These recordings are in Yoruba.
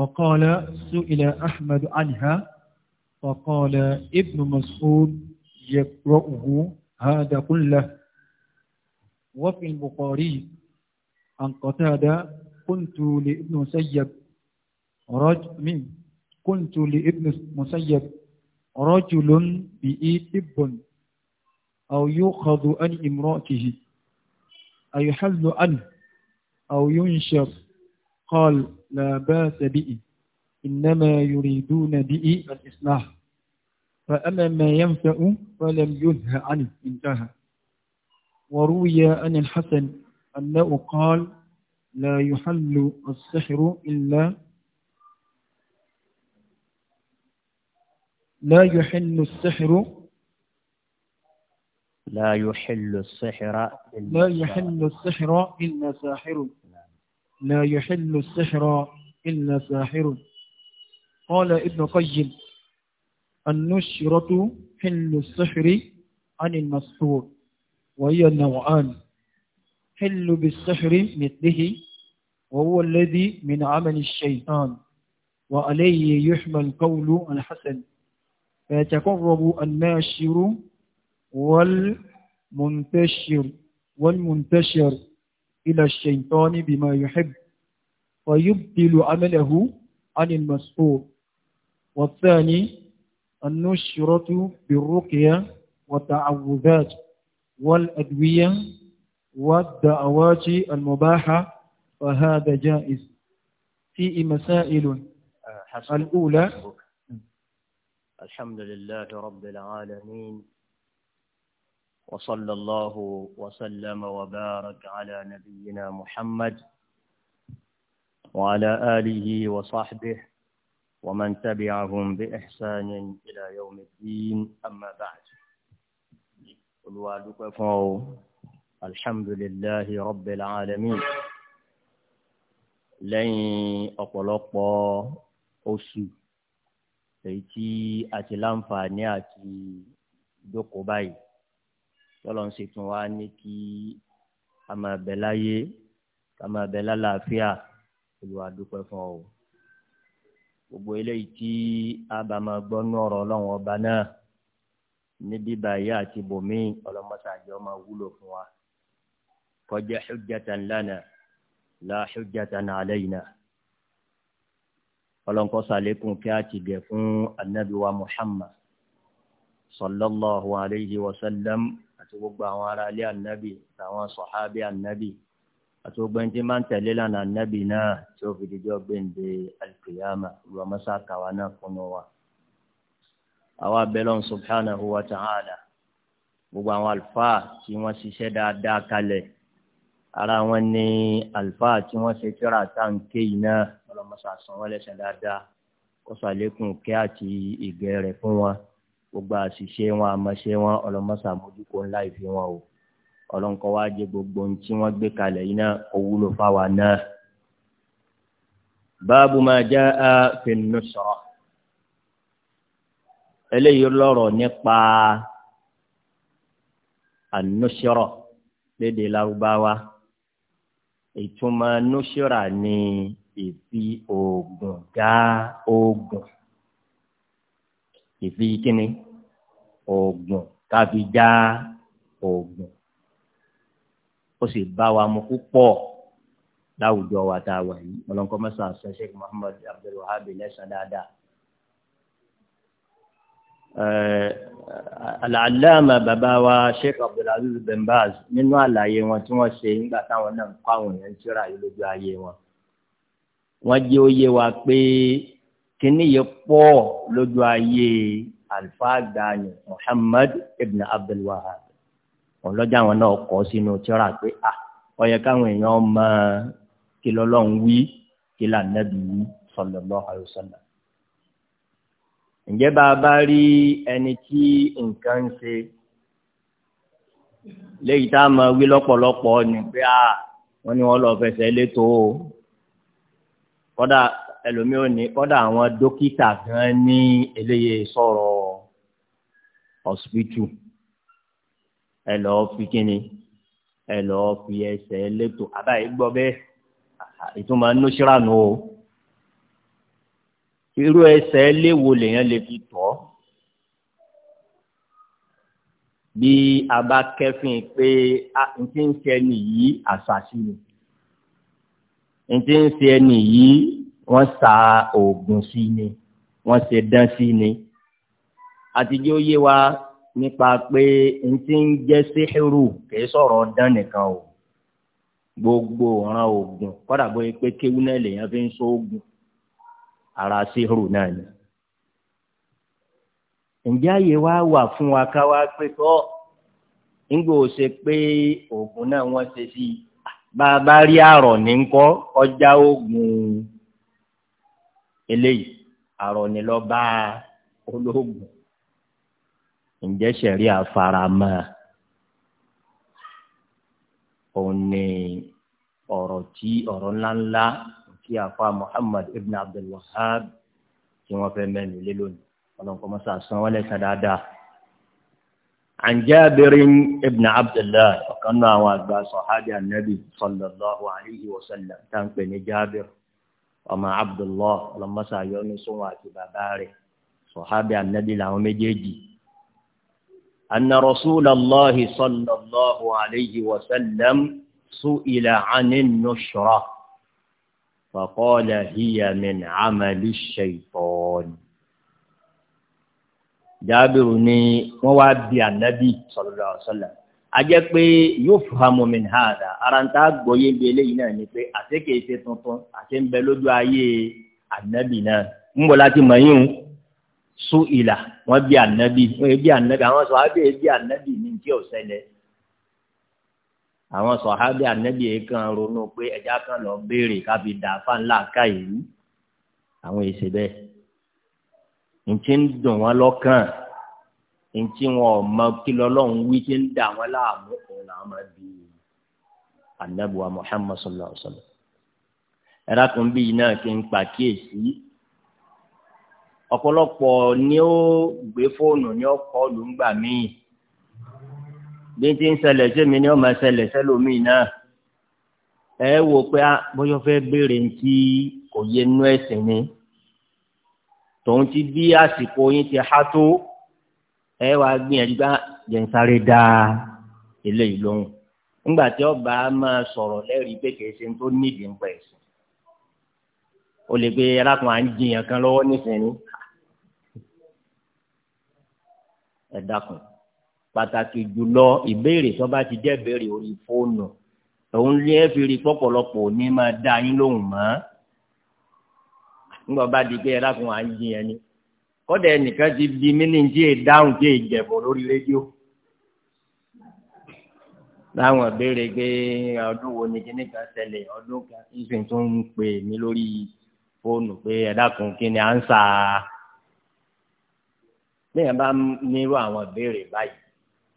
وقال سئل أحمد عنها فقال ابن مسعود يقرأه هذا كله وفي البخاري عن قتادة كنت لابن مسيب رجل من كنت لابن مسيب رجل بي طب أو يؤخذ عن امرأته أيحل عنه أو ينشر قال لا باس به إنما يريدون به الإصلاح فأما ما ينفع فلم ينه عنه انتهى وروي عن الحسن أنه قال لا يحل السحر إلا لا يحل السحر لا يحل السحر إلا لا يحل السحر إلا ساحر لا يحل السحر إلا ساحر قال ابن قيم النشرة حل السحر عن المسحور وهي النوعان حل بالسحر مثله وهو الذي من عمل الشيطان وعليه يحمل قول الحسن فيتقرب الناشر والمنتشر والمنتشر إلى الشيطان بما يحب ويبدل عمله عن المسؤول والثاني النشرة بالرقية والتعوذات والأدوية والدعوات المباحة فهذا جائز فيه مسائل آه، الأولى الحمد لله رب العالمين وصلى الله وسلم وبارك على نبينا محمد وعلى آله وصحبه ومن تبعهم بإحسان إلى يوم الدين أما بعد الوالد الحمد لله رب العالمين lẹ́yìn أطلق oṣù èyí tí a ti bọ́lá ń ṣètò wa ní kí a máa bẹ láyé ká máa bẹ lálàáfíà Olúwa dúpẹ́ fún ọ gbogbo eléyìí tí a bá máa gbọ́ ní ọ̀rọ̀ ọlọ́run ọba náà níbí báyìí àti bòmíì ọlọ́mọṣàjọ máa wúlò fún wa kọjá hujjatan lana la hujjatan alayna ọlọ́nkọ́sàlékún kí a ti gẹ̀ fún anabiwa Muhammad sallallahu alayhi wa sallam àti gbogbo àwọn ará ilé ànábì àtàwọn sọ̀hábì ànábì àti gbogbo ẹni tí máa ń tẹ̀lé lànà ànábì náà tí ó fi dijọ́ gbẹ̀ǹde alkiyama olùwàmọ́sá kàwa náà kúnnú wa. àwa abẹ́lọ́n subhanahu wa ta'ala gbogbo àwọn àlùfáà tí wọ́n ṣiṣẹ́ dáadáa kalẹ̀ ara wọn ni àlùfáà tí wọ́n ṣe tíra táǹkì yìí náà olùwàmọ́sá sàn lẹ́sẹ̀ dáadáa kó sàlékún kẹ́ àti ìgẹ̀ rẹ̀ fún wọn gbogbo àṣìṣe wọn àmọṣe wọn ọlọmọṣà mójúkó ńlá ìfi wọn o ọlọ́nkọ́ wa jẹ gbogbo ohun tí wọ́n gbé kalẹ̀ yìí náà ó fáwa náà. báàbù máa jẹ́ fìnnú sọ̀rọ̀ eléyìí lọ́rọ̀ nípa ànúṣọ́rọ̀ lédè lárúbáwá ìtumọ̀ núṣọ́rà ni ìfi oògùn dá oògùn ìfi kíni oògùn káfi já oògùn ó sì bá wa mu púpọ̀ láwùjọ wa tá a wà yìí ọlọ́nkọ́ mẹ́sàn-án sọ sheikh muhammad abdul wahab lẹ́sàn dáadáa. alàlámà bàbá wa sheikh abdulaziz bin baz nínú àlàyé wọn tí wọ́n ṣe nígbà táwọn náà ń kọ́ àwọn èèyàn ń tíra yìí lójú ayé wọn. wọ́n jẹ́ ó wa pé kíní yẹ pọ̀ lójú ayé alfaada ni muhammad ibn abdul wahab ọlọ́jà wọn náà kọ́ sínú tíra pé a ah, ọyẹ káwọn èèyàn mọ kí lọ́lọ́run wí kí lànàbí wí sallallahu alaihi wasallam. ǹjẹ́ bá a bá ẹni tí nǹkan ṣe léyìí tá a máa wí lọ́pọ̀lọpọ̀ ni pé a ah, wọ́n ní wọ́n lọ fẹsẹ̀ létò o ẹlòmí ò ní kọ́dà àwọn dókítà gan ní eléyè sọ̀rọ̀ hospital ẹ lọ́ọ́ fi kíni ẹ lọ́ọ́ fi ẹsẹ̀ lẹ́tọ̀ àbáyé gbọ́ bẹ́ẹ̀ ìtumọ̀ nùsírà nù o irú ẹsẹ̀ léwo lèèyàn lè fi tọ́ bí a bá kẹ́fìn pé n ti ń ṣe ẹni yìí àṣàṣì n ti ń ṣe ẹni yìí wọ́n sa oògùn sí ni wọ́n ṣe dán sí ni àtijọ́ yé wa nípa pé n ti ń jẹ́ síhìrù kìí sọ̀rọ̀ dán nìkan o gbogbo ọ̀ràn oògùn kọ́dà bó yẹ pé kéwú náà lèèyàn fi ń so oògùn ara síhìrù náà ni. ǹjẹ́ àyè wa wà fún wa ká wá pé tọ́ ńgbò ṣe pé oògùn náà wọ́n ṣe sí bá a bá rí àrọ̀ ní ńkọ́ ọjà oògùn eléyìí àrọ̀nìlọ́ba ológun ǹjẹ́ sẹ̀rí àfaramọ́ òun ni ọ̀rọ̀ tí ọ̀rọ̀ ńláńlá kí àfa Muhammad ibn Abdul Wahhab tí wọ́n fẹ́ mẹ́nu lé lónìí ọlọ́nkọ́ mọ́sá san wọ́n lẹ́sẹ̀ dáadáa. عن جابر ابن عبد الله وكان مع صحابي النبي صلى الله عليه وسلم كان بن جابر ọmọ abdullah ọlọmọsà yọnu sóhun àti bàbá rẹ̀ sọhábì anabi làwọn méjèèjì anna rasulallahi sallallahu alayhi wa sallam su'ila anin nushra faqala hiya min amali shaytan jaabiru ni wọn wá bi anabi sallallahu alayhi wa sallam. ajẹ́ pé yóò fahamu min hada ara ń ta gbọ́yé bí eléyìí náà ni pé àti kìí ṣe tuntun àti ń bẹ lójú ayé ànábì náà ń bọ̀ láti mọ̀ yín o sú ìlà wọ́n bí ànábì wọ́n bí ànábì àwọn sọ ábẹ́ bí ànábì ní kí ò ṣẹlẹ̀ àwọn sọ ábẹ́ ànábì yìí kan ronú pé ẹja kan lọ béèrè kábi dà fáńlá ká yìí àwọn èsì bẹ́ẹ̀ ntí ń dùn wọn lọ́kàn ntí wọn ò mọ kí lọ́lọ́run wí tí ń dà wọn láàmú òun làwọn máa bí anabuwa muhammad sallallahu alaihi wa sallam ẹ̀rákùn bí iná kí n pàkíyèsí ọ̀pọ̀lọpọ̀ ni ó gbé fóònù ni ó ló ń gbà míì bí n ti ń ṣẹlẹ̀ sí mi ni ó máa ṣẹlẹ̀ sẹ́lómi náà ẹ wò pé ah, bóyá fẹ́ béèrè ntí kò yé nú ẹ̀sìn ni tòun ti bí àsìkò yín ti há tó. ẹ wàá gbìyànjú bá ah, jẹ̀nsáré dáa eléyìí lóhùn nígbà tí ọba máa sọ̀rọ̀ lẹ́rìí pé tó nídìí ń pẹ̀ sí o lè pe arákùnrin à kan lọ́wọ́ nísìnyí ẹ dákun pàtàkì jùlọ ìbéèrè ti jẹ́ orí fóònù òun lé fi ní máa dá yín lóhùn mọ́ ni kọ́dà ẹnìkan ti di mílíọ̀nù dáhùn tí èjẹ̀bù lórí rédíò láwọn béèrè pé ọdún wo ni kíní kan ṣẹlẹ̀ ọdún kan ìsìn tó ń pè mí lórí fóònù pé ẹ dákun kí ni à ń sà á bẹ́ẹ̀ bá nírú àwọn béèrè báyìí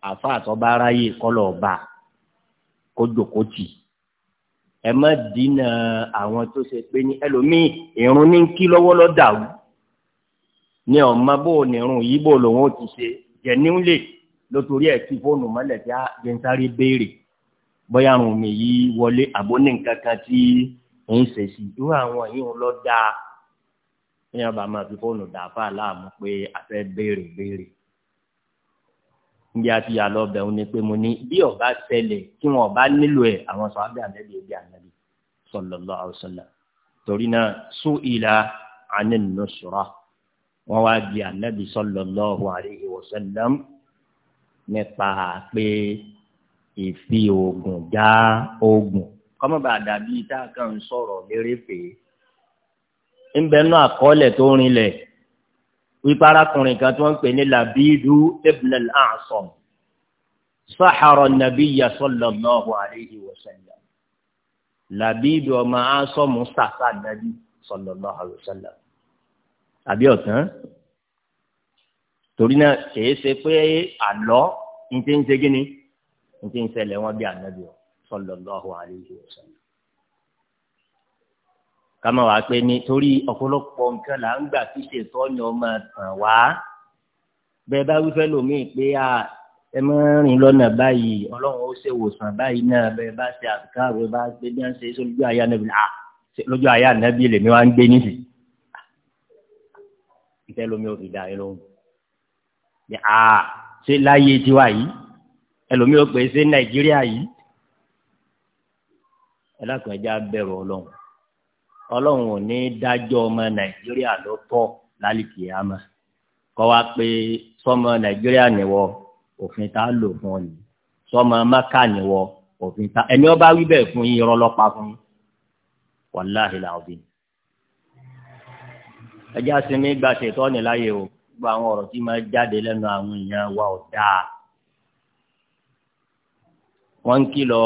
àfa àtọ́ba aráyè kọ́lọ̀ ọba kó jòkó tì ẹ má dínà àwọn tó ṣe pé ní ẹlòmíì ìrún ní kí lọ́wọ́ dàrú ní ọmọ bó nírun yìí bó lòun ó ti ṣe jẹniúlẹ lótórí ẹ tí fóònù mọ́lẹ̀ tí a jẹ ń sáré béèrè bóyá àrùn mi yìí wọlé àbó ní nǹkan kan tí ń ṣe sí irú àwọn yìí ń lọ dáa èèyàn bá máa fi fóònù dà fáà láàmú pé a fẹ́ béèrè béèrè níbi àti ìyàlọ ọbẹ̀ òun ni pé mo ní bí ọba ṣẹlẹ̀ kí wọn ọba nílò ẹ̀ àwọn sọ abẹ́ ànábì ẹbí ànábì sallallahu alaihi wasallam torí náà sú ìlà àní nusra wọ́n wá di ànábì sallallahu alayhi wa sallam nípa pé ìfi oògùn já oògùn kọ́mọ́ bá dàbí tá a kàn ń sọ̀rọ̀ lérè pé ńbẹ́nu àkọọ́lẹ̀ tó rinlẹ̀ wípé arákùnrin kan tí wọ́n ń pè ní labidu ibn al-A'sam sahara nabiyya sallallahu alayhi wa labidu ọmọ asọ̀mù sàṣà nàbí sallallahu alayhi wa àbí ọ̀tán torí náà kìí ṣe pé àlọ́ ní ti ń ṣe gíní ní ti ń ṣẹlẹ̀ wọn bí ànábì ọ sallallahu alayhi wa sallam. kámá wàá pé ní torí ọ̀pọ̀lọpọ̀ nǹkan là ń gbà kí ṣètò ọ̀yàn máa tàn wá bẹ́ẹ̀ bá wífẹ́ lòmíì pé a ẹ máa rìn lọ́nà báyìí ọlọ́run ó ṣe wòsàn báyìí náà bẹ́ẹ̀ bá ṣe àbíká bá gbé bí wọ́n ṣe lójú àyà nàbí lèmi wá ń gbé nísìnyí títẹ́ lómi ò fi dá yín lóhùn. ní a ṣe láyé tiwa yìí ẹlòmíì ó pè é ṣe nàìjíríà yìí ẹlẹ́kùnrin já bẹ̀rù ọlọ́run ọlọ́run ò ní dájọ́ ọmọ nàìjíríà lọ́tọ̀ lálìkì àmọ́ kọ́ wa pé sọmọ nàìjíríà nìwọ òfin tá a lò fún ọ nìyí sọmọ maka nìwọ òfin tá ẹni ọba wí fún yín irọ́ fún wàláhìlà ọ̀bìnrin ẹjá sinmi gba ṣètọ́ ní láyè o gbogbo àwọn ọ̀rọ̀ tí máa jáde lẹ́nu àwọn èèyàn wa ò dáa wọ́n ń kìlọ̀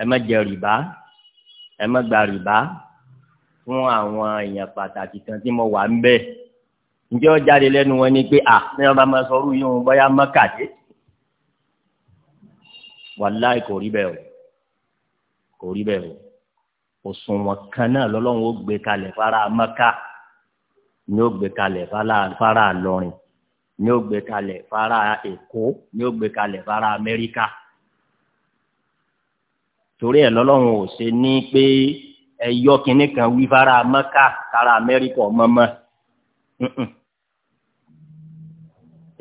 ẹ má jẹ rìbá ẹ má gba rìbá fún àwọn èèyàn pàtàkì kan tí mo wà ń bẹ̀ ǹjẹ́ ó jáde lẹ́nu wọn ni pé à ní wọ́n máa sọ orú yóò bóyá mọ́kàdé wàláì kò rí bẹ́ẹ̀ o kò rí bẹ́ẹ̀ o òṣùwọ̀n kan náà lọ́lọ́run ó gbé kalẹ̀ fara mọ́kà ni ó gbé kalẹ̀ fara lọ́rin ni ó gbé kalẹ̀ fara èkó ni ó gbé kalẹ̀ fara amẹ́ríkà torí ẹ̀ lọ́lọ́run ò ṣe ní pé ẹyọ kìnnì kan wí fara mẹ́kà fara amẹ́ríkà mọ́mọ́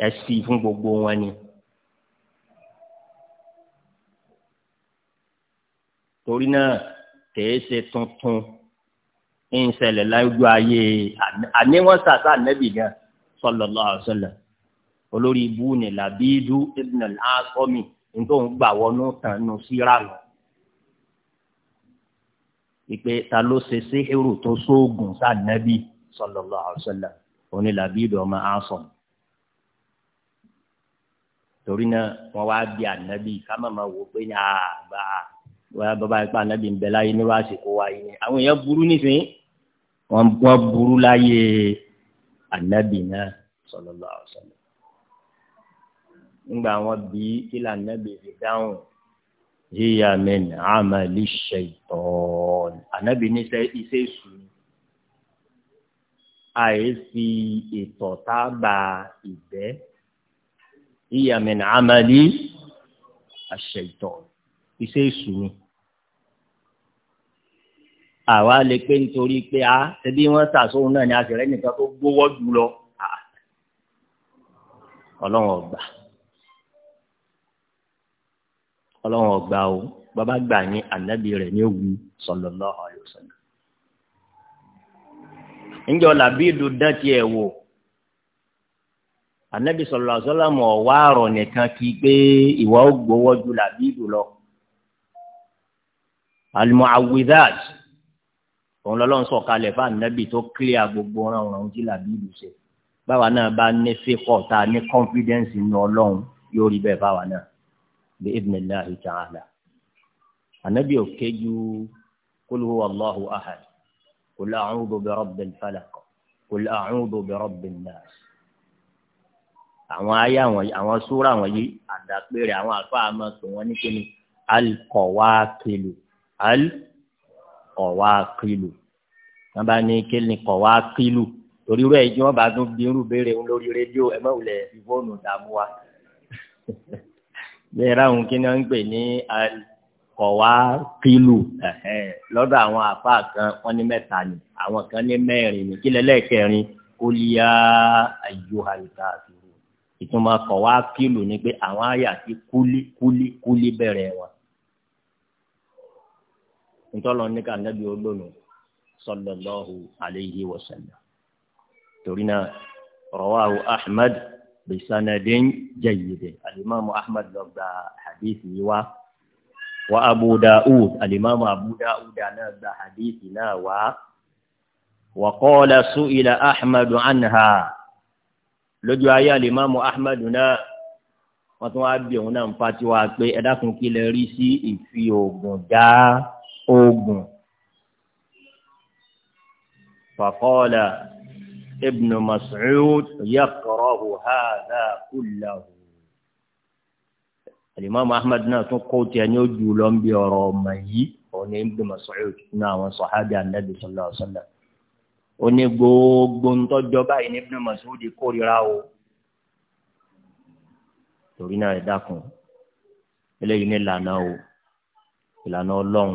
ẹ sì fún gbogbo wọn ni. torí náà kèé ṣe tuntun ń ṣẹlẹ̀ lájú ayé àní wọ́n sàṣà nẹ́bì gan sallallahu alaihi wasallam olórí ibú ni làbídú ibn al-asọ́mi nítorí òun gbà wọnú tán nù síranù ìpè ta ló ṣe síhìrù tó sóògùn sànẹ́bì sallallahu alaihi wasallam òun ni làbídú ọmọ asọ́m torí náà wọ́n wá bí ànẹ́bì ká má máa wò pé ní àgbà wọ́n bá bá ipa ànẹ́bì ń bẹ láyé níwájú àsìkò wáyé àwọn èèyàn burú nísìnyí wọ́n wọ́n burú láyé ànábì náà sallallahu alaihi wasallam nígbà wọ́n bí kílà ànábì fi dáhùn hiya min amali shaytan ànábì ní iṣẹ́ èṣù àìsí ìtọ̀tábà ìbẹ́ hiya min amali shaytan iṣẹ́ èṣù àwa lè pé nítorí pé a ah, ṣẹbi wọn ṣàṣóhun náà ni a sì rẹ nìkan tó gbówó jù lọ ah, Ọlọ́run ọgbà Ọlọ́run ọgbà o bàbá gbà ní ànábì rẹ̀ ní òwú sallallahu alaihi wasallam ńjọ làbí ìlú dán tiẹ̀ wò ànábì sallallahu alaihi ọ̀wá àrọ̀ nìkan kí pé ìwà ó gbówó jù làbí ìlú lọ al-mu'awwidhat òun lọ́lọ́run sọ̀kalẹ̀ fún ànábì tó clear gbogbo ọ̀ràn ọ̀ràn tí làbí ìlú ṣe báwa náà bá ní fíkọ̀ tá ní confidence nínú ọlọ́run yóò rí bẹ́ẹ̀ báwa náà bí ibnillahi ta'ala ànábì ò kéjú qul huwa Allahu ahad qul a'udhu bi rabbil falaq qul a'udhu bi rabbin nas àwọn ayé àwọn àwọn súra àwọn yìí àdàpẹ̀rẹ̀ àwọn àlùfáà máa pè wọ́n ní kíni alkọ̀wákìlù alkọ̀wákìlù wọn bá ní kéènì kọ wá kílù torí rẹ ìdí wọn bá tún bí irú béèrè ń lórí rédíò ẹ má wulẹ̀ fífóònù dààmú wa bẹ́ẹ̀ ráhùn kí wọn ń pè ní kọ wá kílù lọ́dọ̀ àwọn àfa kan wọn ní mẹ́ta ni àwọn kan ní mẹ́rin ni kí lẹlẹkẹrin kó lìyà ayyuhalika àfihàn ìtumọ̀ kọ wá kílù ni pé àwọn àyà ti kúlí kúlí kúlí bẹ̀rẹ̀ wọn ntọ́lọ́ ní ká nẹ́bí olóòlù sallallahu alayhi wa sallam torí náà rawahu ahmed bisanadin jayyidin alimami ahmed ló gbà hadith yìí wá wa abu daud alimami abu daud náà gbà hadith náà wá wa qala su'ila ahmed anha lójú ayé alimami ahmed náà wọ́n tún wá bí òun náà ń fa tiwa pé ẹ dákun kí lè rí sí ìfi oògùn dá oògùn fàkọ́ọ̀lá ibn Mas'ud yaqra'u hadha kullahu. alimami ahmed náà tún kó tiẹ̀ ní ojú lọ ń bí ọ̀rọ̀ ọmọ yìí òní ibn Mas'ud ní àwọn sọ̀hábì anabi sallallahu alaihi wasallam. ó ní gbogbo ntọ́jọ́ báyìí ní ibn Mas'ud kórìíra o torí náà ẹ dákun eléyìí ní ìlànà o ìlànà ọlọ́run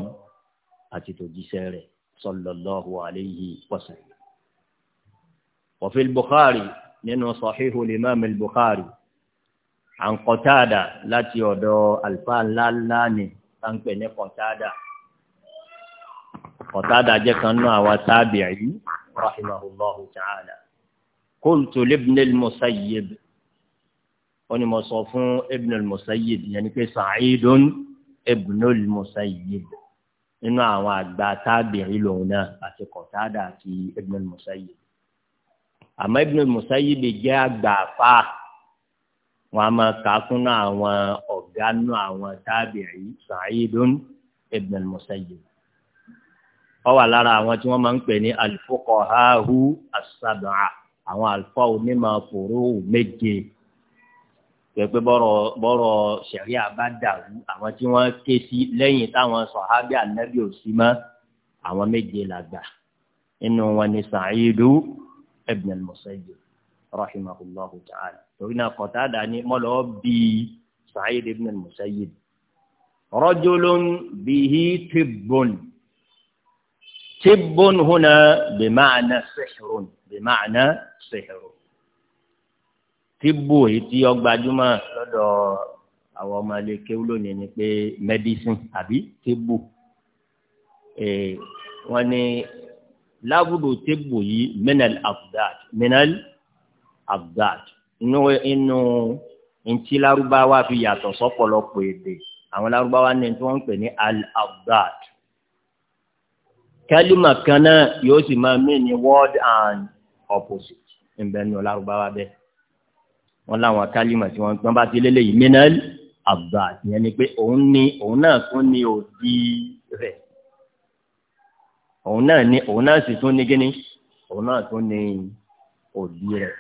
àti tòjíṣẹ́ rẹ̀ صلى الله عليه وسلم وفي البخاري لأنه صحيح الإمام البخاري عن قتادة لا تيودو الفان لا لاني كني قتادة قتادة جكنا وتابعي رحمه الله تعالى قلت لابن المسيب وني مصفون ابن المسيب يعني في سعيد ابن المسيب nínú àwọn àgbà tábìrì lòun náà àti kọ̀tádà àti Ibn al-Musayyib àmọ́ Ibn al-Musayyib lè jẹ́ àgbà àfa wọn a máa kà á kún náà àwọn ọ̀gá nù àwọn tábìrì Sa'idun Ibn al-Musayyib wà lára àwọn tí wọ́n máa ń pè ní al-fuqaha'u as àwọn àlùfọ́ onímọ̀ fòró méje pẹ̀pẹ́ bọ́rọ̀ bọ́rọ̀ sẹ̀ríà bá dàrú àwọn tí wọ́n ké sí lẹ́yìn táwọn sọ̀hábí ànábì ò sí mọ́ àwọn méje làgbà inú wọn ni Sa'idu ibn al-Musayyib rahimahullahu ta'ala torí náà Qatada ni mọ́lọ́ bí Sa'idu ibn al-Musayyib rajulun bihi tibbun tibbun huna bima'na sihrun bima'na tíbù èyí tí ó gbajúmọ̀ lọ́dọ̀ àwọn ọmọ ilé kéwú lónìí ni pé medicine àbí tíbù ee wọ́n ní lábùdó tíbù yìí minal abdad minal abdad inú inú ntí lárúbáwá fi yàtọ̀ sọ́pọ̀lọpọ̀ èdè àwọn lárúbáwá ní tí wọ́n ń pè ní al abdad kálímà kan náà yóò sì máa mí ní word and opposite ń bẹ́ẹ̀ ní lárúbáwá bẹ́ẹ̀ wọn láwọn kálímà tí wọn gbọ́n bá ti lélẹ̀ yìí mínẹ́lì àgbà ìyẹn ni pé òun ni òun náà tún ní òdì rẹ̀ òun náà ni òun náà sì tún ní kíni òun náà tún ni òdì rẹ̀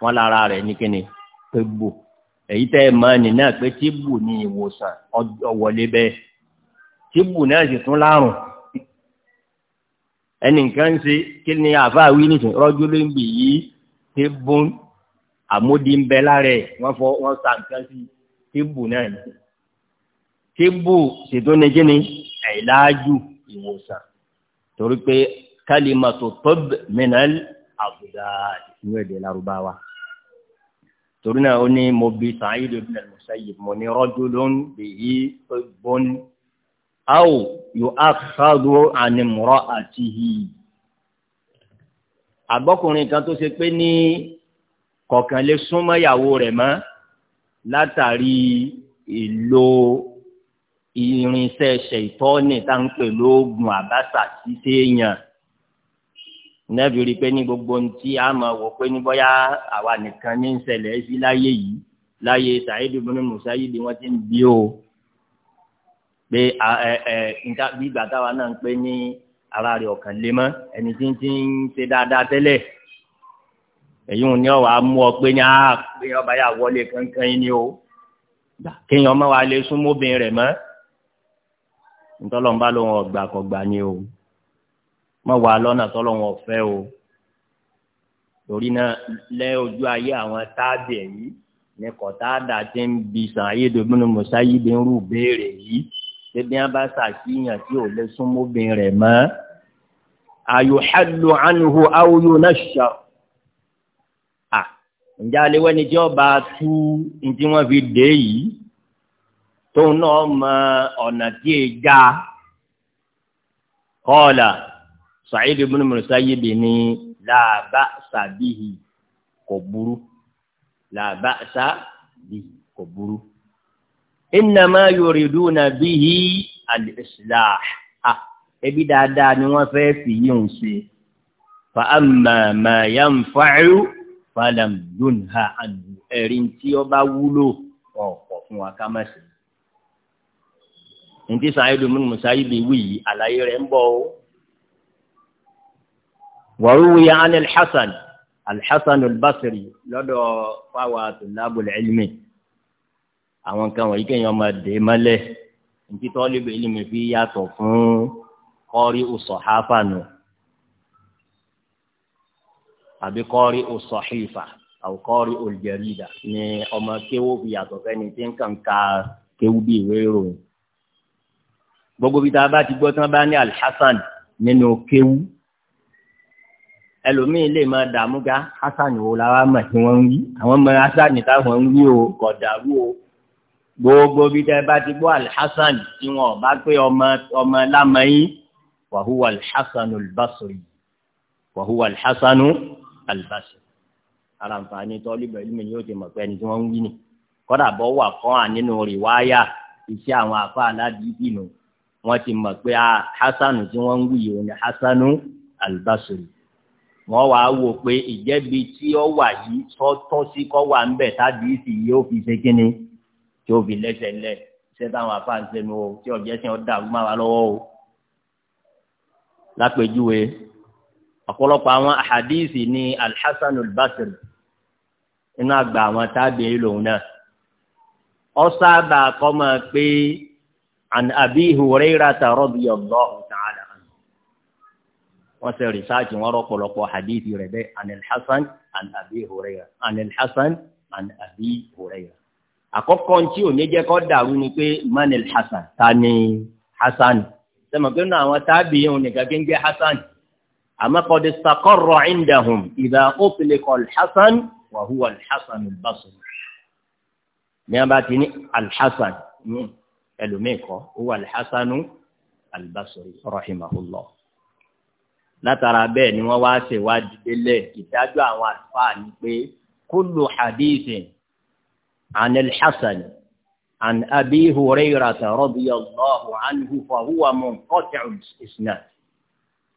wọn lára rẹ̀ ní kíni pé bù èyí tẹ́ ẹ mọ̀ ní náà pé tíbù ní ìwòsàn ọ̀wọ́lé bẹ́ẹ̀ tíbù náà sì tún lárùn ẹnì kan ṣe kí ni àfáà wí nìkan rọ́jú ló ń bì yí tébùn àmúdi ń bẹ lára ẹ̀ wọ́n fọ wọ́n sa nǹkan sí tíbù náà ni tíbù ṣètò ní kíni ẹ̀láàjù ìwòsàn torí pé kalimatu tọ́b minal àbùdá ìsinú èdè Lárúbáwá torí náà ó ní mo bi Sa'id ibn al-Musayyib mo ní rajulun bihi tibbun aw yu'akhadhu an imra'atihi àgbọ́kùnrin kan tó ṣe pé ní kọ̀ọ̀kan lè súnmọ́ ìyàwó rẹ̀ mọ́ látàrí ìlò irinṣẹ́ ṣètọ́ni tá ń pè lóògùn àbáṣà títí èèyàn nẹ́ẹ̀bì rí i pé ní gbogbo ohun tí a máa wò pé ní bóyá àwa nìkan ní ń ṣẹlẹ̀ sí láyé yìí láyé sàyédù bínú mùsáyídì wọ́n ti ń bí o pé ẹ ẹ bí táwa náà ń pè ní ara rẹ̀ ọ̀kan lé mọ́ ẹni tí ń ti ń ṣe dáadáa tẹ́lẹ̀ èyí ń ní ọwọ́ amú ọ pé ní a ah, pé ọba yà wọlé kankan yín ni o kéèyàn ọmọ wa lè sún mọ́bìnrin rẹ̀ mọ́ ntọ́lọ́nba ló ń ọgbà kọgbà ni o mọ̀ wà lọ́nà tọ́lọ́wọ́n ọ̀fẹ́ o torí náà lẹ́ ojú ayé àwọn táàbì yìí ní kọ̀tàdà tí ń bi sàn ayédèmínú mùsáyídé ń rú béèrè yìí bébí wọn bá ṣàṣìyàn tí ò lè sún mọ́bìnrin rẹ̀ mọ́ ayò hàlù ànúhù áwòyò náà ṣàkó ǹjẹ́ aléwẹ́ ni tí ọba tú ní tí wọ́n fi dé yìí tóun náà mọ ọ̀nà tí e já kọ́ọ̀là Sa'id ibn Musayyib ni la ba'sa bihi kò burú la ba'sa kò burú innama yuriduna bihi al-islah ah ebi dáadáa ni wọ́n fẹ́ fi yíyún ṣe fa amma ma yanfa'u falam dunha anhu ẹ̀rí tí ó bá wúlò ọ̀pọ̀ fún wa ká má ṣe. Ntí Sàáyédùn múnú Mùsáyídì wí yìí àlàyé rẹ̀ ń bọ̀ o. Wàrúwìyá Anil Hassan Al-Hassan al lọ́dọ̀ fáwọn àtúndábùl ilmi. Àwọn nǹkan wọ̀nyí kéèyàn máa dè mọ́lẹ̀. Ntí tọ́lébù ilmi fi yàtọ̀ fún kọ́rí ọ̀sọ̀ háfà nù. No àbí kọ́rí ọ̀sọ̀hìfà àwọn kọ́rí olùjẹ̀rìdà ni ọmọ kéwú fi yàtọ̀ fẹ́ni tí ń kàn ka kéwú bí ìwé ìròyìn. gbogbo bí tá a bá ti gbọ́ tí wọ́n bá ní alhassan nínú kéwú ẹlòmíín lè máa dààmú ga ah, hassan wo làwọn àmọ̀ tí wọ́n ń wí àwọn ọmọ hassan táwọn ń wí o kò dàrú o gbogbo bí tá bá ti gbọ́ alhassan tí wọn bá pé ọmọ ọmọ lámẹ́yìn wàhúwà alhassan olùbásòrì wàhúwà alhassan Al-Basri ara nfaani tọ́líbẹ̀ ilmi yóò ti mọ̀ pé ẹni tí wọ́n ń wí ni kọ́dà bọ́ wà kán ànínú rìwáyà iṣẹ́ àwọn afa aládìídì nù wọ́n ti mọ̀ pé ah, hasanu tí wọ́n ń wí ni hasanu Al-Basri wọ́n wá wò pé ìjẹ́bi tí ó wà yìí tọ́ sí kọ́ wà ń bẹ̀ tábìlì sì yóò fi ṣe kínni tí ó fi lẹ́sẹ̀ lẹ̀ ṣé táwọn afa ń sẹ́nu o tí ọ̀jẹ̀ sìn ọ́ dàrú wa lọ́wọ́ o lápèjúwe ọ̀pọ̀lọpọ̀ àwọn àhàdíìsì ní alhassan albasri inú àgbà àwọn tábìlì lòun náà ó sábà kọ́ máa pé an abi hurairata radiyallahu ta'ala anhu wọ́n ṣe rìsáàjì wọ́n rọ́pọ̀lọpọ̀ hadithi rẹ̀ bẹ́ẹ̀ an alhassan an abi huraira an alhassan an abi huraira àkọ́kọ́ tí ò ní jẹ́ kọ́ dàrú ni pé man alhassan ta ni hassan sẹ́mi pé nínú àwọn tábìlì òun nìkan kí ń jẹ́ hassan àmọ́ kọ́dé sakọ́rọ̀ indahum ìdá òpìlẹ̀kọ̀ alḥasan wà húwa alḥasan albasri ní abá ti ní alḥasan ní ẹlòmíì kọ́ húwa alḥasan albasri rahimahullah látara bẹ́ẹ̀ ni wọ́n wá ṣèwádìí délẹ̀ ìdájọ́ àwọn àlùfáà ni pé kullu hadithin an alḥasan an abi hurayrata radiyallahu anhu fa huwa munqati'u isnad.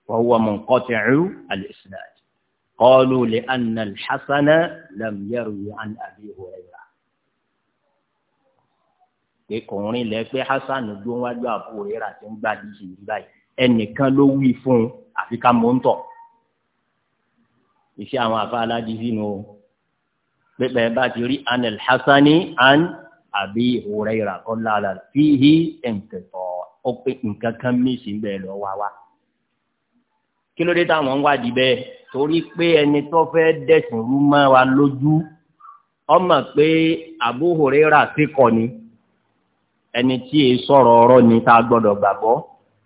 وهو منقطع الإسناد قالوا لأن الحسن لم يروي عن أبي هريرة ìkùnrin lẹ pé hasan ló ń wájú àbú òrera tí ń gbà díjì yìí báyìí ẹnìkan ló wí fún un àfi ká mọ ń tọ iṣẹ́ àwọn àfa aládìsí nu pépè bá ti rí anel hasani an àbí òrera kọlá fi hí ẹnkẹtọ ó pé nǹkan kan mí sí bẹ́ẹ̀ lọ wá wá kí ló dé táwọn ń wádìí bẹ́ẹ̀ torí pé ẹni tó fẹ́ dẹ̀sìn rú mọ́ wa lójú ọmọ pé Abu Huraira sí kọ ni ẹni tí èé sọ̀rọ̀ ọ̀rọ̀ ni tá a gbọ́dọ̀ gbàgbọ́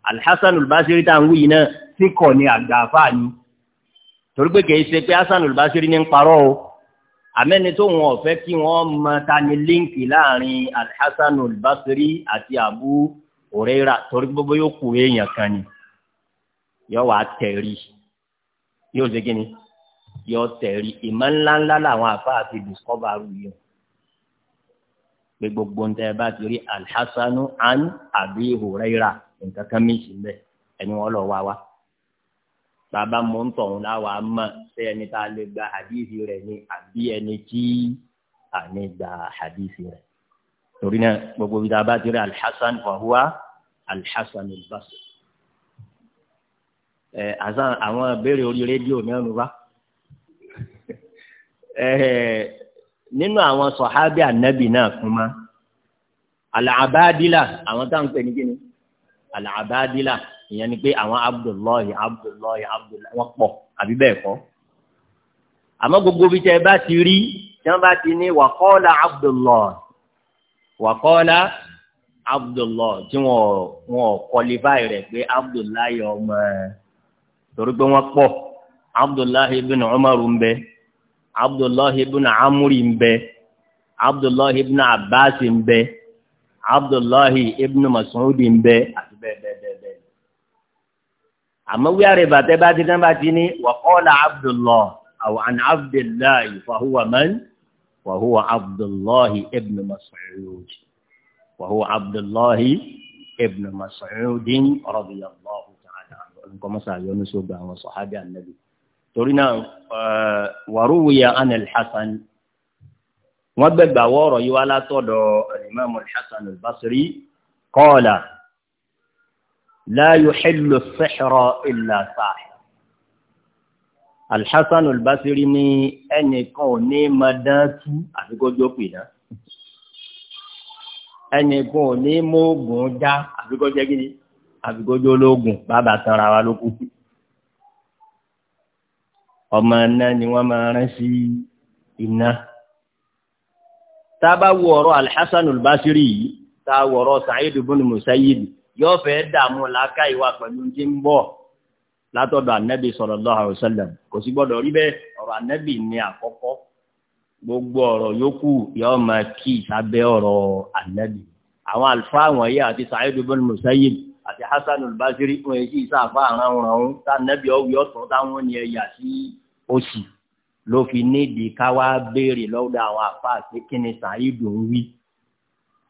Al-Hasan al-Basri tá à ń wí náà sí kọ ni àgbàfà ni torí pé kìí ṣe pé Hasan al-Basri ní ń parọ́ o àmẹ́ni tó wọn ọ̀fẹ́ kí wọ́n mọ ta ni líǹkì láàrin Al-Hasan al-Basri àti Abu Huraira torí gbogbo yóò kú èèyàn kan ni yóò wá tẹ̀rí yóò ṣe kíni yóò tẹ̀rí ìmọ̀ ńláńlá làwọn àfáà fi dùkọ́bà rú yìí pé gbogbo ntẹ bá ti rí alhassanu an abi huraira nǹkan kan mí sí bẹ́ẹ̀ ẹni wọn lọ wá wa bàbá mọ ń tọ̀hún láwa mọ̀ ṣé ẹni tá a lè gba hadithi rẹ̀ ni àbí ẹni tí a ní gba hadithi rẹ̀ torí náà gbogbo bí bá ti rí alhassan fahuwa alhassan al ẹ eh, àṣà àwọn ìbéèrè orí rédíò mẹ́rin wá. Eh, nínú àwọn sọ̀hábì ànábì náà kún mọ́ àlàbádìlà àwọn táwọn pè ní kíni àlàbádìlà ìyẹn ni pé àwọn abdullahi abdullahi abdullahi wọ́n pọ̀ àbí bẹ́ẹ̀ kọ́ àmọ́ gbogbo bí tẹ́ bá ti rí tí wọ́n bá ti ní wàkọ́ọ́lá abdullahi wàkọ́ọ́lá abdullahi tí wọ́n wọ́n kọlifáì rẹ̀ pé abdullahi ọmọ ẹ̀ torí pé wọ́n pọ̀ abdullahi ibn umar ń bẹ abdullahi ibn amuri ń bẹ abdullahi ibn abbas ń bẹ abdullahi ibn mas'ud ń bẹ àti bẹ́ẹ̀ bẹ́ẹ̀ bẹ́ẹ̀ bẹ́ẹ̀ àmọ́ wíwá rẹ̀ bàtẹ́ bá ti dán bá ti ní wa qala abdullahi aw an abdullahi fa huwa man wa huwa abdullahi ibn mas'ud wa abdullahi ibn mas'ud radiyallahu nkọmọsá yọnu sógbà àwọn sọhábì ànábì torí náà eh, wàrúwìyà anna alḥasan wọn gbẹgbà wọrọ yìí wá látọ̀dọ̀ alimami alḥasan albasri kọọla láàyò xìlù sèxrọ ìlà sáà alḥasan albasri ní ẹnìkan ò ní madatu àfikójó pìnà ẹnìkan ò ní mọ́gùn já àfikójó gidi àfikójú ológun bàbá tanra wa ló kú ọmọ iná ni wọ́n máa rán sí iná tá a bá wo ọ̀rọ̀ Al-Hasan Al-Basri yìí tá a wo ọ̀rọ̀ Sa'id ibn Musayyib yóò fẹ́ dààmú làákà ìwà pẹ̀lú tí ń bọ̀ látọ̀dọ̀ ànábì sallallahu alaihi wasallam kò sí gbọ́dọ̀ rí bẹ́ẹ̀ ọ̀rọ̀ ànábì ni àkọ́kọ́ gbogbo ọ̀rọ̀ yòókù yóò máa kí ìsábẹ́ ọ̀rọ̀ ànábì àwọn àlùfáà wọ̀nyí àti Sa'id ibn Musayyib àti hasan al-basri wọn èyí ìsàfà àránranrun tá nẹbi ọwì ọtún táwọn ní ẹyà sí òsì ló fi nídìí ká wá béèrè lọ́dọ̀ àwọn àfa àti kíni sàídù ń wí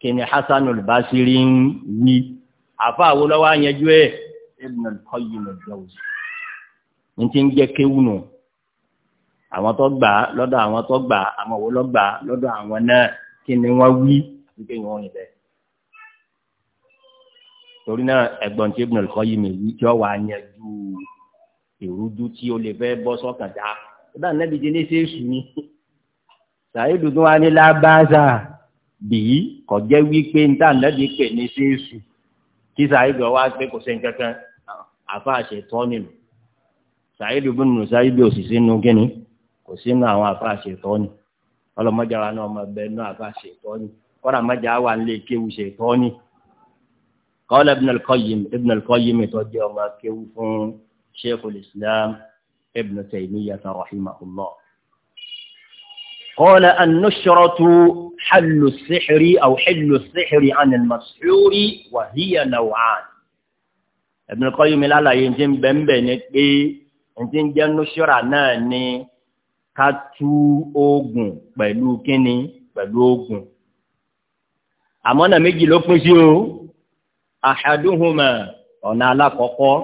kíni hasan al-basri ń wí àfa àwọn lọ́wọ́ àyẹjú ẹ̀ ibn al-qayyim al-jawzi ní ti ń jẹ́ kéwù nù àwọn tó gbà lọ́dọ̀ àwọn tó gbà àwọn wo ló gbà lọ́dọ̀ àwọn náà kíni wọ́n wí àti kéwì wọn yìí bẹ́ẹ̀ torí náà ẹ̀gbọ́n tí Ibn al-Qayyim yìí tí ó wà á yanjú ìrújú tí ó lè fẹ́ bọ́ sọ́kàn dá ìbá nàbí délé ṣe é sùn ní. sàyédù tó wá ní lábáṣà bìí kò jẹ́ wípé níta nàbí pè ní ṣe é sùn kí sàyédù wá pé kò sẹ́ni kankan àfa àṣetọ́ nìlú sàyédù bínú sàyédù òṣìṣẹ́ nu kínní kò sínú àwọn àfa àṣetọ́ ni ọlọ́mọdé wa náà ọmọ ẹgbẹ́ náà àfa àṣetọ́ ni kọ́ra قال ابن القيم ابن القيم توجه ما كيف شيخ الإسلام ابن تيمية رحمه الله قال النشرة حل السحر أو حل السحر عن المسحور وهي نوعان ابن القيم لا لا ينجم بمبنك ǹjẹ́ jẹ́ nùṣọ́ra náà ni ká tú oògùn pẹ̀lú kínní pẹ̀lú oògùn àmọ́ ọ̀nà ahaduhuma ọ̀nà alákọ̀ọ́kọ́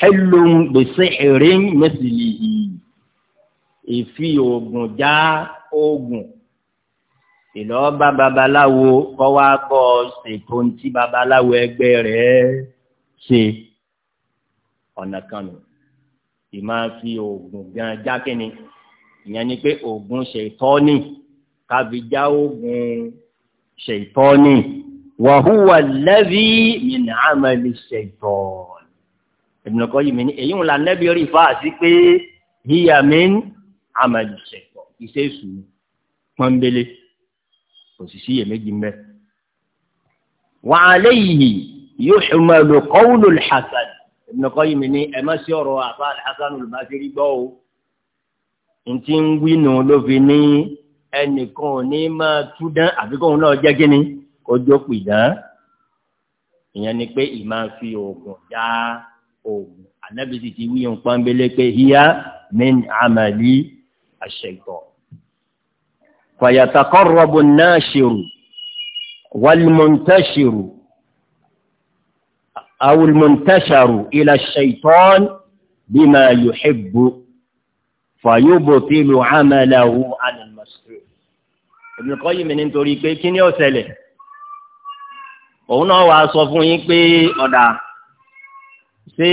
hillun bi sihrin mislihi ìfi oògùn já oògùn ìlọ bá babaláwo kọ́ wá kọ́ ṣètò ntí babaláwo ẹgbẹ́ rẹ̀ ṣe ọ̀nà kan nù ìmáa fi oògùn gan jákèní ìyẹn ni pé oògùn ṣètọ́ni kábíjá oògùn ṣètọ́ni wàhúwà lẹ́bí min amali shaytan. Ibn Qayyim ní èyí ń la nẹ́bí rí fa àti pé hiya min amali shaytan. Iṣẹ́ èṣù pọ́nbélé kò sì sí iyèméjì mẹ́. Wa alayhi yuhmalu qawlu al-Hasan. Ibn Qayyim ní ẹ má sí ọ̀rọ̀ àfa al-Hasan gbọ́ o. Ntí ń wí ló fi ní ẹnìkan ní máa tú dán kọjọ́ pìdán ìyẹn ni pé ìmá fi oògùn já oògùn ànábi ti ti wí ohun pọ́nbélé pé hiya min amali ash-shaytan. fayataqarrabu an-nashiru wal-muntashiru aw al-muntasharu ila ash-shaytan bima yuhibbu fayubtilu amalahu 'ala al-masruh. Ibn Qayyim nítorí pé kí ni ó ṣẹlẹ̀? òun náà wàá sọ fún yín pé ọ̀dà ṣé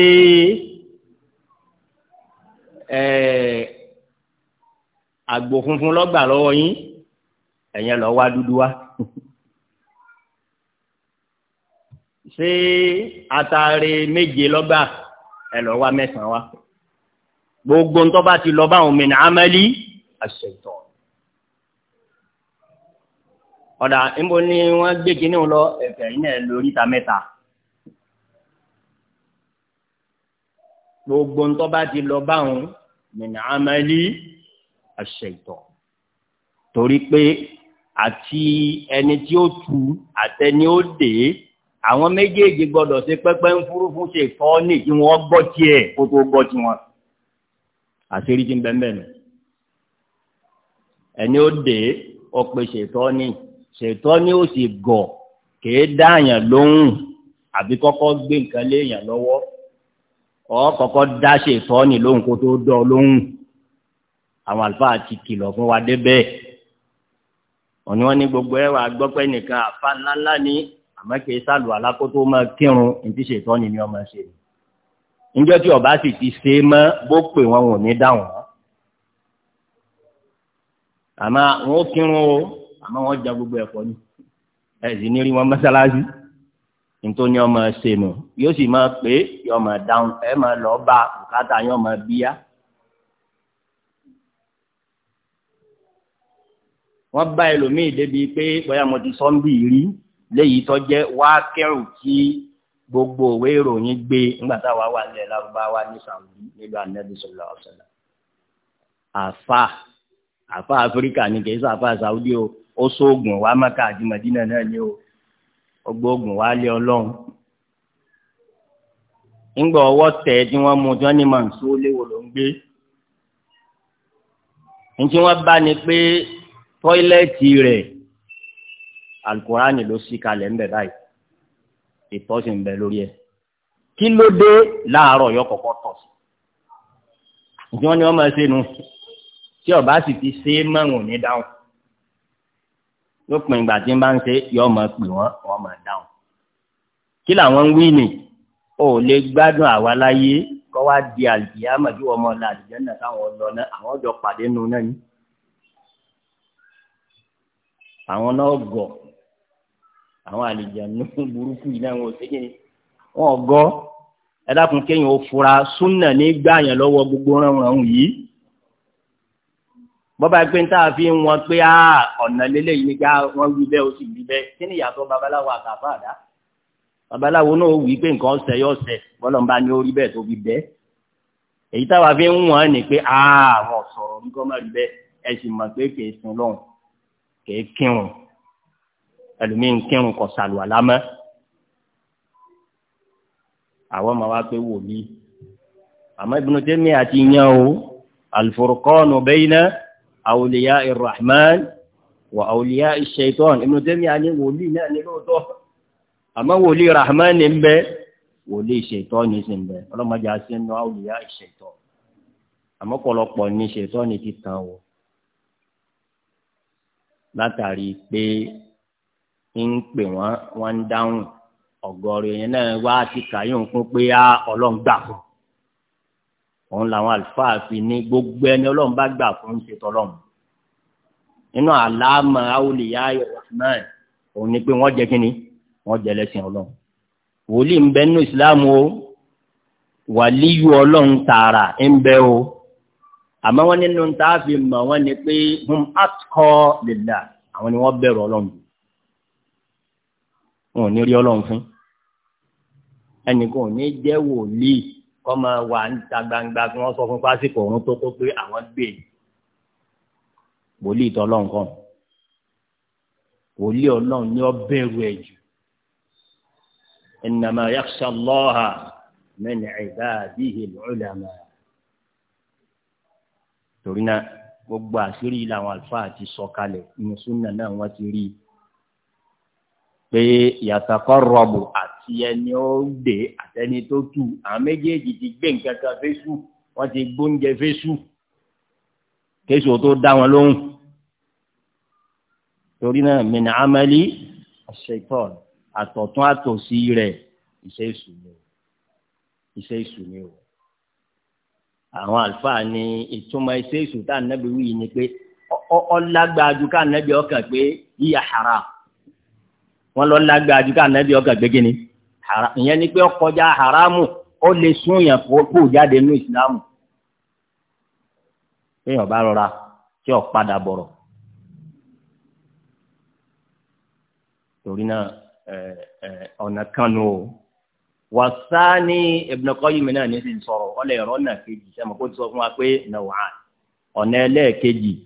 àgbò funfun lọ́gbà lọ́wọ́ yín ẹ̀yẹn lọ́ wá dúdú wá ṣé atare méje lọ́gbà ẹ lọ́ wá mẹ́sàn-án wá gbogbo ntọ́ bá ti lọ báwọn mìíràn amẹ́lí àṣẹ ìtọ́ ọ̀dà níbo ni wọ́n gbé kinní lọ ẹ̀fẹ̀ yìí náà lórí ta mẹ́ta. gbogbo ńtọ́ bá ti lọ báwọn min amali ash-shaytan torí pé àti ẹni tí ó tu àtẹni ó dé àwọn méjèèjì gbọdọ̀ ṣe pẹ́pẹ́ ń fúrú fún ṣe tọ́ ní kí wọ́n gbọ́ tiẹ̀ kó tó gbọ́ tiwọn àṣírí ti ń bẹ́ẹ̀ mẹ́rin ẹni ó dé ọ̀pẹ̀ ṣètọ́ ní ṣètọ́ ni ó sì gọ̀ kèé dáàyàn lóhùn àbí kọ́kọ́ gbé nǹkan léèyàn lọ́wọ́ ọ kọ́kọ́ dá ṣètọ́ ni lóhùn kó tó dọ́ lóhùn àwọn àlùfáà ti kìlọ̀ fún wa débẹ̀ òní wọn ní gbogbo ẹ wà nìkan àfa ńláńlá ni àmọ́ kìí sálù alákótó máa kírun ní ti ṣètọ́ ni ni ọmọ ṣe níjọ́ tí ọba sì ti ṣe é mọ́ bó pè wọn ò ní dáhùn àmọ́ wọn ó kírun o àmọ́ wọ́n já gbogbo ẹ̀fọ́ ni ẹ̀sìn ní rí wọn mọ́sálásí nítorí ni ọmọ ṣe nù yóò sì máa pé yóò máa dáhùn ẹ máa lọ bá bùkátà yóò máa bíyá. wọ́n bá ẹlòmíì débi pé bóyá mo ti sọ ń bì rí léyìí tó jẹ́ wákẹ́rù tí gbogbo òwe ìròyìn gbé nígbà táwa wà nílẹ̀ lárúbáwá ní sàmúlì nílùú ànẹ́bí ọ̀sẹ̀lá àfa àfa áfíríkà ni kì í sọ àfa o ó sóògùn wá Mákà àti Mádínà náà ni ó ọgbóògùn wá lé ọlọ́run ńgbà ọwọ́ tẹ̀ tí wọ́n mú tí wọ́n ní màǹsó léwo ló ń gbé ntí wọ́n bá ní pé tọ́ílẹ̀tì rẹ̀ alukurani ló sì kalẹ̀ ńbẹ báyìí ìtọ́ sì ń bẹ lórí ẹ̀ kí ló dé láàárọ̀ yọ kọ̀kọ́ tọ̀ sí ntí wọ́n ní wọ́n máa ṣe nu tí ọba sì ti ṣe é mọ̀rùn ní dáhùn lópin ìgbà tí ń bá ń ṣe yọ ọmọ pè wọn wọn máa dáhùn kí làwọn ń wí ni o ò lè gbádùn àwa láyé kọ́ wá di àlùkìyámà bí wọ́n mọ̀ ọ́ la àlùjánnà táwọn lọ náà àwọn jọ pàdé nu náà ni àwọn náà gọ̀ àwọn àlùjánu burúkú yìí náà wọn ò sékè ni wọn gọ ẹ dákun kéèyàn ó fura súnà ní gbàyàn lọ́wọ́ gbogbo ránran yìí bọ́ba pé ń tàà fi ń wọn pé ọ̀nà lélẹ̀ yìí ni pé wọ́n wí bẹ́ẹ̀ ó sì wí bẹ́ẹ̀ kí ni ìyàtọ̀ babaláwo àtàfà àdá babaláwo náà wí pé nǹkan ọ̀sẹ̀ yóò ṣẹ bọ́lọ́mbà ni ó rí bẹ́ẹ̀ tó fi bẹ́ẹ̀ èyí táwa fi ń wọ́n ni pé àwọn sọ̀rọ̀ ní kọ́mọ̀ rí bẹ́ẹ̀ ẹ sì mọ̀ pé kì í sin lọ́hùn kì í kírun ẹlòmíín kírun kò sàlùwà lámọ́ àwọn ọmọ wa pé wòlíì àmọ́ Ibn Taymiyyah àti yan o al-Furqan bayna àwòlíyá irrahman wà àwòlíyá ìṣẹ̀tọ́n inú tẹ́mi a ní wòlíì náà ní lóòótọ́ àmọ́ wòlíì rahman ń bẹ wòlíì ìṣẹ̀tọ́n ní sí ń bẹ ọlọ́mọdé a sí ń lọ àwòlíyá ìṣẹ̀tọ́n àmọ́ pọ̀lọpọ̀ ní ìṣẹ̀tọ́n ní ti tàn wọ́n látàrí pé ń pè wọ́n wọ́n ń dáhùn ọ̀gọ́rọ̀ èèyàn náà wá ti kàyọ̀ ń fún pé á ọlọ́run gbà fún òun làwọn àlùfáà ní gbogbo ẹni ọlọ́run bá gbà fún ṣe tọlọ́run nínú àlámà awolìyá Rahman òun ni pé wọ́n jẹ́ kínní wọ́n jẹ́ lẹ́sìn ọlọ́run wòlíì ń bẹ nínú ìsìláàmù o wàlíyù ọlọ́run tààrà ń bẹ o àmọ́ wọ́n nínú tá a fi mọ̀ wọ́n ni pé hum atkọ́ lèlà àwọn ni wọ́n bẹ̀rù ọlọ́run jù wọn ò ní rí ọlọ́run fún ẹnì kan ò ní jẹ́ wòlíì kọ́ máa wà níta gbangba kí wọ́n sọ fún pásítọ̀ òun tó kó pé àwọn gbé wòlíì tọ́lọ́run kan wòlíì ọlọ́run ni ó bẹ̀rù ẹ̀ jù innama yakhsha Allaha min ibadihi al-ulama torí náà gbogbo àṣírí làwọn àlùfáà ti sọ kalẹ̀ inú súnà náà wọ́n ti rí i pé yàtàkọ́ rọ̀bù àti ẹni ó dé àtẹni tó tù àwọn méjèèjì ti gbé nǹkan kan fésù wọ́n ti gbóúnjẹ fésù kéṣù tó dá wọn lóhùn torí náà mìnà amẹ́lí ṣètọ́n àtọ̀tún àtòsí rẹ̀ iṣẹ́ èṣù o iṣẹ́ èṣù o àwọn àlùfáà ní ìtumọ̀ iṣẹ́ èṣù tá ànábì wí ni pé ọ ọ lágbára ju ká ànábì ọkàn pé yíya haram. wọn lọ lágbàá ju na nàbí ọga gbégé ni ìyẹn ni pé ó kọjá haramu ó lè sún yẹn kó jáde nínú ìsìlámù bá rọra tí ò padà torí o náà ní sọ̀rọ̀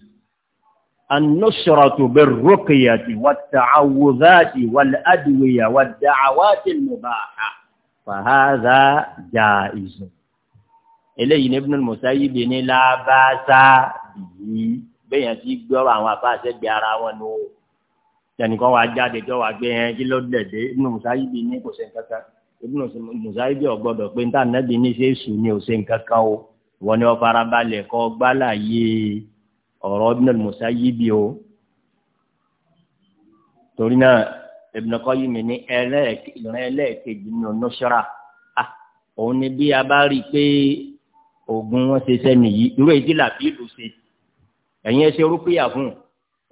النصرة بالرقية والتعوذات والأدوية والدعوات المباحة فهذا جائز إليه ابن المسيب لا بأس به bẹ́ẹ̀ ti gbọ́rọ̀ àwọn afáàṣẹ gbé ara wọn ní o tẹnìkan wàá jáde tó wàá gbé yẹn kí ló dẹ̀dẹ̀ ibùdó musayibi ní kò ṣe nǹkan kan ibùdó musayibi ọ̀gbọ́dọ̀ pé níta nẹ́bi ní ṣe sùn ní ò ṣe nǹkan o wọ́n ní ọ farabalẹ̀ kọ́ gbálàyé ọ̀rọ̀ Ibn al-Musayyib o torí náà Ibn Qayyim ní ìran ẹlẹ́ẹ̀kejì nínú nọ́ṣọ́ra ah, òun ni bí a bá rí i pé oògùn wọn ṣe sẹ́ni yìí irú èyí tí làbílù ṣe ẹ̀yin ẹ ṣe rúkúyà fún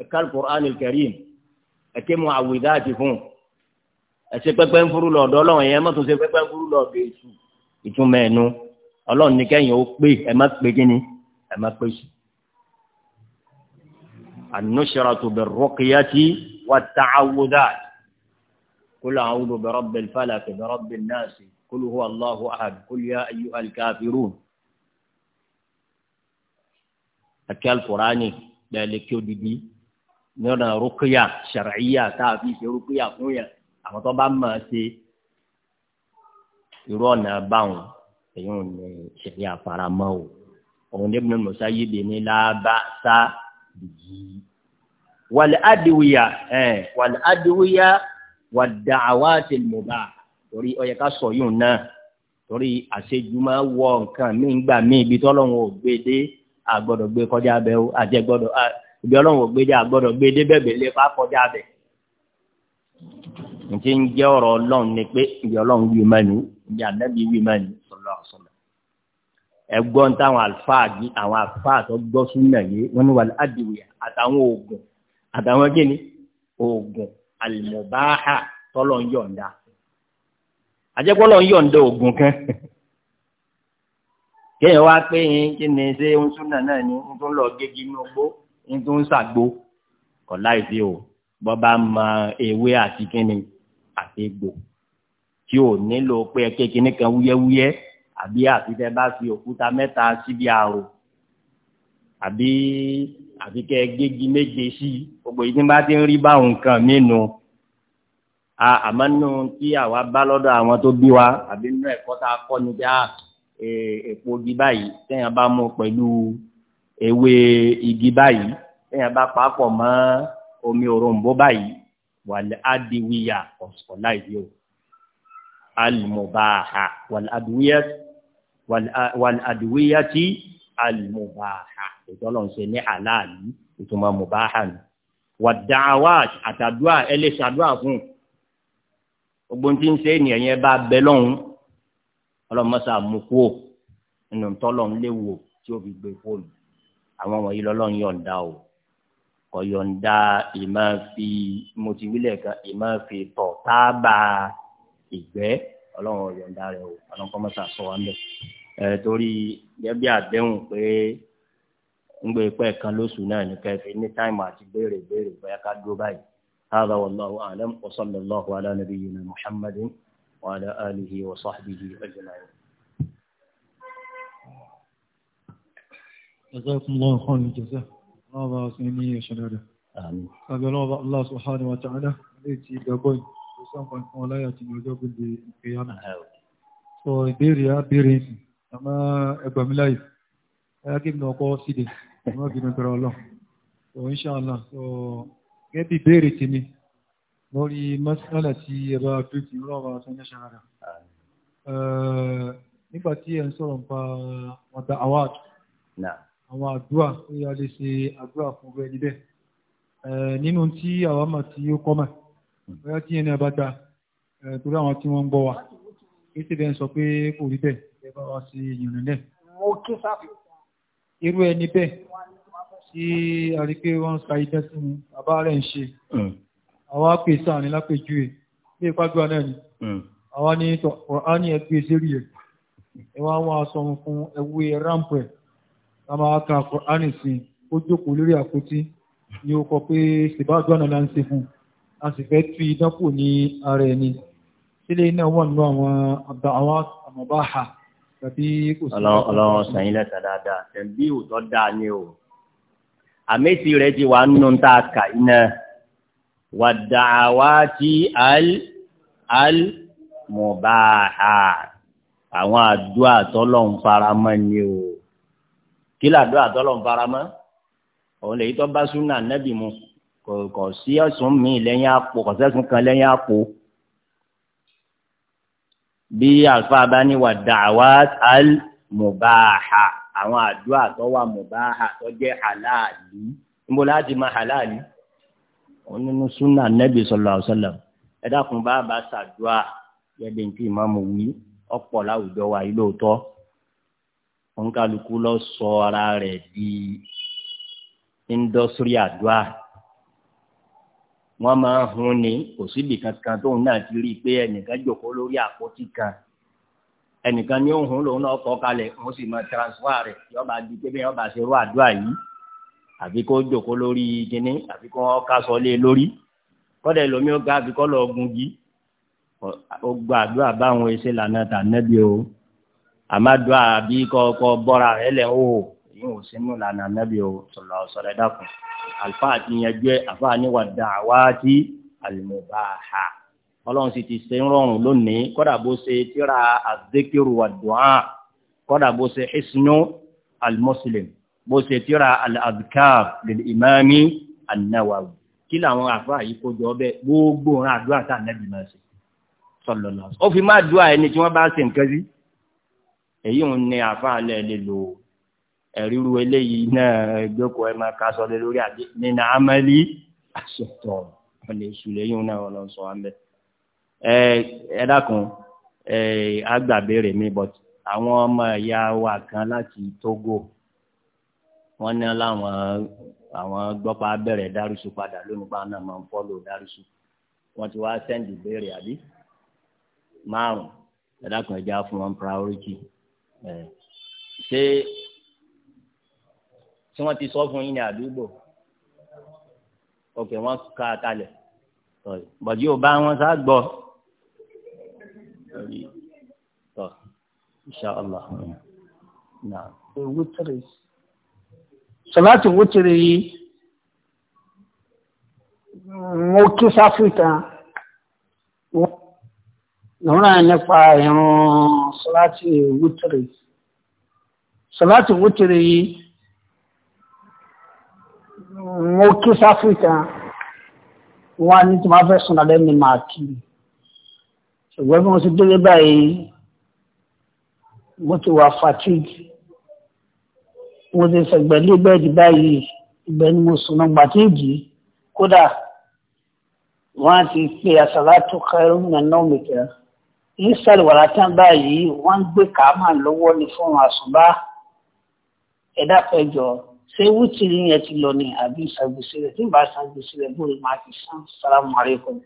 ẹ̀ka al-Qur'an al-Karim ẹ̀ka mu'awwidhat fún ẹ pẹ́pẹ́ ń furu lọ́dọ̀ ọlọ́run ẹ̀yẹ mọ́tò ṣe pẹ́pẹ́ ń furu lọ́dọ̀ èṣù ìtumọ̀ ẹ̀nu ọlọ́run ní kẹ́yìn ó pè ẹ má pè kíni ẹ má pè sùn. النشرة بالرقية والتعوذات قل أعوذ برب الفلك برب الناس قل هو الله أحد قل يا أيها الكافرون أكي القرآن ذلك يدي نرى رقية شرعية في رقية قوية أما طبعا ما سي يرون باون يون شرعية فرامو ومن ابن المسيب لا بأس yìí wàlẹ́àdìwìyà ẹ̀ wàlẹ́àdìwìyà wàdàwátì mùbá torí ó yẹ ká sọ yìí náà torí àṣejùmọ̀ wọ nǹkan mí gbà mí ibi tọ́lọ́run ò gbé dé àgbọ́dọ̀ gbé kọjá bẹ́ẹ̀ o àjẹgbọ́dọ̀ ibi ọlọ́run ò gbé dé àgbọ́dọ̀ gbé dé bẹ́ẹ̀ bẹ́ẹ̀ lé fà kọjá bẹ́ẹ̀ nti ń jẹ́ ọ̀rọ̀ ọlọ́run ni pé ìyá ọlọ́run wí mẹ́nu ìyá anábì wí mẹ́nu sọlọ sọlọ ẹgbọ́n táwọn àlùfáà bí àwọn àlùfáà tó gbọ́ súnà yìí wọ́n ní wàlẹ́ àdìwì àtàwọn oògùn àtàwọn gíní oògùn àlùmọ̀báhà tọ́lọ̀ ń yọ̀ǹda àjẹpọ́lọ̀ ń yọ̀ǹda oògùn kan kéèyàn wá pé kí ni ṣé ń súnà náà ni ń tún lọ gégi inú gbó ń tún ṣàgbo kọ̀ láìsí o bọ́ bá mọ ewé àti kíni àti egbò tí ò nílò pé kékeré kan wúyẹ́wúyẹ́ àbí àfi tẹ bá fi òkúta mẹ́ta síbi àrò àbí àfi kẹ gégi méje sí gbogbo yìí tí n bá ti ń rí báwọn nǹkan mí nu àmọ́ nù tí àwa bá lọ́dọ̀ àwọn tó bí wa àbí nù ẹ̀kọ́ tá a kọ́ ni já èpo e, igi báyìí téèyàn bá mú pẹ̀lú ewé igi báyìí téèyàn bá papọ̀ mọ́ omi òrombó báyìí wàlẹ́ adiwiya ọ̀sọ̀ o yóò alimobaha wàlẹ́ adiwiya wàlàdùwíyá tí àlùmùbáhà ìtọ́lọ́n ṣe ní àlàálù ìtumọ̀ mùbáhà ni wàdàwà àtàdúà ẹlẹ́sàdúà fún gbogbo tí ń ṣe ènìyàn yẹn bá bẹ lọ́hùn ọlọ́mọṣà mú kú ò nínú tọ́lọ́n léwu tí ó fi gbé fóònù àwọn wọ̀nyí lọ́lọ́run yọ̀ǹda o kò yọ̀ǹda ìmáa fi mo kan ìmáa fi tọ̀ tábà ìgbẹ́ ọlọ́run ọ̀yọ̀ǹda rẹ̀ o ọlọ́run kọ́ mọ́tà sọ wa ń bẹ̀. ẹ torí gẹ́bí àdéhùn pé ń gbé pẹ́ kan lóṣù náà ní kẹfì ní táìmù àti béèrè béèrè bóyá ká dúró báyìí. هذا والله أعلم وصلى الله على نبينا محمد وعلى آله وصحبه أجمعين جزاكم الله خير الجزاء الله سنيني يا شنادة آمين فبلغ الله سبحانه وتعالى ليتي قبل ọ̀pọ̀ fún ọláyà tí ọjọ́ gbogbo ìfẹ́yàmà so ìbéèrè á béèrè ní àmá ẹgbàmíláyì ayákébìnà ọkọ̀ sídẹ̀ wọ́n bí mẹ́tẹ̀rẹ̀ ọlọ́run so so gẹ́bí béèrè ti ni lórí mọ́sánlá tí ẹba fífì rọ́wà sọ́nyẹ́sàrà nígbà tí ẹ ń sọ̀rọ̀ nípa ọ̀dà award àwọn àdúrà ó yà lè ṣe àdúrà fún ọgbẹ́ bóyá tí yẹn náà bá torí àwọn tí wọ́n ń gbọ́ wa èsì bẹ́ẹ̀ sọ pé kò rí bẹ́ẹ̀ ẹ bá wa sí ìrìn náà. mo kí sáfì. irú ẹni bẹ́ẹ̀ tí a rí pé wọ́n sí mi bàbá rẹ̀ ń ṣe mm. àwa pè sáà ní lápèjúwe bí ìpàgbọ́ náà ni mm. àwa ní ọ̀rání ẹgbẹ́ ìṣeré rẹ̀ ẹ wá wá aṣọ fún ẹwú rámpẹ̀ ká máa ka ọ̀rání sí i ó lórí àpótí ni ó kọ pé ṣèbá náà ń ṣe fún un a sì fẹ́ tú idán kù ní ara ẹni sílé náà wọ́n nú àwọn àbáwá àmọ̀báhà tàbí kò sí. ọlọ́run sẹ́yìn lẹ́sẹ̀ dáadáa tẹ̀bí òótọ́ dáa ni o àmẹ́sì rẹ̀ ti wà nínú tá kà iná wà dàwa ti al al mọ̀báhà àwọn àdúrà tọ́lọ́run faramọ́ ni o kí làdúrà tọ́lọ́run faramọ́ òun lè yí tọ́ bá súnà nẹ́bì mu kò sí ẹ̀sùn míì lẹ́yìn àpò kò sẹ́sùn kan lẹ́yìn àpò bí àlùfáà bá ní wà dàwà al mubaha àwọn àdúrà tó wà mubaha tó jẹ́ halali níbo láti máa halali wọn nínú súnà nẹ́bí sallallahu alaihi wasallam ẹ dákun bá bá ṣàdúrà yẹ́dẹ̀ ní kí ìmáàmù wí ọ̀pọ̀ láwùjọ wa yìí lóòótọ́ òǹkàlùkù lọ sọ ara rẹ̀ di indọ́sírí àdúrà wọ́n máa hun ni kò síbi kankan tóun náà ti rí i pé ẹnìkan jòkó lórí àpótí kan ẹnìkan ní òun lòun náà kọ́ kalẹ̀ òun sì máa transfer rẹ̀ yọba di pé yọba ṣe rú àdúrà yìí àfi kó jòkó lórí kíní àfi kó kásọ lé e lórí kọ́dà ẹlòmí ó ga àfi kọ́ lọ gungi ó gba àdúrà báwọn ẹsẹ̀ lànà tà nẹ́bí o àmàdúrà bí kọ́ kọ́ bọ́ra rẹ̀ lẹ̀ ń hò ìwọ̀n sínú lànà anábì o sọ̀rọ̀ sọ̀rọ̀ dákun àlùfáà àti ìyẹnjú ẹ̀ àfáà ní wà da'awati al-mubaha ọlọ́run sì ti ṣe ń rọrùn lónìí kọ́dà bó ṣe tíra az-zikru wa du'a kọ́dà bó ṣe hisnu al-muslim bó ṣe tíra al-adhkar lil imami an kí làwọn àfáà yìí kó jọ bẹ́ẹ̀ gbogbo òun àdúrà tá ànábì máa ṣe sallallahu ó fi má dúà ẹni tí wọ́n bá ṣe nǹkan sí èyí òun ni àfáà lẹ́ẹ̀ ẹ̀ríru eléyìí náà ìjókòó ẹ máa ka sọlẹ̀ lórí àdé nínú amẹ́lí àṣetọ̀ ọ̀lẹ̀ ìṣùlẹ̀yìn náà ọ̀nà sọ amẹ́. ẹ agbàbẹ̀rẹ̀ mi but àwọn ọmọ ẹ̀yà wa kan láti Togo wọ́n ní láwọn àwọn gbọ́pá bẹ̀rẹ̀ dárúṣu padà lónìí pa náà máa ń fọ́lò dárúṣu wọ́n ti wá sẹ́ǹdì béèrè àbí márùn-ún ẹ dákun ẹ fún wọn priority tí wọ́n ti sọ fún yín ní àdúgbò òkè wọ́n ká a kalẹ̀ bọ̀dí ò bá wọn sá gbọ́ tọ́ inṣàlá náà. sọláàtì wútìrì yìí mo kí sáfìtà lọ́rọ̀ nípa ìrun sọláàtì wútìrì sọláàtì wútìrì yìí mo kí sáfíríkà wọn ní tí wọn fẹ́ sùn lálẹ́ mi máa kí ṣùgbọ́n bí wọ́n ti délé báyìí mo ti wà fatigue mo ti fẹ̀gbẹ́ lé bẹ́ẹ̀dì báyìí ìgbẹ́ ni mo sùn náà gbàtí ìdí kódà wọ́n ti pe àṣàlátò kẹrù nínú mìkẹ́ ní sàlùwàlá tán báyìí wọ́n ń gbé kàámà lọ́wọ́ ní fún àṣùbá ẹ̀dá fẹjọ́ ṣé wítìrì yẹn ti lọ ni àbí ìṣàgbèsè rẹ̀ tí ìbá ìṣàgbèsè rẹ̀ bóyá máa ti sàn sàlámù aláìkùm.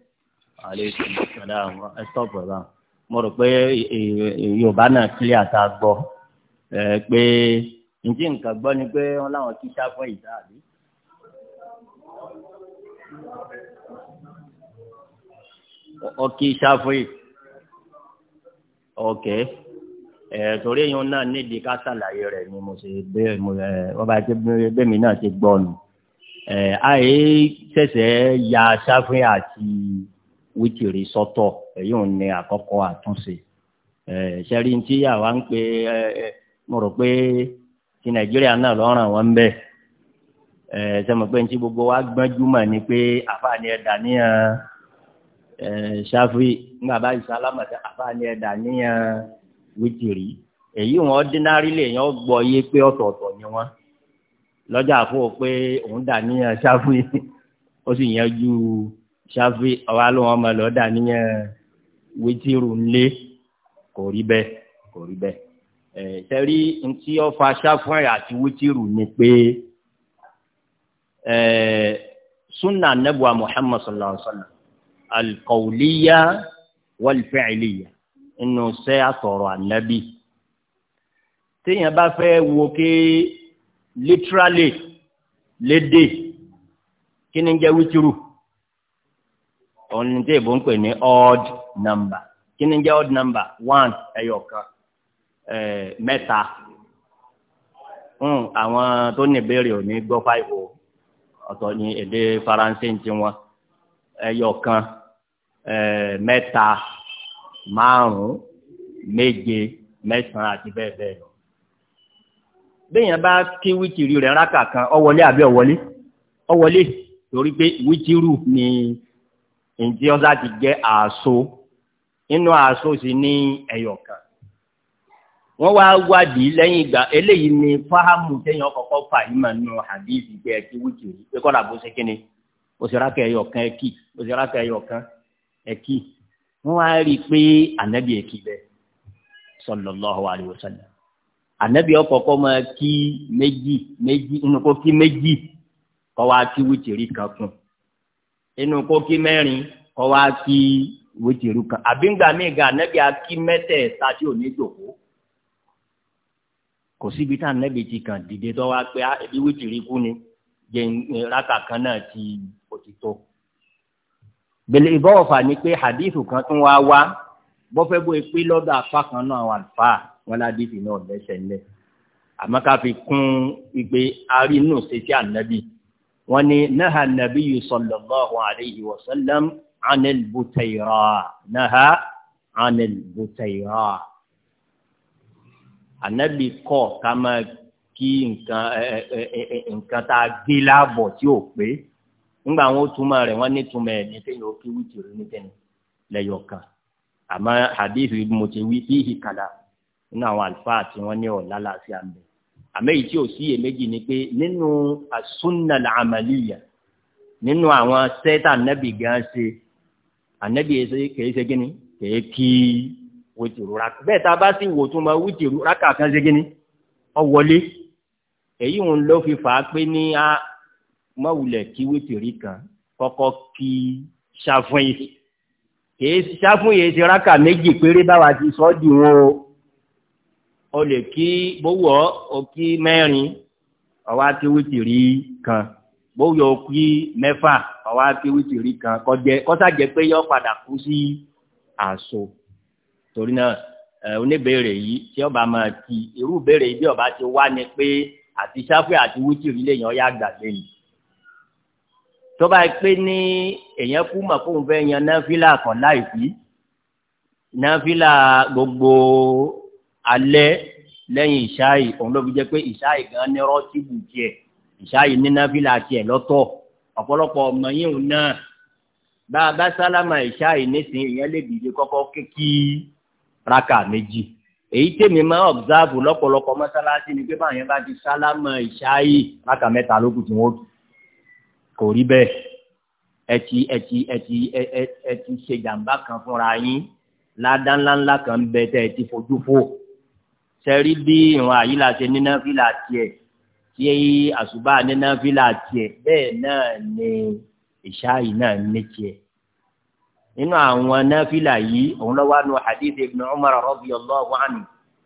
aleykum salaam ẹ tọ́pọ̀ náà mo rò pé yorùbá náà kílẹ̀ àtà gbọ́ pé ǹjẹ́ nǹkan gbọ́ ni pé wọ́n láwọn kí sáfọ́ ìdá àbí. ọkì sáfọ́ yìí ọ̀kẹ́. Okay torí yìí náà nídìí ká ṣàlàyé rẹ̀ ni mo ṣe bẹ mo ẹ ọba tí bẹmí náà ti gbọ́ nù ẹ àyè ṣẹ̀ṣẹ̀ ya sáfìn àti wítìrì sọ́tọ̀ èyí ò ní àkọ́kọ́ àtúnṣe ẹ ṣẹrí tí àwa ń pe ẹ mo rò pé ti nàìjíríà náà lọ ràn wọn bẹ ẹ sẹmọ pé ntí gbogbo wa gbọ́njú mọ̀ ni pé àfààní ẹ̀dá níyàn ẹ ṣáfì ńgbà báyìí sálámà àfààní ẹ̀dá níyàn. wítìrì èyí wọn ordinary lè yàn gbọ́ yé pé ọ̀tọ̀ọ̀tọ̀ ni wọn lọ́jà fún o pé òun dà níyàn ṣáfù ó sì yanjú ṣáfù ọwọ́ ló wọn mọ̀ dà níyàn wítìrù ńlé kò rí shafi kò rí bẹ́ẹ̀ ntí ṣáfù ni pé ẹ sunna anabuwa Muhammad sallallahu alaihi wa sallam nínú sẹ́ àtọ̀rọ̀ ànábì téèyàn bá fẹ́ wo ké literally lédè kí ni jẹ́ wítírù òun tí èbó ń pè ní odd number kí ni jẹ́ odd number one ẹyọkan eh, mẹ́ta hmm, àwọn tó ní ìbéèrè ò ní gbọ́ fáìwò ọ̀tọ̀ ní èdè faransé ti wọn ẹyọkan eh, mẹ́ta márùn méje mẹ́sàn àti bẹ́ẹ̀ bẹ́ẹ̀ lọ. béèyàn bá kí wítìrì rẹ̀ rákà kan ọwọlé àbí ọwọlé ọwọlé torí pé wítìrù ni ǹjẹ ọsà ti jẹ àṣọ inú àṣọ sì ní ẹyọkan wọ́n wá wádìí lẹ́yìn ìgbà eléyìí ni fáhámù téèyàn kọ́kọ́ fà yìí nù hadithi pé ẹ ti wítìrì pé kọ́dà bó ṣe kíni òṣèré akẹ́yọ̀ kan wọ́n wá rí i pé ànábì sallallahu alaihi ànábì ọkọ̀ọ̀kọ́ máa kí méjì méjì inú kó kí méjì kọ́ wá kí wítìrí kan kún inú kó kí mẹ́rin kọ́ wá kí wítìrí kan míì ga ànábì akí mẹ́tẹ̀ẹ̀ta tí ò ní jòkó kò síbi tá ànábì ti kàn dìde tó wá pé ah, ibi wítìrí kú ni jẹ́ rákà kan náà ti òtítọ́. bẹ̀lẹ̀ ìbọ̀wọ̀fà ni pé hadithu kan tún wá wá bọ́fẹ́ bó e pé lọ́dọ̀ apá kan náà wà fà wọn ládìsí náà lẹ́sẹ̀ ńlẹ̀ àmọ́ ká fi kún ìgbé arínú ṣèṣì ànábì wọn ni náà nàbí yìí sallallahu alayhi wa sallam anil náà anil butayra ànábì kọ̀ ká máa kí nǹkan tá a gé láàbọ̀ tí ò pé nígbà àwọn òtúmọ̀ rẹ̀ ni ní túmọ̀ ẹ̀ ní kéèyàn ó kí wítìrì ní kẹ́ni lẹ́yọ̀ kan àmọ́ hadith mo ti wí fíhì kàdà nínú àwọn àlùfáà tí wọ́n ní ọ̀la láti àmì àmọ́ èyí tí ò sí èméjì ni pé nínú asúnà làmàlìyà nínú àwọn sẹ́tà nẹ́bì gan ṣe ànẹ́bì kìí ṣe gíní kìí kí wítìrù rákà bẹ́ẹ̀ tá a bá sì wò tún mọ wítìrù rákà kan ṣe gíní ọ wọlé èyí òun ló fi fà á pé ní má wulẹ̀ kí wítìrí kan kọ́kọ́ kí ṣàfún yìí kìí ṣàfún yìí ti rákà méjì péré báwa ti sọ di wọn o o lè kí bówó o kí mẹ́rin ọwọ́ àti wítìrí kan bówó o kí mẹ́fà ọwọ́ àti wítìrí kan kọ́sàjẹ́ pé yọ padà kú sí àṣọ torí náà oníbèrè yìí tí ọba máa ti irú béèrè yìí bí ọba ti wá ni pé àti ṣàfún àti wítìrí lèèyàn yá gbàgbé yìí tọ́ba pé ní èèyàn kú mà fóun fẹ́ yan náfìlà kan láì fi náfìlà gbogbo alẹ́ lẹ́yìn ìṣáì òun ló fi jẹ́ pé ìṣáì gan ní rọ́tìbù tiẹ̀ ìṣáì ní náfìlà tiẹ̀ lọ́tọ̀ ọ̀pọ̀lọpọ̀ ọmọ yìí òun náà bá a bá sálámà ìṣáì nísìnyí ìyẹn lè dìde kọ́kọ́ kékì rákà méjì èyí tèmi máa ọ̀bùsáàbù lọ́pọ̀lọpọ̀ mọ́sálásí ni pé báyẹn bá ti sálámà ìṣáì rákà mẹ́ta lókùtù wọn kù kò rí bẹ́ẹ̀ ẹ ti ẹ ti ẹ ti ẹ ti ṣe jàǹbá kan fúnra yín ládá ńláńlá kan bẹ tẹ ẹ ti fojú fò sẹ́rí bí ìwọ̀n àyílà ṣe níná fílà tiẹ̀ tí àṣùbà níná fílà tiẹ̀ bẹ́ẹ̀ náà ni ìṣááyì náà ní tiẹ̀ nínú àwọn náfìlà yìí òun lọ́wọ́ nu hadith ibn umar radiyallahu anhu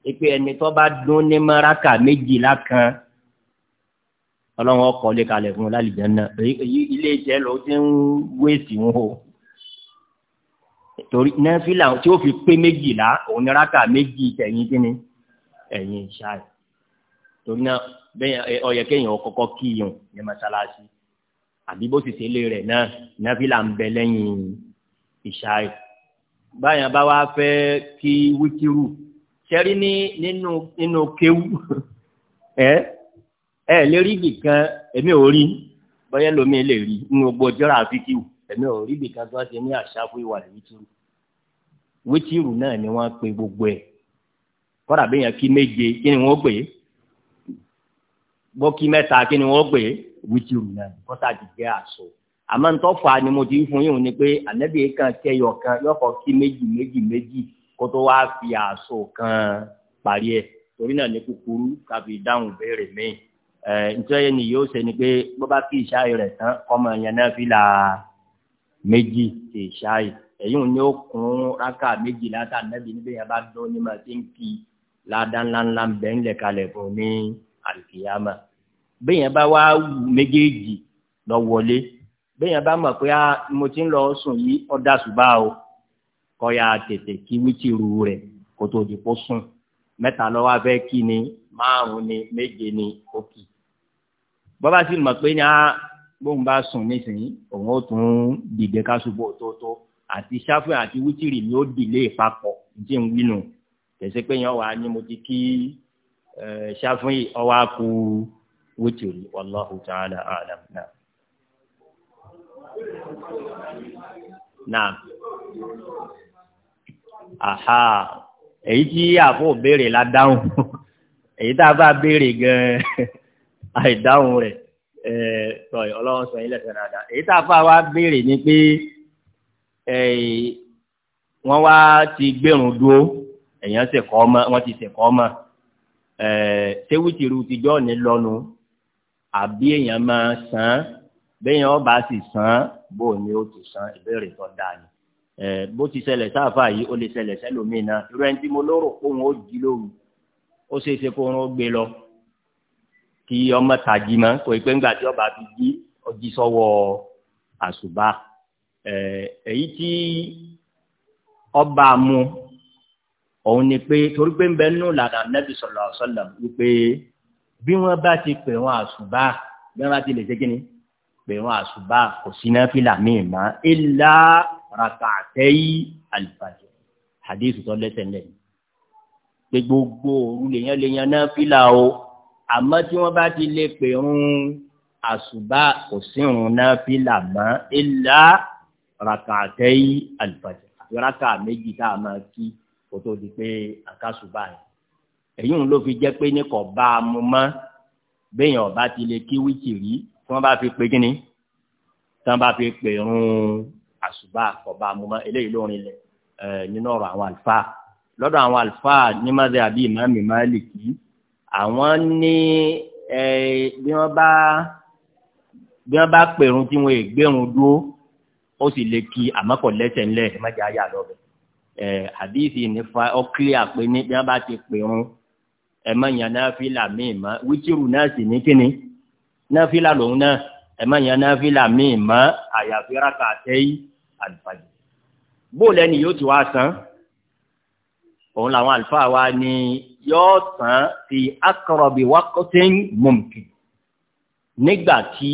ipe ẹni tó bá dún ní maraka méjìlá kan ọlọ́run ọkọ̀ lè kalẹ̀ fún lálìjáná èyí ilé ìjẹ́ lọ ti ń wéèsì ń hò torí nẹ́fìlà tí ó fi pé méjìlá òun ní rákà méjì tẹ̀yìn kí ni ẹ̀yìn ṣáà torí náà bẹ́ẹ̀ ọyẹ kéèyàn kọ́kọ́ kíyàn ní mọ́sálásí àbí bó sì ṣe lé rẹ̀ náà nẹ́fìlà ń bẹ lẹ́yìn ìṣáà báyà bá wá fẹ́ kí wíkírù ṣẹ́rí ní nínú kéwù ẹ́. ẹ lè rí ibì kan èmi ò rí bọ́yá lomi lè rí ní gbogbo jọ́ra àfikì èmi ò rí ibì kan tó wá ti ní àṣàfù ìwà wítìrù wítìrù náà ni wọ́n pe gbogbo ẹ kọ́dà kí méje kí ni wọ́n gbé. é kí ni wọ́n gbé náà ti àṣọ fún yín ni pé ànábì kan kẹyọ kan kí méjì méjì méjì kó tó wá Eh, ẹ ni yóò ṣe ni pé bó bá kí ìṣá rẹ̀ tán kọ́mọ yẹn náà fi là méjì ti ìṣá yìí èyí ò ní ó kún rákà méjì látà nẹ́bí níbi yẹn bá dún ní màá ti ń kí ládánláńlá bẹ́ẹ̀ ńlẹ̀ kalẹ̀ fún ní àlùkìyàmà bẹ́ẹ̀ yẹn bá wá méjèèjì lọ wọlé bẹ́ẹ̀ yẹn bá mọ̀ pé ah, mo ti ń lọ sùn yìí ọ̀dà ṣùgbà o kọ́ ya tètè kí wítìrú rẹ̀ kó tó di kó sùn mẹ́ta lọ́wọ́ fẹ́ kí ni márùn-ún ni méje ni ó kì í bọ́bá sì mọ̀ pé ní a ah, bóun bá sùn nísìnyí òun ó tún dìde ká ṣubú òtótó àti ṣáfẹ́ àti wítìrì ni ó dìlé papọ̀ tí ń wínú kẹsẹ́ pé yẹn wà á ní mo ti kí ṣáfẹ́ yìí ọwọ́ á ku wítìrì wallahu ta'ala a'lam náà. náà àhà èyí tí àfọ̀ béèrè la dáhùn èyí tá a bá béèrè gan-an àìdáhùn rẹ̀ tọ́ ọlọ́run sọ yín lẹ́sẹ̀ dáadáa èyí tá a fà wá béèrè ni pé wọ́n wá ti gbẹ̀rùn dúró èèyàn ṣèkọ́ ọmọ wọ́n ti ṣèkọ́ ọmọ ṣéwìtìrú tìjọ́ ní lọ́nu àbí èèyàn máa san án bẹ́yìn ọba sì san án bó ni ó ti san ìbéèrè tó dáa ni bó ti ṣẹlẹ̀ sáfà yìí ó lè ṣẹlẹ̀ sẹ́lòmíì irú ẹni tí mo lórò pé ó jí lóru ó ṣeé ṣe ó gbé lọ kí ọmọ tàjí mọ́ kò pé ńgbà tí ọba fi jí ọjí sọ́wọ́ àṣùbà èyí tí ọba mu òun ni pé torí pé ń bẹ nínú ìlànà nẹ́bí sọ̀lọ̀ sọ̀lọ̀ wípé bí wọ́n bá ti pè wọ́n àṣùbà bí wọ́n bá ti lè ṣe ni pè wọ́n àṣùbà kò sí náfìlà míì mọ́ ilá rakàtẹ́yì àlùfàjẹ́ hadith tó lẹ́sẹ̀ lẹ́yìn gbogbo òru lèyàn lèyàn náfìlà o àmọ́ tí wọ́n bá ti lè pè ń àṣùbà kò sírun náà fi là mọ́ ilà ràkàtẹ́yì àlùfàjì àti rákà méjì tá a máa kí kó tó di pé àkàṣùbà yẹn èyí ń ló fi jẹ́ pé ní kò bá a mu mọ́ béèyàn ọba ti lè kí wítìrí tí wọ́n bá fi pè kí ni tí wọ́n bá fi pè ń àṣùbà kò bá a mu mọ́ eléyìí ló rin lẹ̀ nínú ọ̀rọ̀ àwọn àlùfáà lọ́dọ̀ àwọn àlùfáà ní mazhabi ìmáàmì Málíkì àwọn ní bí wọ́n bá bí wọ́n bá pèrún tí wọ́n ègbérun dúró ó sì lè kí àmọ́kọ̀ lẹ́sẹ̀ ńlẹ̀ ẹ má jẹ́ àyà lọ́bẹ̀ ẹ̀ àdìsí nífa ọ́ kílíà pé ní bí wọ́n bá ti pèrún ẹ má yàn náà fílà míì mọ́ wítírù náà sì ní kíni náà fílà lòun náà ẹ má yàn náà fílà míì mọ́ àyàfi rákà àtẹ́yí àlùfáàjì bóòlù ẹni yóò ti wá san òun làwọn àlùfáà wa ní yóò tán fi akọrọ̀bì wákọ́tẹ́ mọ̀mùkì nígbà tí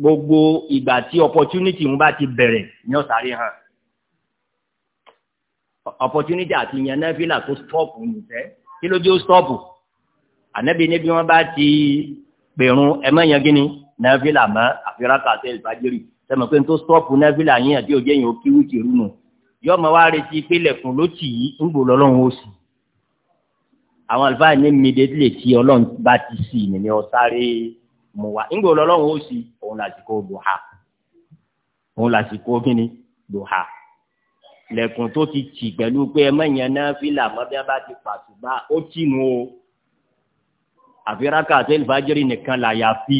gbogbo ìgbà tí opportunity ń bá ti bẹ̀rẹ̀ ní ọ̀sàrí hàn opportunity àti yẹn náà fi là tó stọ́ọ̀pù nìfẹ́ kí ló dé ó stọ́ọ̀pù ànábi níbi wọn bá ti pèrún ẹ̀mọ́yẹn gíní nẹ́fìlà mọ́ àfirákàtẹ́ ìfàjírì sẹ́mi pé n tó stọ́ọ̀pù nẹ́fìlà yín àti òjẹ́yìn òkìwìkì rúnu yọ́ọ́ mọ wá retí pé lẹ̀kùn ló tì í ń gbò lọ́lọ́run ó àwọn àlùfáà ní mídétìlè tí ọlọ́run bá ti sí ni ni ọ sáré mu wa ńgbò lọ́lọ́run ó sì òun lásìkò duha òun lásìkò kíni duha lẹ́kùn tó ti tì pẹ̀lú pé ẹ mẹ́yìn náà fílà mọ́bíà bá ti pàṣùbà ó tì nù o àfi rákàtí ìfàjìrì nìkan làyàfi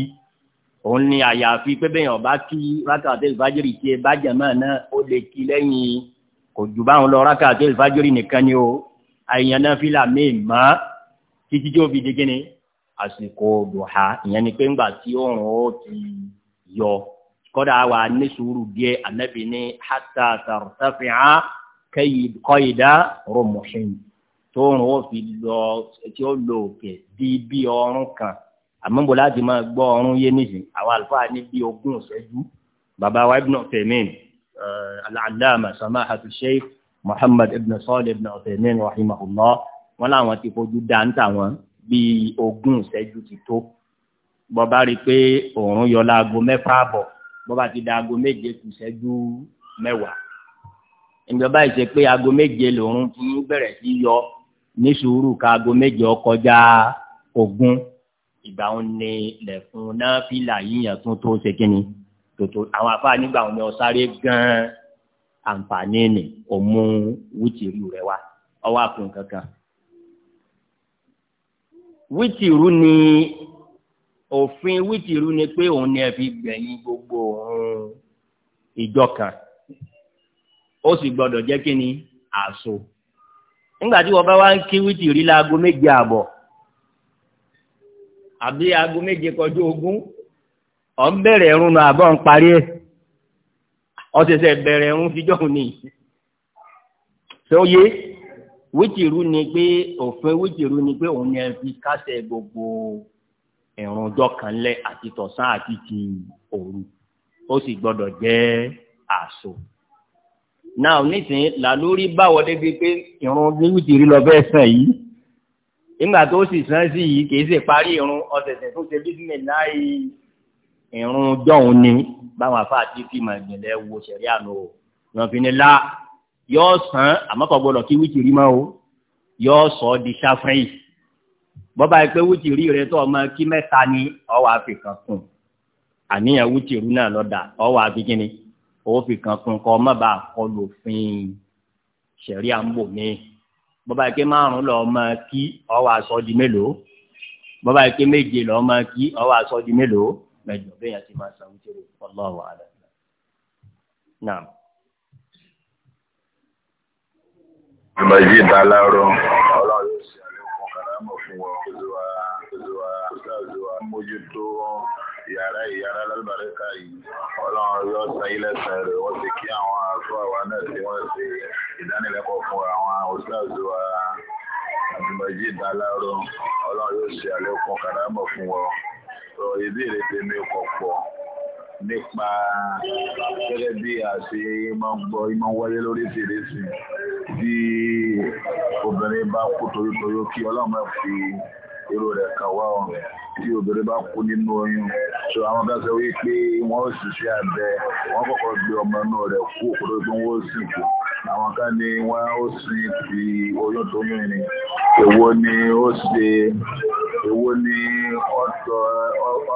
òun ni àyàfi pé bẹ́ẹ̀ ọba kí rákàtí ìfàjìrì tiẹ̀ bá jẹ̀mọ́ náà ó lè kí lẹ́yìn kò jù báwọn lọ rákàtí ìfàjìrì nìkan ni o àìyàn náfìlà míì mọ́ títí tí ó fi di kíni àsìkò dùhà ìyẹn ni pé ńgbà tí oòrùn ó ti yọ kọ́dà wa ní sùúrù díẹ̀ ànábì ní hatta tartafi'a kọ́ìdá rọmọṣin tóòrùn ó fi lọ tí ó lọ òkè di bí ọrùn kan àmọ́ bó láti máa gbọ́ ọrùn yé nìyí àwọn àlùfáà ní bí ogún ìṣẹ́jú bàbá wa ibn Uthaymeen eh, al-allama muhammad ibn sọ́ọ̀lì ibn ọ̀sẹ̀mẹ́rin rahimahullah wọn làwọn ti fojú dáńtà wọn bíi ogún ìṣẹ́jú ti tó bọ́ba rí i pé òòrùn yọ láago mẹ́fà àbọ̀ bọ́ba ti da aago méje kù ìṣẹ́jú mẹ́wàá ìjọba ìṣe pé aago méje lòórùn ti ń bẹ̀rẹ̀ sí yọ ní sùúrù ká aago méje ọkọjá ogún ìgbà wọn ni lẹ̀kùn náà fìlà yíyan tún tó ṣe kínni tòtò àwọn afáà nígbà wọn ni ọ sáré gan-an àǹfààní nì òmù wítìrú rẹ wá ọwọ́ àpò kankan. wítìrú ni òfin wítìrú ni pé òun ni ẹ fi gbẹ̀yìn gbogbo òun ìjọ kan ó sì gbọ́dọ̀ jẹ́ kí ni àṣọ nígbà tí wọ́n bá wá ń kí wítìrí láago méje àbọ̀ àbí aago méje kọjú ogún ọ̀ ń bẹ̀rẹ̀ ìrun àbọ̀ ń parí ẹ̀ ọ̀sẹ̀sẹ̀ bẹ̀rẹ̀ ń fijọ́ ni sọyé wítìrú ni pé òfin wítìrú ni pé òun yẹn fi kásẹ̀ gbogbo ẹ̀rùn ọjọ́ kan lẹ̀ àti tọ̀sán àti ti òru ó sì gbọ́dọ̀ jẹ́ àṣọ náà nísìnyí làlórí báwọ débi pé ìrun wítìrú lọ fẹ́ sàn yìí nígbà tó sì sàn sí yìí kì í sì parí ìrun ọ̀sẹ̀sẹ̀ tó ṣe bísí ìrún jọ̀hún ni báwọn afa àti fíìmù ìgbìnlẹ̀ wo sẹ̀rí àná o wọn fi ni la yọ sàn àmọ́kọ̀ gbọ́dọ̀ kí wítìrí máa o yọ sọ di sáfẹ́yì bọ́ba yìí pé wítìrí rẹ tó ọmọ kí mẹ́ta ni ọwọ́ àfi kan kùn àníyàn wítìrí náà lọ́dà ọwọ́ àfi kíni owó fi kan kùn kọ́ ọmọ bá kọlu òfin sẹ̀rí àmbò mi bọ́ba yìí pé márùn lọ ọmọ kí ọwọ́ àsọ di mélòó bọ́ba yìí pé méje lọ ọmọ kí ọwọ́ àsọ di mélòó mẹ́jọ bẹ́ẹ̀ yẹn ti máa san wítìrì Allahu a'lam. Naam. Ìbàjí ìdálárọ̀ ọlọ́run ṣe àlékún kàrámọ̀ fún wa olúwa olúwa olúwa mójútó yàrá ìyàrá lálùbáríkà yìí ọlọ́run yóò san ilẹ̀ sẹ̀rẹ̀ wọ́n ti kí àwọn àṣọ àwọn náà tí wọ́n ṣe ìdánilẹ́kọ̀ọ́ fún àwọn òṣìṣẹ́ wa àdìmọ̀jì ọlọ́run yóò ṣe àlékún kàrámọ̀ fún wa sọ ìbéèrè tèmi kò pọ̀ nípa gẹ́gẹ́ bí àṣẹ máa gbọ́ ìmọ̀ wáyé lórí tèrèsì bí obìnrin bá kú toyótoyó kí ọlọ́run fi èrò rẹ̀ kàn wá ọ tí obìnrin bá kú nínú oyún so àwọn kan wípé wọ́n sì ṣe àbẹ wọ́n kọ́kọ́ gbé ọmọ náà rẹ̀ kú òkúrò pé wọ́n sì kú àwọn kan ní wọ́n ó sì fi oyún tó yún ni èwo ni ó ṣe èwo ni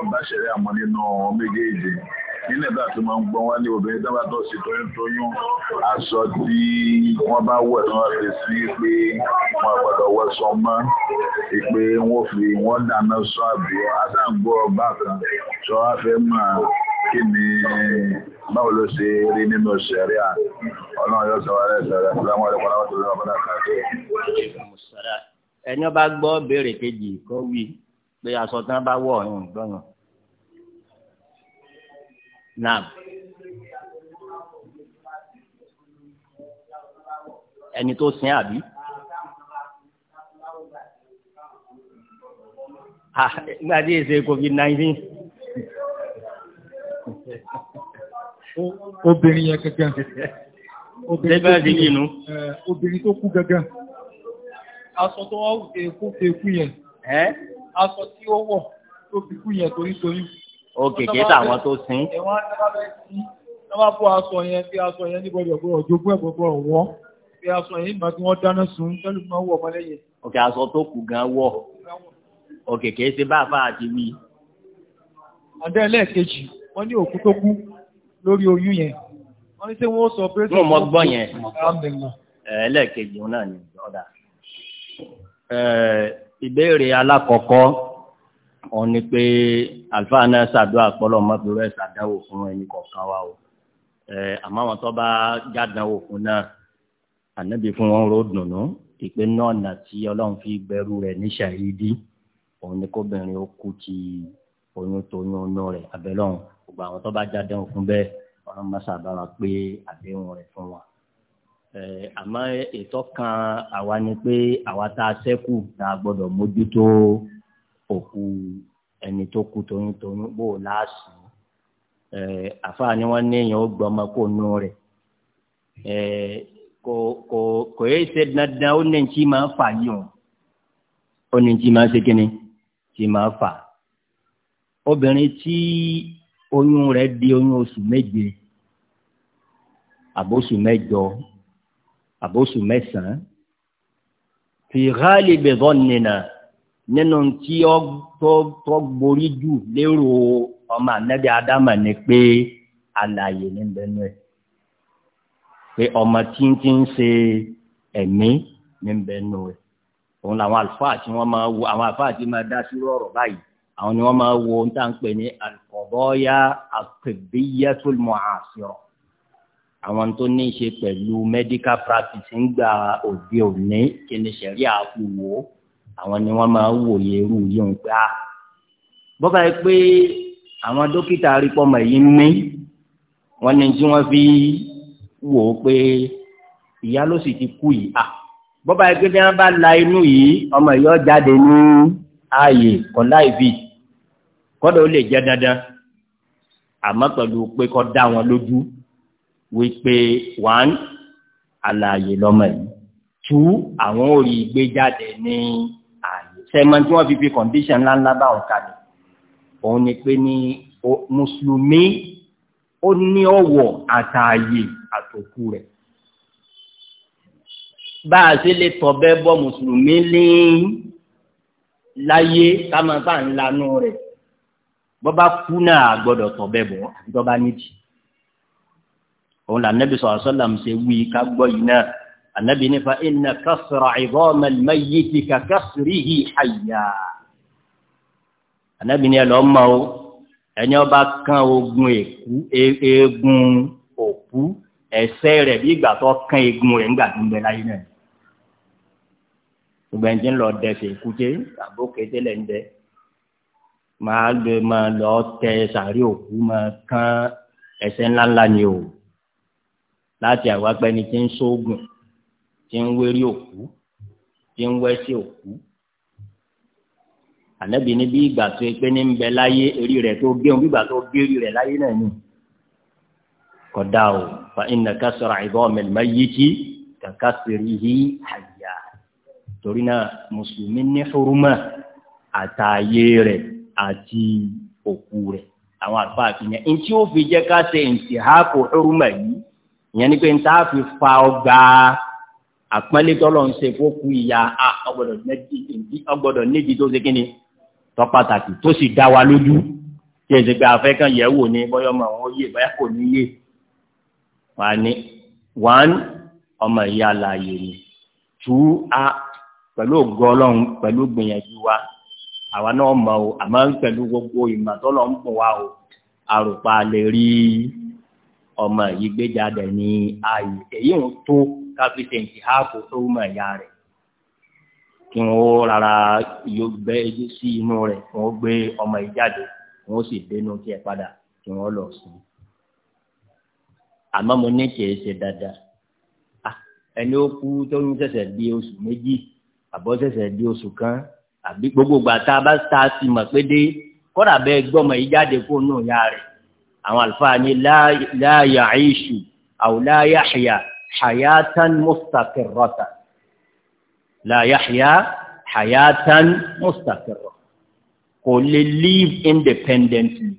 ọba ṣẹlẹ̀ àmọ́ nínú méjèèjì nílẹ̀ bá tó máa ń gbọ́n wá ní obìnrin tó bá tó sí toyún toyún aṣọ tí wọ́n bá wọ̀ tí wọ́n fi sí pé wọ́n gbọ́dọ̀ wọ sọ mọ́ pé wọ́n fi wọ́n dáná sọ àbí adáǹgbọ́ ọba kan sọ wá fẹ́ máa kí ni báwo ló ṣe rí nínú ṣẹ̀rí à ọlọ́run yóò sọ̀rọ̀ rẹ̀ sọ̀rọ̀ fúlámọ́ ẹ̀rọ pàlọ́wọ́ tó lọ́wọ́ bọ́dá kan. ẹni ọba gbọ́ béèrè kejì kó wí pé aṣọ tán bá wọ̀ ọ̀hún gbọ́nà. Naam. ẹni tó sin àbí. ha nígbà tí èsè covid nineteen. obìnrin yẹn gangan obìnrin tó kú gangan aṣọ tó wọ́n èkú èkú yẹn aṣọ tí ó wọ̀ tó fi kú yẹn torítorí òkèké tàwọn tó sin. ẹ̀wọ̀n adábẹ́ sí wọ́n bá bọ́ aṣọ yẹn bí aṣọ yẹn níbọ̀dì ọ̀gbọ́n ọ̀jọ̀gbọ́n ẹ̀gbọ́n ọ̀wọ́ bí aṣọ yẹn nígbà tí wọ́n dáná sun tẹ́lú máa wọ̀ ọmọ lẹ́yìn. òkè aṣọ tó kù gan wọ̀ òkèké ṣe bá a fà á ti wí. àdé ẹlẹ́ẹ̀kejì wọ́n ní òkú tó kú lórí oyún yẹn wọ́n ní ṣé wọ́n sọ pé. mo mọ gbọ́ yẹn ẹlẹ́ẹ̀kejì náà ni ọ̀dà ìbéèrè alákọ̀ọ́kọ́ òun ni pé àlùfáà náà ṣàdúrà pọ́lọ́ mọ́bìrún ẹ̀ ṣàdáwò fún ẹnì kọ̀ọ̀kan wa o àmọ́ àwọn tó bá jádàwò fún náà ànábì fún wọn ro dùnú ìpè náà nà tí ọlọ́run fi gbẹrú rẹ̀ ní ṣàyídí òun ni kóbìnrin ó kú ti oyún tó yún oyún rẹ̀ abẹ́lọ́run gbogbo àwọn tó bá jáde òfin bẹ́ẹ̀ ọlọ́run bá ṣàbára pé àdéhùn rẹ̀ fún wa. àmọ́ ètò kan àwa ni pé àwa tá a ṣẹ́kù tá a gbọ́dọ̀ mójútó òkú ẹni tó kú toyúntoyún bó o láàṣì. àfa ni wọ́n ní èèyàn ó gbọ́ ọmọ kó nú rẹ̀. kò kò kò yẹ ṣe dandan ó ní tí máa fà yìí o ó ní tí máa ṣe kínní tí máa fà. obìnrin tí oyún rẹ̀ di oyún oṣù méje àbóṣù mẹ́jọ àbóṣù mẹ́sàn-án fi ghali bi dhannina nínú tí ó tó gborí jù lérò ọmọ anabi adama ni pé alààyè ní bẹnu ẹ pé ọmọ tí ń ti ń ṣe ẹ̀mí ní bẹnu ẹ òun làwọn àlùfáà tí wọn máa wo àwọn àlùfáà tí máa dá sí ọ̀rọ̀ báyìí àwọn ni wọ́n máa wo ń tà ń pè ní alqadaya at-tibbiyatul mu'asira àwọn tó ní í ṣe pẹ̀lú medical practice ń gba òde òní kí ni sẹ̀rí àpòwò àwọn ni wọ́n máa ń wòye irú yìí ń gbà. Ah, bọ́bá yìí pé àwọn dókítà arípọ́mọ̀ yìí ń mí wọ́n ní tí wọ́n fi wò ó pé ìyá ló sì ti kú yìí. Ah, bọ́bá yìí pé bí wọ́n bá la inú yìí ọmọ yìí ó jáde ní ààyè kọ́ láì bíi kọ́dọ̀ ó lè jẹ́ dandan àmọ́ pẹ̀lú pé kọ́ dá wọn lójú wípé one àlàyé lọ́mọ yìí two àwọn ò rí gbé jáde ní ààyè sẹ́mọ tí wọ́n fi fi condition ńláńlá bá wọn kalẹ̀ òun ni pé ní mùsùlùmí ó ní ọ̀wọ̀ àtààyè àtòkù rẹ̀ bá a ṣe lè tọ̀bẹ́ bọ́ mùsùlùmí ní láyé ká máa bá ń lanú rẹ̀ bọ́ba kú náà gbọ́dọ̀ tọ̀ bẹ́ẹ̀ bọ̀ àti bọ́ba nídìí òun là nẹ́bí sọ̀rọ̀ sọ́lá ṣe wí ká gbọ́ yìí náà ànábì nípa inna kasra idhama al-mayyiti ka kasrihi hayya ànábì ní ẹlọ́ mọ́ o ẹni ọba kan ogun èkú e, eegun òkú ẹsẹ̀ rẹ̀ bí ìgbà tó kan eegun rẹ̀ ńgbà tó ń bẹ láyé náà gbogbo ẹni àbókété lẹ́ máa lè máa lọ tẹ sàárì òkú máa kán ẹsẹ̀ ńláńlá ni o láti àwágbẹ ni tí ń sóògùn tí ń wérí òkú tí ń wẹsí òkú ànábì ní bí ìgbà tó pé ní ń bẹ láyé eré rẹ̀ tó géun bí ìgbà tó gé eré rẹ̀ láyé náà ni kódà o fa inna kasra idham al-mayyiti ka kasrihi hayya torí náà mùsùlùmí ní huruma àtàyè rẹ̀ àti òkú rẹ̀ àwọn àlùfáà fi yẹn ntí ó fi jẹ́ ká ṣe ìntìhákò huruma yìí ìyẹn ni pé n ta fi fa ọgbà àpọ́nlé tọ́lọ̀ ń ṣe fókù ìyá ọgbọ́dọ̀ nídìí tó ṣe kí ni tọ́ pàtàkì tó sì dá wa lójú tí èsì pé afẹ́ kan yẹ̀ wò ní bọ́yọ̀ ọmọ àwọn yé báyà kò ní yé wà ní one ọmọ ìyá àlàyé ni two a pẹ̀lú ògo ọlọ́run pẹ̀lú gbìyànjú wa àwa náà mọ̀ o pẹ̀lú gbogbo ìmọ̀ tó lọ ń bọ̀ wá o àròpá lè rí ọmọ yìí ní ààyè èyí ń tó káfíńtì háàpù tó mọ̀ ìyá rẹ̀ kí wọ́n rárá yóò gbé ẹjú sí inú rẹ̀ kí wọ́n gbé ọmọ yìí jáde kí sì dénú kí ẹ padà kí lọ di oṣù kan àbí gbogbo gbà tá a bá ta sí mọ̀ pé dé kọ́dà bẹ́ẹ̀ gbọ́mọ yìí jáde kó nù ya rẹ̀ àwọn àlùfáà ní la ya'ishu aw la yahya hayatan mustaqirratan la yahya hayatan mustaqirratan kò lè live independently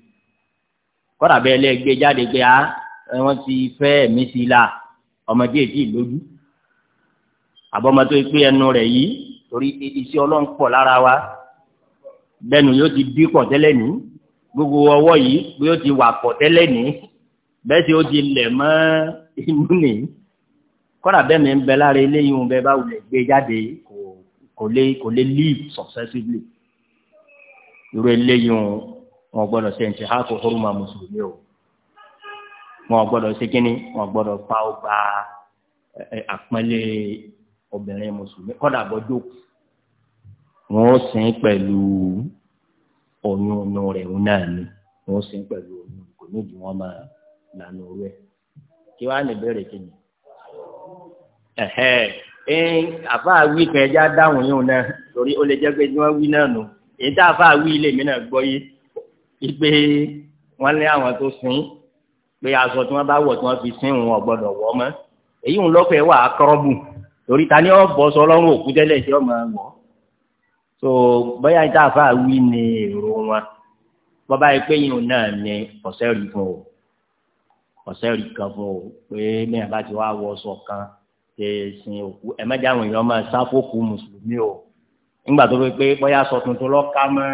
kọ́dà bẹ́ẹ̀ lẹ́ gbé jáde pé a ah, wọ́n ti fẹ́ ẹ̀mí sí i la ọmọdé èdè lójú àbọ̀mọ́tò pé ẹnu rẹ̀ yìí torí iṣẹ́ ọlọ́run pọ̀ lára wa bẹ́ẹ̀ni yóò ti bí pọ̀ tẹ́lẹ̀ ní gbogbo ọwọ́ yìí bí yóò ti wà pọ̀ tẹ́lẹ̀ ní bẹ́ẹ̀ tí ó ti lẹ̀ mọ́ inú nì kọ́dà bẹ́ẹ̀ mi ń bẹ lára eléyìí ń bẹ báwo lè gbé jáde kò lè kò lè live successively irú eléyìí ń wọn gbọ́dọ̀ ṣe ǹtí ha kò hórùmà mùsùlùmí o wọn gbọ́dọ̀ ṣe kínní wọn gbọ́dọ̀ pa ọgbà àpọ́nlé obìnrin mùsùlùmí kọ́dà bọ́jú kù wọn ó sìn pẹ̀lú oyún inú rẹ̀ òun náà ni wọn ó sìn pẹ̀lú oyún kò ní ìdí wọn máa lànà orí ẹ̀ kí wàá ní bẹ̀rẹ̀ kejì ẹ̀hẹ́ ẹ̀ àfa wí kan ẹja dáhùn yóò náà torí ó lè jẹ́ pé tí wọ́n wí náà nù èyí tá àfa wí ilé mi náà gbọ́ yé ipe wọn lé àwọn tó sìn pé aṣọ tí wọ́n bá wọ̀ tí wọ́n fi sìn òun ọ̀gbọ́dọ̀ wọ̀ mọ́ èyí ń lọ́fẹ̀ẹ́ wà á kọ́rọ́bù torí ta ni ọ́ bọ́ sọ ọlọ́run òkú tẹ́lẹ̀ tí ọmọ wọn so bóyá ìta àfáà wí ni èrò wọn bọ́bá yìí pé yìnyín náà ni ọ̀sẹ̀ rí fún o ọ̀sẹ̀ rí kan fún o pé mẹ́rin bá ti wá wọ ọsọ kan ṣe sin òkú ẹ àwọn èèyàn máa sáfòkù mùsùlùmí o nígbà tó fi pé bóyá sọ tuntun lọ́ka mọ́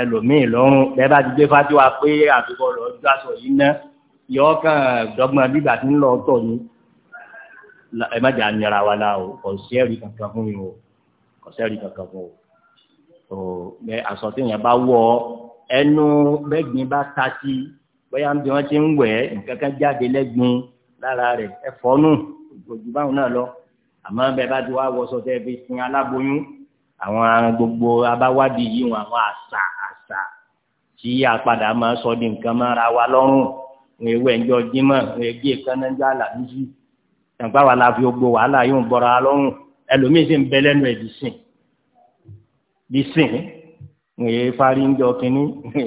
ẹlòmíì lọ́rùn bẹ́ẹ̀ bá ti gbé fájọ́ wa pé àtúbọ̀ lọ́ọ́ ju aṣọ yìí ná yọ kàn dọ́gbọ́n bíbà tí ń lọ tọ̀ ní ẹ mẹ́jọ wa la o ọ̀sẹ̀ rí kankan fún mi o ọ̀sẹ́rì kankan fún o bẹ aṣọ tí yẹn bá wọ ẹnu bẹ́gbin bá ta sí bóyá ń bí wọ́n ti ń wẹ̀ nǹkan kan jáde lẹ́gbin lára rẹ̀ ẹ̀fọ́ nù gbòdì báwọn náà lọ àmọ́ bẹ́ẹ̀ bá ti wá wọṣọ tẹ́ fi sin aláboyún àwọn gbogbo abáwádìí yìí wọn àwọn àṣà àṣà tí apadà máa sọ di nǹkan mọ́ra wa lọ́rùn wọn ewé ẹ̀jọ́ jímọ̀ wọn ẹgbẹ́ kan náà ń jẹ́ àlàbíjì tàǹpá wa la fi gbogbo wàhálà yóò bọ́ra lọ́rùn ẹlòmíì sì ń bẹ lẹ́nu ẹ̀ bí sìn bí sìn ńyẹ fari ńjọ kínní ńyẹ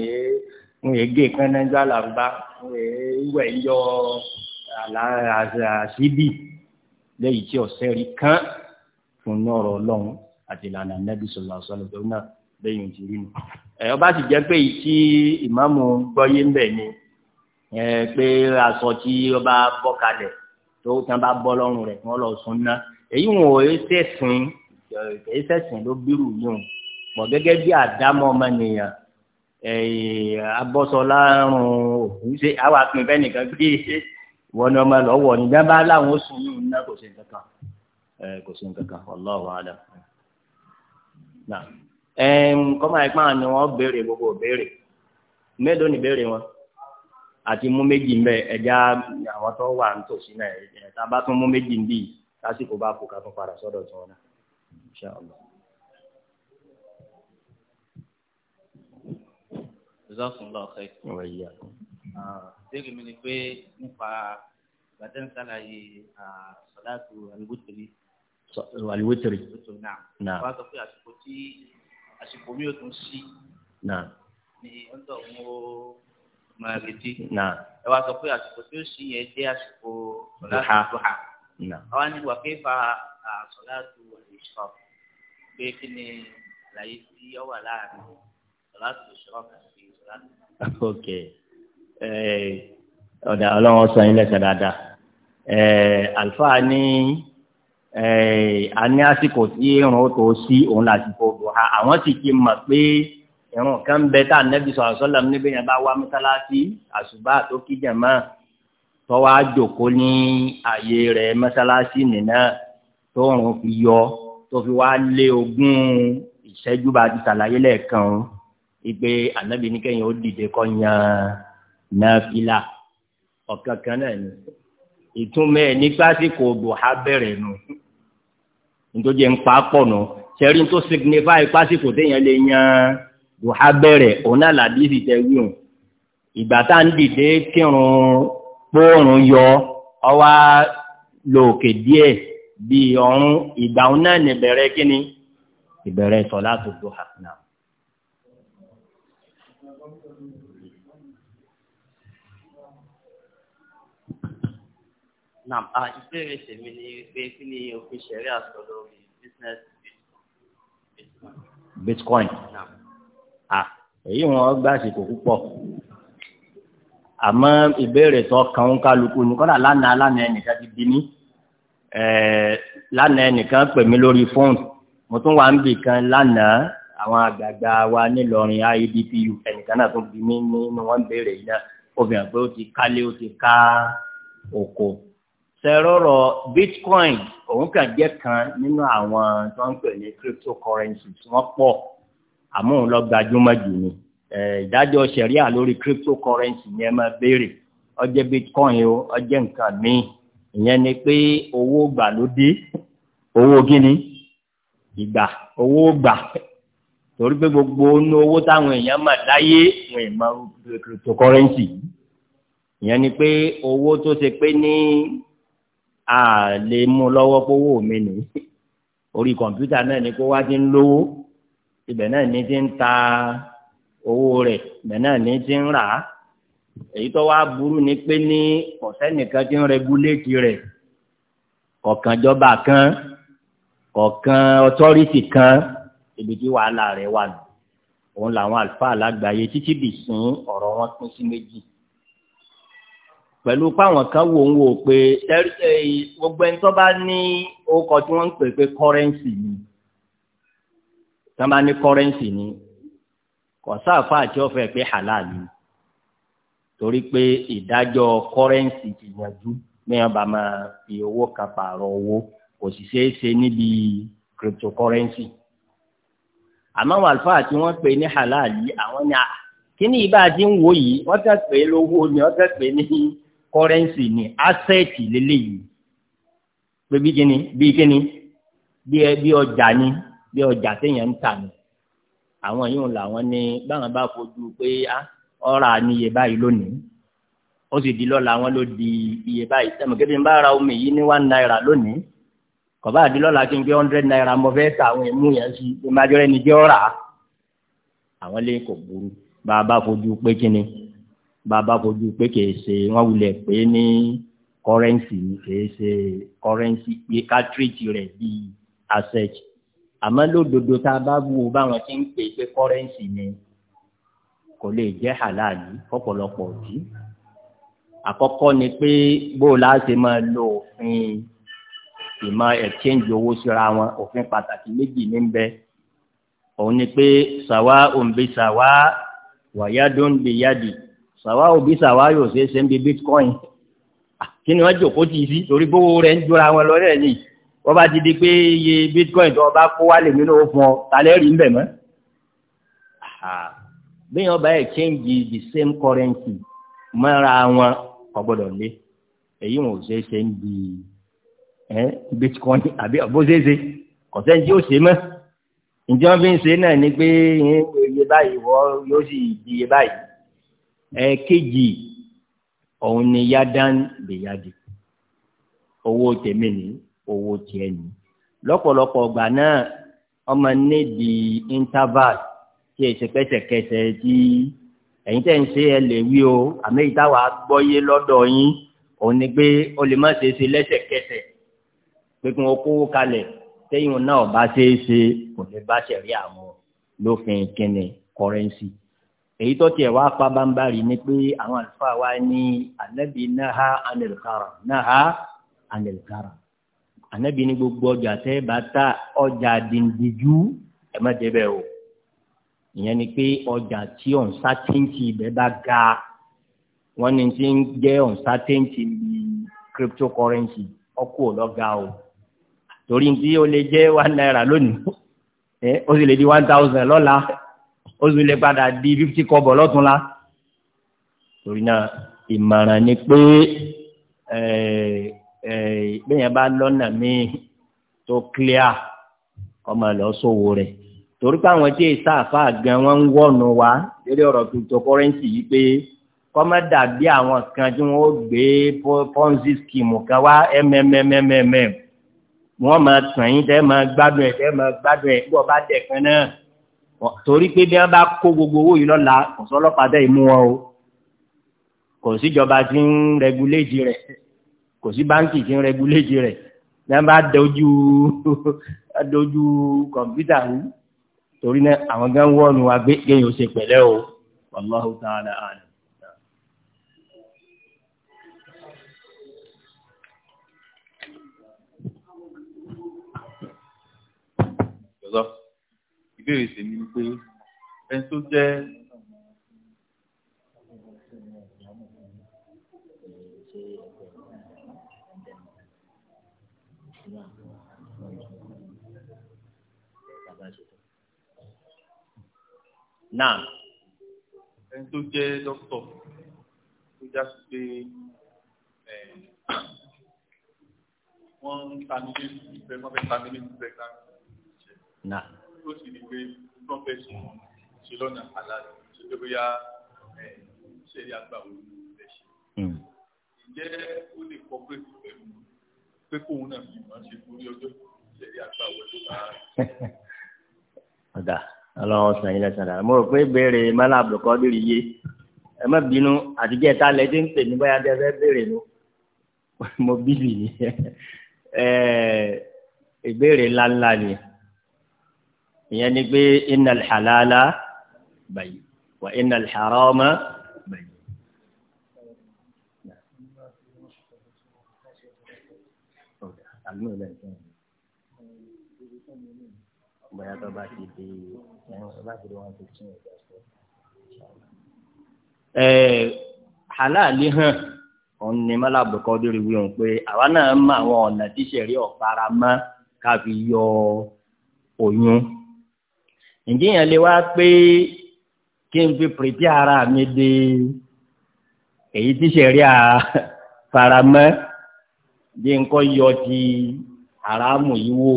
ńyẹ gé kánnájà làǹbá ńyẹ ìwẹ̀ ńjọ àṣìbì lẹ́yìn tí ọ̀sẹ̀ rí kán fún nọ́ọ̀rọ̀ ọlọ́run àti ìlànà nẹ́bí sọ̀rọ̀ àṣọlẹ̀ tó náà lẹ́yìn tí rí nu. ẹ̀ ọba sì jẹ́ pé èyí tí ìmáàmù gbọ́yé ń bẹ̀ ni pé aṣọ tí ọba bọ́ kalẹ̀ tó tán bá bọ́ lọ́rùn rẹ̀ wọ́n lọ sún náà èyí wọn ò ṣẹ̀sìn èyí ló bírù yìí gẹ́gẹ́ bí àdámọ́ abọ́sọlá òkú ṣe àwọn bẹ́ẹ̀ nìkan wọn ọmọ lọ́wọ́ ní bẹ́ẹ̀ bá láwọn oṣù yìí ná kò sí nǹkan kan kò sí nǹkan kan kọ́mọ ẹ̀pá ni wọ́n gbogbo béèrè mélòó ni béèrè wọn àti mú méjì ń bẹ ẹja àwọn tó wà nítòsí náà ẹ̀ta lásìkò bá na. ká tún padà sọ́dọ̀ tí wọ́n náà insha Allah. ìzọ́kùnlọ ọ̀kẹ́ ìbéèrè mi ni pé nípa gbàdé ń sàlàyé ah, sọ̀dáàtù àlùwítìrì. àlùwítìrì. náà wọ́n á sọ pé àsìkò tí àsìkò mi ò tún sí. náà ni wọ́n tọ̀ mú máa retí. náà ẹ wá sọ pé àsìkò tí ó sì yẹn jẹ́ àsìkò sọ̀dáàtù duha. àwa ní wà pé fa àsọ̀láàtù ìṣọ̀ pé kí ni àlàyé tí ó wà láàrin sọ̀láàtù ìṣọ̀ àti sọ̀láàtù. ok ọ̀dà ọlọ́run sọ yín lẹ́sẹ̀ dáadáa àlùfáà ní a ní àsìkò tí irun tó sí òun lásìkò buha àwọn sì ti mọ̀ pé irun kan bẹ tá a nẹ́bí sọ̀rọ̀ sọ́lá níbi yẹn bá wá mọ́sálásí àṣùbà tó kí jẹ̀ máa tọ́wọ́ àjòkó ní ààyè rẹ̀ mọ́sálásí nìna tóòrùn fi yọ tó fi wá lé ogún ìṣẹ́jú bá ti ṣàlàyé lẹ́ẹ̀kan o ìgbé ànábì ní kẹ́yìn ó dìde kọ́ yan náfìlà ọ̀kan kan náà ni ìtumọ̀ ẹ̀ ní sásìkò bùhá bẹ̀rẹ̀ nù nítorí ń pa pọ̀ nù sẹ́rí tó signify pásìkò téèyàn lè yan bùhá bẹ̀rẹ̀ òun náà làdí ìfìtẹ́wì o ìgbà tá à ń dìde kírun pòórùn yọ ọwá lo òkè díẹ̀ bí ọ̀run ìgbà òun náà níbẹ̀rẹ̀ kíni ìbẹ̀rẹ̀ sọ̀látù dúhà náà. Nam, a ah, ìbéèrè tèmi ni pé kí ni òfin ṣẹ̀rí àsọ lórí business bitcoin. Bitcoin. Nam. A ah, èyí wọn gbà àsìkò púpọ̀ àmọ́ ìbéèrè tó kàn ń kálukú ní kọ́dà lánàá lánàá ẹnìkan ti di mí lánàá ẹnìkan pè mí lórí fóònù mo tún wà ń bì kan lánàá àwọn àgbààgbà wa nílọrin IEDPU ẹnìkan náà tún bí mí nínú wọn béèrè yìí náà obìnrin pé ó ti kálé ó ti ká oko sẹrọrọ bitcoin òun kàn jẹ́ kan nínú àwọn tó ń pè ní cryptocurrency tí wọ́n pọ̀ àmọ́ òun lọ gbajúmọ̀ jù ni ìdájọ́ ṣẹ̀ríà lórí cryptocurrency yẹn máa béèrè ó jẹ́ bitcoin o ó jẹ́ nǹkan míì ìyẹn ni pé owó gbà ló dé owó gíní ìgbà owó gbà torí pé gbogbo inú owó táwọn èèyàn mà láyé wọn ì máa cryptocurrency ìyẹn ni pé owó tó ṣe pé ní a lè mú lọ́wọ́ pówó mi nì orí kọ̀ǹpútà náà ni kó wá ti ń lówó ibẹ̀ náà ni ti ń ta owó rẹ̀ bẹ́ẹ̀ ni ní ti ń rà á èyí tó wá burú ni pé ní ọ̀sẹ́nìkan ti ń rẹgúléètì rẹ̀ kọ̀ọ̀kanjọba kan kọ̀ọ̀kan ọtọ́rìtì kan ibi tí wàhálà rẹ̀ wà nù òun làwọn àlùfáà lágbàáyé títí bì sún ọ̀rọ̀ wọn pín sí méjì pẹ̀lú páwọn kan wò ń wò pé gbogbo ẹni tó bá ní orúkọ tí wọ́n ń pè pé kọ́rẹ́ǹsì ni tí wọ́n bá ní kọ́rẹ́ǹsì ni kò sáàfà àti ọ̀fẹ́ pé halal ni torí pé ìdájọ́ kọ́rẹ́ǹsì ti yanjú mẹ́wàá bá máa fi owó kan pààrọ̀ owó kò sì ṣeé ṣe níbi cryptocurrency àmọ́ àwọn àlùfáà tí wọ́n pè ní halal yìí àwọn ní kíní ibà tí ń wò yìí wọ́n tẹ̀ pé lówó ni wọ́n tẹ̀ pé ní kọ́rẹ́ǹsì ni ásẹ́ẹ̀tì lélẹ́yìí pé bí kíni bí kíni bí ọjà ni bí ọjà téèyàn ń tà ni àwọn yìí ń làwọn ní báwọn bá fojú pé ọ̀rà ni iye báyìí lónìí ó sì di lọ́la wọn ló di iye báyìí tẹ̀mọ̀ kébí ń bá ara omi yìí ní one naira lónìí kọ̀bá àdí lọ́la kí n gbé hundred naira mo fẹ́ ta àwọn èèmú yẹn sí bí má jọrọ ẹni jẹ́ ọ̀rà àwọn lè kò burú bá a bá fojú pé kíni bá a bá fojú pé kìí ṣe wọ́n wulẹ̀ pé ní kọ́rẹ́ǹsì kìí ṣe kọ́rẹ́ǹsì yíká tírìtì rẹ̀ bíi asset àmọ́ lódodo tá a bá wù ú báwọn ti ń pè pé kọ́rẹ́ǹsì ni kò lè jẹ́ halali fọ́pọ̀lọpọ̀ òdì àkọ́kọ́ ni pé bó o láti máa lo òfin ìmọ̀ exchange owó síra wọn òfin pàtàkì méjì ní bẹ́ẹ̀ òun ni pé sàwa òǹbí sàwa wàyádó ń bi yádi sàwa òbí sàwa yóò ṣe é ṣe ń bi bitcoin kí ni wọ́n jòkó tì í sí torí bówó rẹ̀ ń jura wọn lọ́rẹ́ yìí wọ́n ti di pé iye bitcoin tó bá kó wálé nínú fún ọ tàlẹ́ rí ń mọ́. bí wọ́n bá exchange the same currency mọ́ra wọn kò gbọ́dọ̀ lé èyí wọn ò ṣeé ṣe ń di bitcoin àbí bó ṣeé ṣe kò sẹ́ni tí ó ṣe mọ́. ǹjẹ́ wọ́n fi ń ṣe náà ni pé iye báyìí wọ́n yóò sì di iye báyìí. ẹ̀ẹ́kejì ọ̀hún ni yádán lè yá di owó tèmi nìyí owó tiẹ̀ ni lọ́pọ̀lọpọ̀ ọgbà náà ọmọ nídìí interval tí èsì pẹ́sẹ̀kẹsẹ̀ tí ẹ̀yin tẹ̀ ń ṣe ẹ lè wí o àmì ìtawà gbọ́yé lọ́dọ̀ yín òun ni pé o lè má ṣeé ṣe lẹ́sẹ̀kẹsẹ̀ pé kí wọ́n kówó kalẹ̀ tẹ́yìn náà bá ṣeé ṣe kò lè bá ṣẹ̀rí àwọn lófin kínní kọrẹ́nsì èyí tó tiẹ̀ wá pa bámbárì ni pé àwọn àlùfáà wa ní alẹ́bí náà ha anilkara náà ha anilkara ànábì ní gbogbo ọjà tẹ́ bá ta ọjà dìndínjú ẹ má débẹ̀ o ìyẹn ni pé ọjà tí uncertainty ibẹ̀ bá ga wọ́n ní ti ń jẹ́ uncertainty bíi cryptocurrency ọkọ̀ lọ́gà o torí tí ó lè jẹ́ one naira lónìí ó sì lè di one thousand lọ́la o sì lè padà di fifty kọ́bọ̀ lọ́túnla torí náà ìmọ̀ràn ni pé Eh, bẹ́yẹn bá lọ́nà míì tó clear ọmọ lọ sówó rẹ̀ torí pé àwọn tí èsà àfa gan wọn ń wọ̀nù wá lórí ọ̀rọ̀ cryptocurrency yìí pé kọ́mọ́dà bí àwọn kan tí wọ́n gbé ponzi scheme kan wá mmmmm wọ́n máa tàn yín tẹ́ máa gbádùn ẹ̀ tẹ́ máa gbádùn ẹ̀ bí wọ́n bá dẹ̀kan náà torí pé bí wọ́n bá kó gbogbo owó yìí lọ́la kò sọ́lọ́pàá tẹ́ ìmú wọn o kò síjọba tí ń rẹguléjì rẹ̀ kò sí báńkì tí ń rẹgúléjì rẹ̀ ní wọ́n bá dojú dojú kọ̀ǹpútà rú torí náà àwọn gan wọ́ọ̀nù wa gbé kéèyàn ó ṣe pẹ̀lẹ́ o wallahu ta'ala a'lam. lọ ìbéèrè tèmi ni pé ẹni tó jẹ́ náà. ẹni tó jẹ́ dókítọ̀ tó já sí pé eh, wọ́n ń tanilé ìfẹ́ wọ́n fẹ́ tanilé ìfẹ́ kan. náà. tó sì ní pé wọ́n fẹ́ sùn ṣe lọ́nà àlàyé ṣe tó bóyá eh, ṣe é àgbà wò ló fẹ́ ṣe. Hmm. ǹjẹ́ ó lè kọ́ pé pé kóun náà fi máa ṣe torí ọjọ́ ìṣẹ̀lẹ̀ àgbà wò ló bá. ọlọ́run sàn yín lẹ́sàn dára mo rò pé béèrè mọ́lá àbùkọ́dìrì yé ẹ má bínú àtijọ́ ẹ̀ta lẹ́ ti ń pè ní bóyá bí ẹ fẹ́ béèrè nu mo bíbì ní ìbéèrè ńláńlá ni ìyẹn ni pé innal halala bayyin wa innal harama bayyin. bóyá tó bá ti di. halali hàn òun ni mọ́làbù kọ́dúrì wí òun pé àwa náà mọ àwọn ọ̀nà tí sẹ̀rí ọ̀fara mọ́ fi yọ oyún. ǹjẹ́ yẹn lè wá pé kí n fi pèpè ara mi de èyí tí sẹ̀rí fara mọ́ bí n yọ ti haramu yìí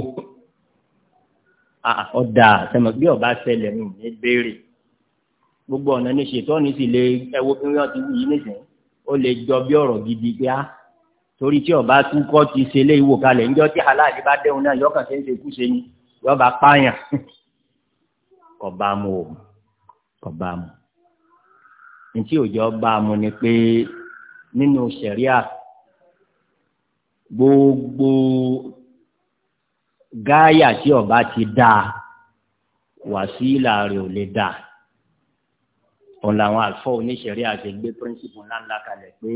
Ah, ah, ọ̀dà sẹ́mọ̀ bí ọba ṣẹlẹ̀ mi ní béèrè gbogbo ọ̀nà ní ṣètọ́ ní sì lè ẹwo bí wọ́n ti wù yí nìsín ó lè jọ bí ọ̀rọ̀ gidi pé á ah, torí tí ọba túkọ́ ti ṣe lé ìwò kalẹ̀ ńjọ́ tí aláàdé bá dẹ́hùn náà yọkàn ṣe ń ṣe kúṣe ni yọba pààyàn ọba mu o ọba mu ntí òjò ọba mu ni pé nínú sẹ̀ríà gbogbo gáyà tí ọba ti dáa wàsílà rẹ̀ ò lè dáa òun làwọn àlùfọ oníṣẹ̀rí àṣegbé píríncípù ńláńlá kalẹ̀ pé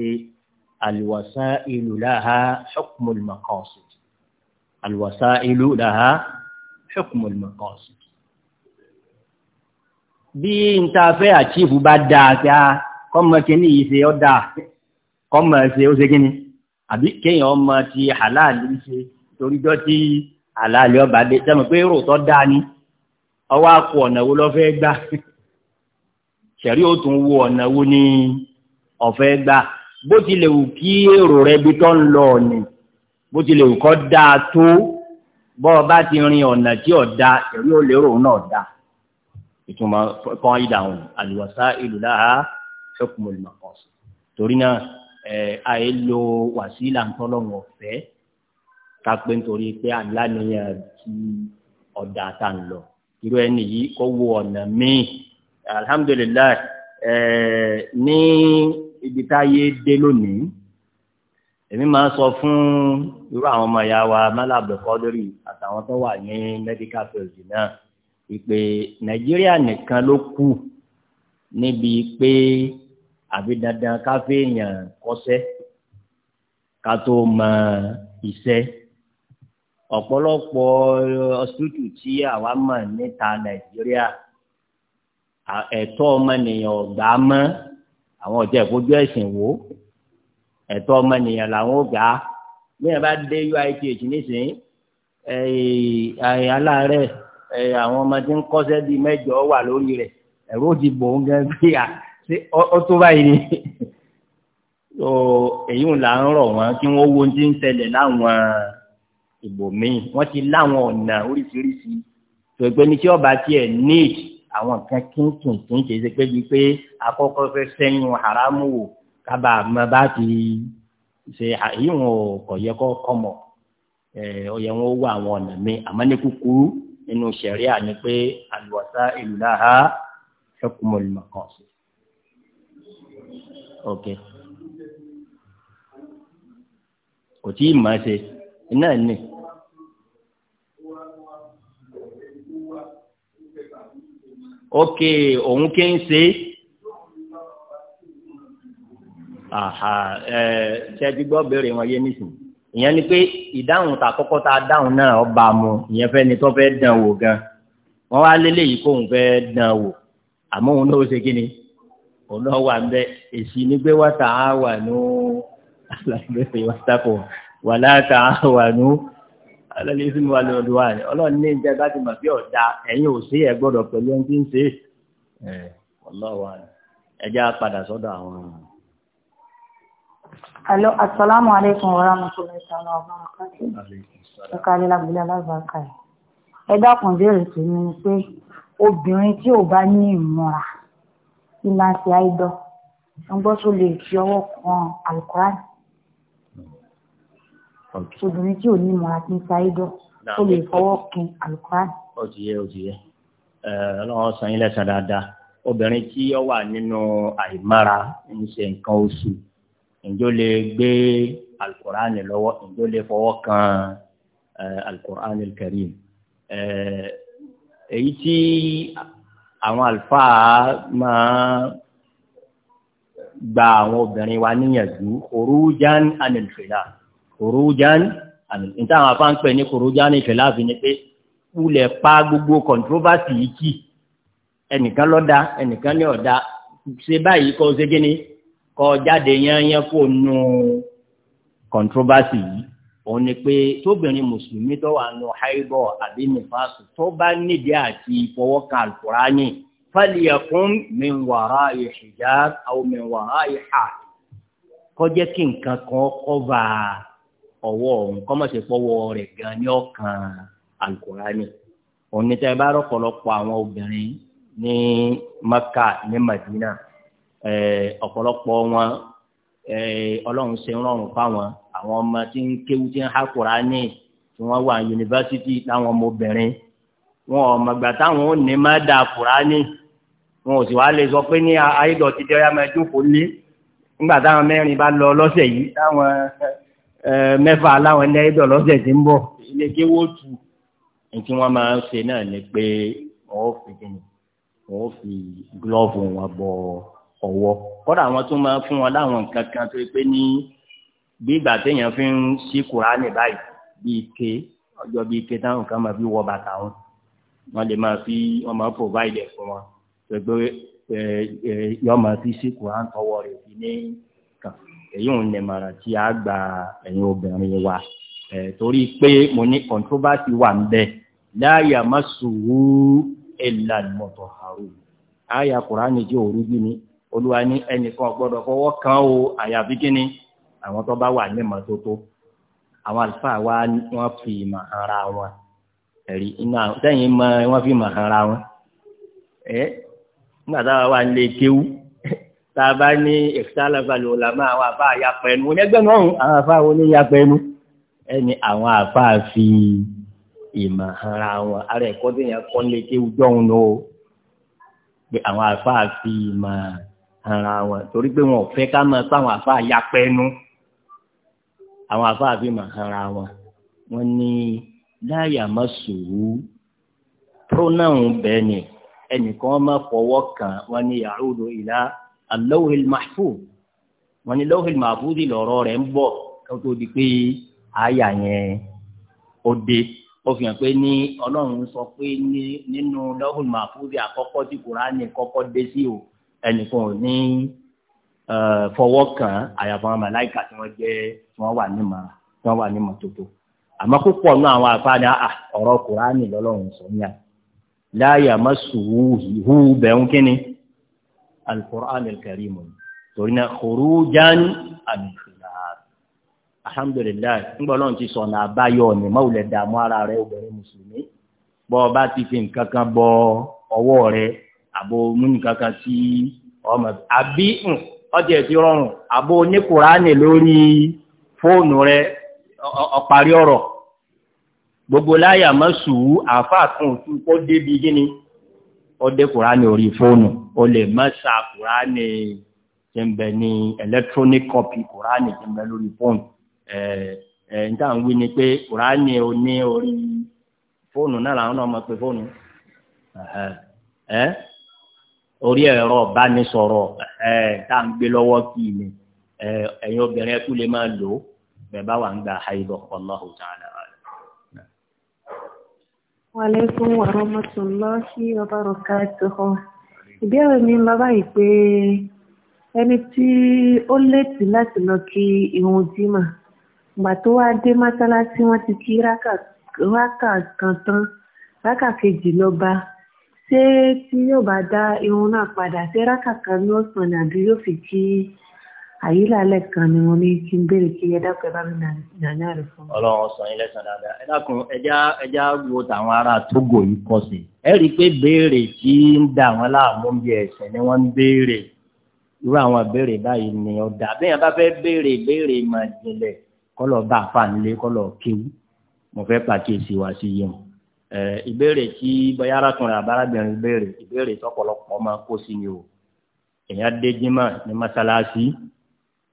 alwasailu laha hukmul maqasid alwasailu laha hukmul maqasid. bí n ta fẹ́ àchífù bá dáa kí a kọ́mọ kínní ọ́ dáa kọ́mọ ó ṣe kínní àbí kéèyàn ọmọ ti halal ṣe torí dọ́tí àlàálẹ̀ ọba dé sẹ́mi pé èrò tó dáa ni ọwọ́ àpò ọ̀nà wo lọ́ fẹ́ gbà ṣẹ̀rí ó tún wo ọ̀nà wo ni ọ̀fẹ́ gbà bó tilẹ̀ wù kí èrò rẹ bí tó ń lọ ọ̀nì bó tilẹ̀ wù kọ́ dáa tó bọ́ ọ bá ti rin ọ̀nà tí ò da ṣẹ̀rí ó lérò náà da ìtumọ̀ kan ìdáhùn àlùwàsá ìlú láha ṣọ́kùnmọ̀lùmọ̀ kan torí náà ẹ̀ àìlò wàsílà ń tọ́lọ́wọ̀n ọ̀fẹ́ kápẹ́ nítorí pé aláníyàn ti ọ̀dà tá ń lọ irú ẹni yìí kó wo ọ̀nà míì alhamdulilayi ẹ̀ẹ́ ní ibi táyé dé lónìí èmi máa ń sọ fún irú àwọn ọmọ ìyá wa málàbẹ̀kọ́dọ́rì àtàwọn tó wà ní medical field náà ìpè nàìjíríà nìkan ló kù níbi pé àbí dandan káfíńyàn kọ́ṣẹ́ ká tó mọ iṣẹ́ ọ̀pọ̀lọpọ̀ ọ̀sítútù eh, tí àwa mọ̀ níta nàìjíríà ẹ̀tọ́ ọmọnìyàn ọ̀gá mọ́ àwọn ọ̀jẹ̀ ìfojú ẹ̀sìn wò ẹ̀tọ́ ọmọnìyàn làwọn ọ̀gá bẹ́ẹ̀ bá dé UITH nísìnyí eh, eh, aláàárẹ̀ àwọn ọmọ tí ń kọ́sẹ́ bíi mẹ́jọ wà lórí rẹ̀ ẹ̀rọ ti bò ń gan bí i ó tó báyìí ni èyí là ń rọ̀ wọ́n kí wọ́n wo ohun tí ń ṣẹlẹ̀ láwọn ibòmíì wọ́n ti láwọn ọ̀nà oríṣiríṣi tó gbé ní tí ọba tiẹ̀ need àwọn nǹkan kíntùn kí n ṣe ṣe pé bíi pé akọ́kọ́ fẹ́ sẹ́yìn haramu wò kábà mọ bá ti ṣe àyíwọ̀n ọ̀yẹ́ kọ́ kọ́mọ̀ ọ̀yẹ́ wọn wọ àwọn ọ̀nà mi àmọ́ ní kúkúrú nínú ṣẹ̀ríà ni pé àlùwàsá ìlú láha hukmul maqasid. Okay kò tí ì máa ṣe iná ní ókè òun kí ń ṣe àhà ẹ ṣe ti gbọ́ béèrè wọn yé nísìn ìyẹn ni pé ìdáhùn tá kọ́kọ́ tá a dáhùn náà ọba mu ìyẹn fẹ́ ni tó fẹ́ dán wò gan wọ́n wá léléyìí kóun fẹ́ dán wò àmọ́ òun náà ó ṣe kí ni òun náà wà ń bẹ èsì ni pé wọ́n tà á wà ní alágbèrè wọ́n tà kò wà látà á wà ní ọlọ́lẹ̀ ìfún wa lọ́dọ̀ wa rẹ̀ ọlọ́run ní ìjẹ́ bá ti mọ̀ bí ọ̀dà ẹ̀yin ò sí ẹ̀ gbọ́dọ̀ pẹ̀lú ẹni tí ń ṣe é ọlọ́wà ẹjẹ́ á padà sọ́dọ̀ àwọn ọ̀run. alo asalaamu aleykum wa rahmatulahi ta'ala wa barakatuh ṣọkà alábìlẹ alábàákà ẹ ẹ dákun béèrè sí mi ni pé obìnrin tí ò bá ní ìmúra ìlànà ti àìdọ ń gbọ́ tó lè fi ọwọ́ kan alukóra obìnrin tí ò ní mọ àti ṣáídọ̀ ó lè fọwọ́ kin alukurani. ó ti yẹ ó ti yẹ ọlọ́run san yín lẹ́sàn dáadáa obìnrin tí ó wà nínú àìmára ń ṣe nǹkan oṣù ǹjọ́ lè gbé alukurani lọ́wọ́ ǹjọ́ lè fọwọ́ kan alukurani karim èyí tí àwọn àlùfáà máa gba àwọn obìnrin wa níyànjú khurujan anil khilaf kòrójàn àmì níta àwọn afá ń pè ní kòrójàn ní ìfẹ̀láàfin ni pé wúlẹ̀ pa gbogbo controversy yìí kì ẹnìkan lọ́dà ẹnìkan ní ọ̀dà ṣe báyìí kọ́ ṣe gíní kọ́ jáde yányán kó nu controversy yìí òun ni pé tóbìnrin mùsùlùmí tó wà nù haibọ àbí nífàsù tó bá nídìí àti ìfọwọ́ka alukurani fàlìyàkùn min wara'i hijab aw min wara'i kí nǹkan kan kọ́ bá ọwọ́ ọ̀hún kọ́mọ̀sí pọ́wọ́ rẹ̀ gan ní ọ̀kan alukurani onítẹ̀ bá rọ̀pọ̀lọpọ̀ àwọn obìnrin ní Maka ní Madina ọ̀pọ̀lọpọ̀ wọn ọlọ́run ṣe ń rọrùn fáwọn àwọn ọmọ tí ń kéwú tí ń ha kurani tí wọ́n wà yunifásitì táwọn ọmọbìnrin wọn ọmọ gbà táwọn ò ní má da kurani wọn ò sì wá lè sọ pé ní ayédọ̀tí dẹ́rẹ́ máa kò lé nígbà táwọn mẹ́rin bá lọ lọ́sẹ̀ yìí táwọn mẹ́fà aláwọn ẹni ẹ̀dọ̀ lọ́sẹ̀ tí ń bọ̀ ilé kí wọ́n tu nítí wọ́n máa ń ṣe náà ni pé wọ́n fi kíni wọ́n fi gílọ́ọ̀fù wọn bọ ọwọ́ kọ́dà àwọn tó máa fún wọn láwọn nǹkan kan tó pé ní bí ìgbà téèyàn fi ń ṣí kùránì báyìí bí ike ọjọ́ bí ike táwọn kan máa fi wọ bàtà wọn wọ́n lè máa fi wọ́n máa provide ẹ̀ fún wọn pẹ̀gbẹ́ yọ máa fi ṣí kùránì tọwọ́ rẹ̀ fi ní kàn èyí ò ní mara tí a gba ẹ̀yin obìnrin wa torí pé mo ní controversy wà ń bẹ láyà má sùúrù ẹ̀là mọ̀tọ̀ àrùn àyà kùránì jẹ́ òrújú ni olúwa ní ẹnìkan gbọ́dọ̀ fọwọ́ kan o àyàfi kíni àwọn tó bá wà ní mọ́tótó àwọn àlùfáà wa wọ́n fi ìmọ̀ ara wọn ẹ̀rí iná sẹ́yìn mọ́ wọ́n fi ìmọ̀ ara wọn ẹ̀ nígbà táwa wà ń lé kéwú tàbá ní ìsàlàbàlù ọ̀làmọ́ àwọn àfa àyàpẹ̀ ẹnu onígbẹ́nu ọ̀hún àwọn àfa àwọn oníyàpẹ̀ ẹnu ẹni àwọn àfa fi ìmọ̀ ara wọn ara ẹ̀kọ́ tó yẹn kọ́ lé kéwú jọ́hún lọ pé àwọn àfa fi ìmọ̀ ara wọn torí pé wọn ò fẹ́ ká máa pa àfa àyàpẹ̀ ẹnu àwọn àfa fi ìmọ̀ ara wọn wọn ní láyà má sùúrù pronoun bẹ́ẹ̀ ni ẹnìkan máa fọwọ́ kàn wọn ní yàrá òdo ìlà alawhil mahfuz wọn ni lawhil mahfuz lọ́rọ̀ rẹ̀ ń bọ̀ kó tó di pé àyà yẹn ó dé ó fi hàn pé ní ọlọ́run sọ pé ní nínú lawhil mahfuz àkọ́kọ́ tí kùránì kọ́kọ́ dé sí o ẹnìkan ò ní fọwọ́ kàn àyàfọ́ àwọn màláìkà tí wọ́n jẹ́ tí wọ́n wà ní mà tí wọ́n wà ní mà tótó àmọ́ púpọ̀ náà àwọn àfáàní ah, ọ̀rọ̀ kùránì lọ́lọ́run sọ ní à láyà má sùúrù hù bẹ́ẹ̀ ń al-Qur'an al-Karim torí náà khurujan al-khilaf alhamdulilayi ńgbọ́ lọ́n ti sọ̀nà àbáyọ ni mọ́wùlẹ̀ dààmú ara rẹ obìnrin mùsùlùmí bọ́ ọ bá ti fi nǹkan kan bọ ọwọ́ rẹ àbò mú nǹkan kan sí ọmọ àbí ọjà ti rọrùn àbò ní kùránì lórí fóònù rẹ ọ̀parí ọ̀rọ̀ gbogbo láyà mọ́sùú àáfàá kan òtún kó débi gíní ó dé kùránì orí fóònù o lè mẹ́sà kùránì tí ń ní electronic copy kùránì lórí fóònù ẹ̀ wí ni pé kùránì o ní orí fóònù náà làwọn náà pé fóònù ẹ̀ orí ẹ̀rọ ìbánisọ̀rọ̀ ẹ̀ tá à gbé lọ́wọ́ kì ni ẹ̀yin obìnrin ẹ̀kú lè máa lò bẹ́ẹ̀ bá wà Wàlékún warahmatullahi wabarakatuh. Ìbéèrè mi lọ báyìí pé ẹni tí ó létí láti lọ kí irun jímà ìgbà tó wá dé mọ́sálásí wọ́n ti kí rákà kan tán rákà kejì ló bá ṣé tí yóò bá dá irun náà padà ṣé rákà kan ní ọ̀sán àbí yóò fi kí àyílà alẹ́ kan ni wọ́n ní kí n béèrè kí ẹ dákọ̀ ẹ bá mi nàyà rẹ̀ fún. ọlọ́run sọ yín lẹ́sàn dáadáa ẹ dákun ẹja ẹja wo tàwọn ará Togo yìí kọ sí. ẹ rí i pé béèrè tí ń dà wọn láàmú bí ẹsẹ̀ ni wọ́n ń béèrè irú àwọn béèrè báyìí ni ọ̀dà bẹ́ẹ̀ bá fẹ́ béèrè béèrè mà jìnlẹ̀ kọ́lọ̀ bá a fà nílé kọ́lọ̀ kéwú mo fẹ́ pàkíyèsí wá sí yẹn ìbéèrè tí bóyá arákùnrin àbárabìnrin béèrè ìbéèrè tọ̀pọ̀lọpọ̀ máa kó sí ni o èèyàn dé jímọ̀ ní mọ́sálásí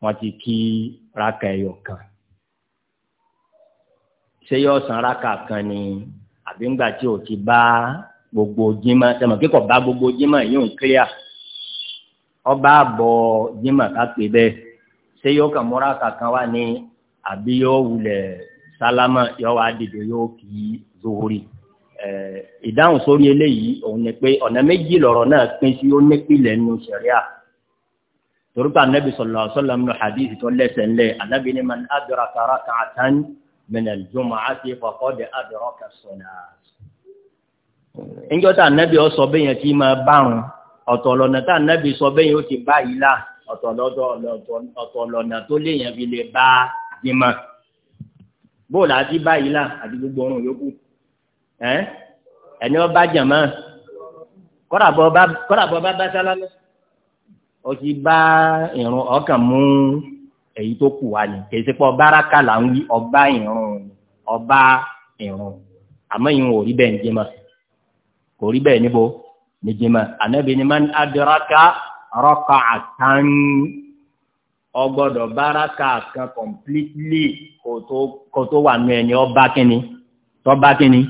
wọ́n ti kí rákà ẹyọ kan ṣé yóò san rákà kan ni àbí ńgbà tí ò ti bá gbogbo jímọ̀ tẹmọ kíkọ ba gbogbo jima yi yóò clear ọba àbọ jímọ̀ kápẹ bẹ́ẹ̀ ṣé yóò kan mú rákà kan wá ní àbí yóò wulẹ̀ salama yóò wá dìde yóò kí zuhuri ìdáhùn sórí eléyìí òun ni pé ọ̀nà méjì lọ̀rọ̀ náà pín sí ó nípìnlẹ̀ nù sẹ̀ríà torípa anabi sọlọ sọlọ mi hadith tó lẹsẹ lẹ anabi ni man adraka rak'atan min al-jum'ati faqad adraka as-salat. ńjọ́ tá anabi ọ sọ bẹ́yẹn tí máa bárun ọ̀tọ̀ lọ́nà tá anabi sọ bẹ́yẹn ó ti bá yìí la ọ̀tọ̀ lọ́nà tó léyìn fi lè bá jimá bóòlù àti báyìí la àti gbogbo ọrùn yòókù ẹni ọba jàmá kọ́dà bọ́ bá bá sálámù ó ti bá ìrun ọkàn mú èyí tó kù wá ní kèsì pọ̀ báraka là ń wí ọba ìrun ọba ìrun àmọ́ ìrun ò rí bẹ́ẹ̀ ní jẹ́mọ̀ kò rí bẹ́ẹ̀ níbo ní jẹ́mọ̀ ànábì ni man adraka raka'atan ọgbọ́dọ̀ báraka kan completely kò tó wà nù ẹni ọba kínní tọ́ba kínní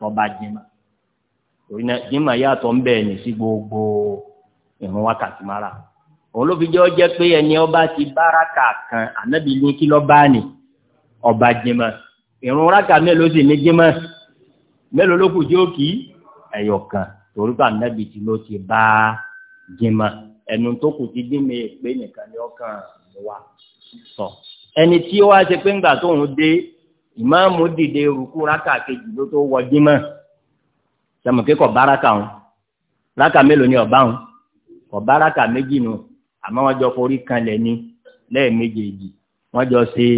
tọ́ba jẹ́mọ̀ torí náà jẹ́mọ̀ yàtọ̀ ń bẹ̀ ní sí gbogbo ìrun wákàtí mara òun ló fi jẹ́ ọjẹ́ pé ẹni ọba ti bá rákà kan ànábì ní kí lọ́ bá ní ọba jẹmọ́ ìrun rákà mélòó sì ní jẹmọ́ mélòó ló kù tí ó kì í ẹ̀yọ̀ kan torí pé ànábì tí ló ti bá jẹmọ́ ẹnu tó kù ti dín mi pé nìkan ni ọkàn wa sọ ẹni tí ó ṣe pé ńgbà tóun dé ìmáàmù dìde rúkú rákà kejì ló tó wọ jẹmọ́ sẹmọ̀kẹ́kọ̀ bá wọn rákà mélòó ni ọba wọn ọba rákà méjì nù àmọ́ wọ́n jọ forí kanlẹ̀ ni lẹ́ẹ̀mejèèjì wọ́n jọ ṣe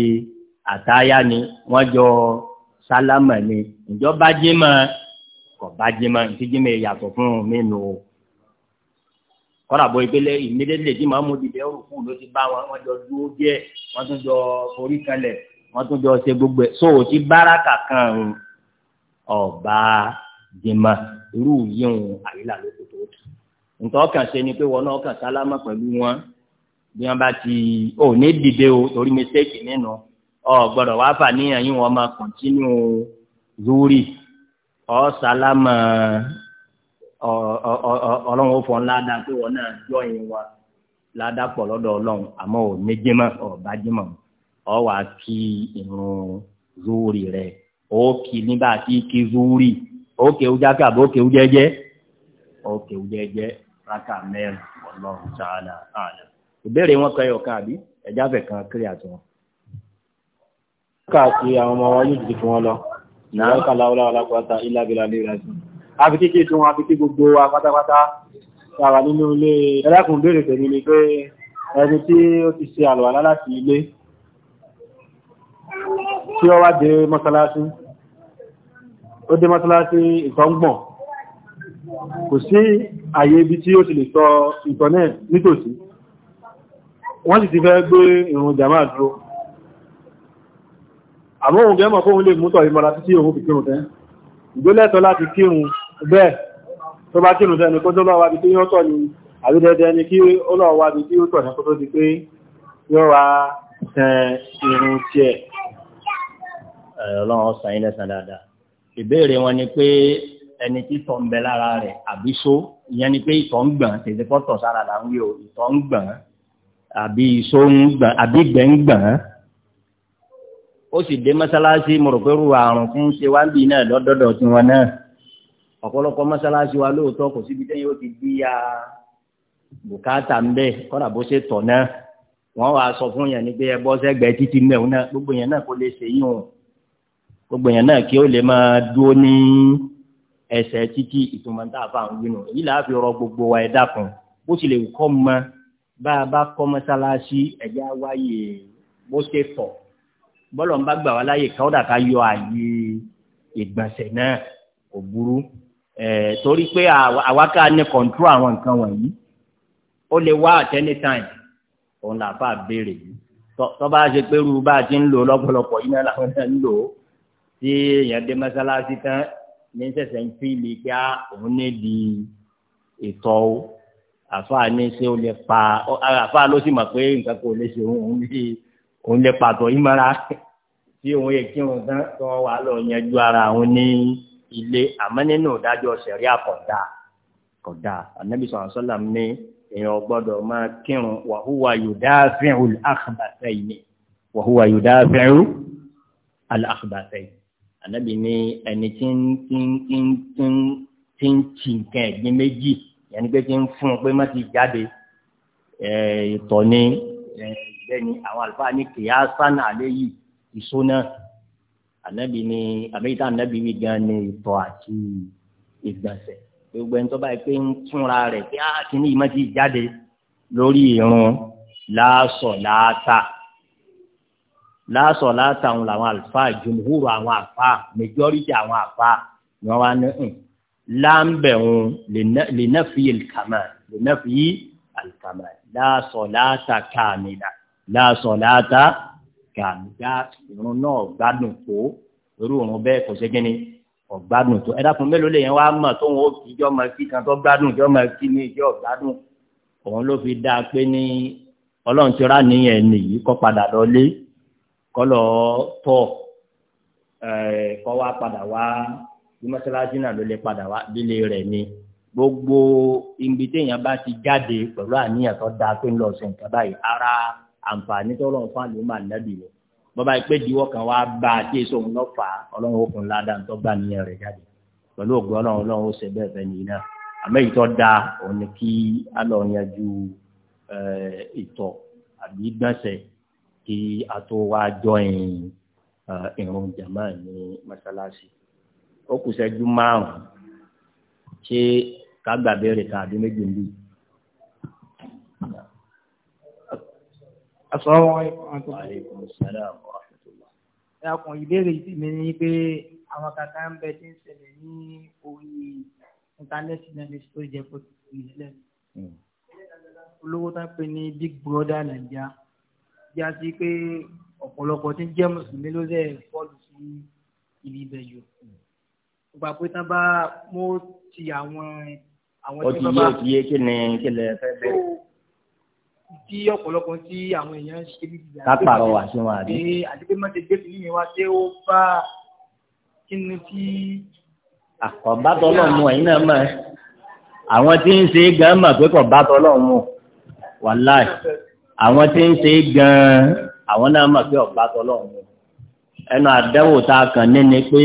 àtáyá ni wọ́n jọ sálámà ni ǹjọ́ bá jí mọ́ kò bá jí mọ́ ntí jí mọ́ yàtọ̀ fún mi nù o kọ́ra bọ́ ìpele ìmídélé tí màmú dìde òkú ló ti bá wọn wọ́n jọ dúró díẹ̀ wọ́n tún jọ forí kanlẹ̀ wọ́n tún jọ ṣe gbogbo ẹ̀ so ti báraka kan ọba jìmọ̀ irú yíyún àyílà ló ntọ́ kàn ṣe ni pé wọn náà kàn sálámà pẹ̀lú wọn bí wọn bá ti ò ní dìde o torí mistake nínú ọ gbọ́dọ̀ wá fà níyàn yín wọn máa kọ̀ntínú lórí ọ sálámà ọlọ́run ó fọ ńlá dá pé wọn náà jọ yín wa ládàpọ̀ lọ́dọ̀ ọlọ́run àmọ́ ò ní jímọ̀ ọ̀ bá jímọ̀ ọ wà kí irun lórí rẹ ó kí nígbà tí kí lórí ó kéwú jákàbó kéwú jẹ́jẹ́ ó kéwú jẹ́jẹ́ rákà mẹ́rin Allahu ta'ala àlẹ́. ìbéèrè wọn kan yọ̀ọ̀kan àbí ẹ̀já fẹ̀ kan kiri àti wọn. káàkiri àwọn ọmọ wa yóò ti fi wọn lọ. náà kàlá ọlọ́wọ́lá pátá ilá bílá lè rà sí. àfi kíkì tí wọn àfi kí gbogbo wa pátápátá sára nínú ilé ẹlẹ́kùn béèrè tèmi ni pé ẹni tí ó ti ṣe àlùwàlá láti ilé tí ó wá dé mọ́sálásí ó dé mọ́sálásí ìtọ́ngbọ̀n kò sí àyè ibi tí ó ti lè sọ ìtàn náà nítòsí wọ́n sì ti fẹ́ gbé ìrùn jàmá dúró àmọ́ òun gẹ́mọ̀ fóun lè mútọ̀ ìmọ̀ra títí òun fi kírun tẹ́ ìgbélẹ́tọ̀ láti kírun bẹ́ẹ̀ tó bá kírun tẹ́ni kó tó lọ́wọ́ tí yóò tọ̀ ní àrídẹ́dẹ́ ni kí ó lọ́wọ́ bí tí ó tọ̀ ní kó tó di pé yóò wá ìbéèrè wọn ni pé ẹni tí tọ̀ ń bẹ lára rẹ̀ àbí só ìyẹn ni pé ìtọ̀ ń gbọ̀n tètè pọ́tọ̀ sára là ń wí o ìtọ̀ ń gbọ̀n àbí ìsó ń gbọ̀n àbí ìgbẹ́ ń gbọ̀n ó sì dé mọ́sálásí mo rò pé ru àrùn tí ṣe wá bíi náà lọ́dọ̀dọ̀ tiwọn náà ọ̀pọ̀lọpọ̀ mọ́sálásí wa lóòótọ́ kò síbi tẹ́yìn ó ti bí ya bùkátà ń bẹ kọ́dà bó ṣe tọ̀ náà wọ́n wá sọ fún yẹn ní pé ẹ bọ́ sẹ́gbẹ̀ẹ́ títí mẹ́wọ́n náà gbogbo yẹn náà kò lè ṣèyí o gbogbo yẹn náà kí ó lè máa dúró ní ẹsẹ̀ títí ìtumọ̀ tá a fà ń gbinu èyí là á fi rọ gbogbo wa ẹ dákun bó tilẹ̀ kọ́ mọ bá a bá kọ́ mọ́sálásí ẹ̀já wáyé bó ṣe fọ̀ bọ́lọ̀ ń bá gbà wá láyè káwọ́dà ká yọ àyè ìgbọ̀nsẹ̀ náà kò burú torí pé àwa ká ní kọ̀ǹtúrò àwọn nǹkan wọ̀nyí ó lè wá at any time òun là fà béèrè yìí tó ṣe pé rú ti ń lò lọ́pọ̀lọpọ̀ yìí náà làwọn náà ń lò ó tí èèyàn dé mọ́sálásí tán ní sẹ̀sẹ̀ ń fíìlì pé á ah, òun ní di ìtọ̀ o àfáà ní ṣé ó lè pa àfáà ló sì mọ̀ pé nǹkan kò lè ṣe òun ní òun lè pàtó ìmọ̀ra tí òun yẹ kí òun tán tó wà lọ yanjú ara òun ní ilé àmọ́ nínú ìdájọ́ ṣẹ̀ríà kódà kódà ànábì sallallahu alaihi ní èèyàn gbọ́dọ̀ máa kírun wàhúwà yudafi'u al-akhbathayn wàhúwà yudafi'u al-akhbathayn ànábì ní ẹni tí ń tí ń tí ń tí ń tí ń tì nǹkan ẹ̀gbin méjì yẹn ni pé tí ń fún un pé má ti jáde ìtọ̀ ni bẹ́ẹ̀ni àwọn àlùfáà ní kìyà sánà alẹ́ yìí ìṣó náà ànábì ní àbẹ́yìtà ànábì wí gan ni ìtọ̀ àti ìgbọ̀nsẹ̀ gbogbo ẹni tó báyìí pé ń túnra rẹ̀ pé á ah, kìíní yìí má ti jáde lórí ìrun láàsọ̀ láàtà láàsọ̀ látàwọn làwọn àlùfáà jùmùhúrò àwọn àfáà mẹjọ́rìtì àwọn àfáà ni wọ́n wá ní hmm, ń láǹbẹ̀hún lè ná fi ìlkàmà lè ná fi ìlkàmà láàsọ̀ látà kàmìlà láàsọ̀ látà kàmìlà irun náà gbádùn tó irú òun bẹ́ẹ̀ kò ṣe gíní ọ̀gbádùn tó ẹ dákun mélòó lè yẹn wá mọ̀ tó wọn ó fi ìjọ máa fi kan tó gbádùn ìjọ máa fi ní ìjọ gbádùn òun ló fi dáa pé ní ọlọ́run ti rá nìyẹn nìyí kọ́ padà lọ lé kọlọ tọ kọ wa padà wá bí náà ló lè padà wá délé rẹ̀ ni gbogbo ibi téèyàn bá ti jáde pẹ̀lú àníyàn tó dáa pé ń lọ sí nǹkan báyìí ara àǹfààní tó lọ́n fún àlùmọ́ ànábì ni bọ́bá yìí pé diwọ́ kan wá bá a tí èso òun lọ fà á ọlọ́run òkun ládàá ń tọ́ bá àníyàn rẹ̀ jáde pẹ̀lú ògùn ọlọ́run ọlọ́run ó ṣe bẹ́ẹ̀ fẹ́ nìyí náà àmẹ́yìí tó dáa òun ni kí á lọ yanjú ìtọ̀ àbí gbọ̀nsẹ̀ kí a tó wá jọyìn ìrun uh, jàmá ní mọ́sálásí ó kù ṣẹ́jú márùn-ún ṣé ká gbà béèrè kan àbí méjì ń bì. asalaamualeykum wa rahmatulah. ẹ kàn ìbéèrè mi ni pé àwọn kàkà ń bẹ tí ń ṣẹlẹ̀ ní orí íńtánẹ́ẹ̀tì náà ní tó jẹ́ kó ti ìlẹ̀. olówó tá a pè ní big brother nàìjíríà já sí pé ọ̀pọ̀lọpọ̀ tí ń jẹ́ mùsùlùmí ló lẹ̀ fọ́ọ̀lù sí ibi ibẹ̀ yòó gbà pé tán bá mú ti àwọn àwọn tí wọ́n bá. ó yé kí ni kí lè fẹ́ bẹ́ẹ̀. tí ọ̀pọ̀lọpọ̀ tí àwọn èèyàn ṣe bí ìgbà. ká pààrọ̀ wà sí wọn àbí. àti pé mọ́tẹ́ gbé fìlí yẹn wá ṣé ó bá kí ni tí. àkọ́bátọ̀ náà mú ẹ̀yin náà mọ̀ ẹ́ àwọn tí ń ṣe é gan mọ̀ pé kọ̀bátọ̀ náà mú wàláì àwọn tí ń ṣe gan-an àwọn náà mọ̀ pé ọ̀bá tọ́lọ́run ẹnu àdẹ́wò tá a kàn ní ni pé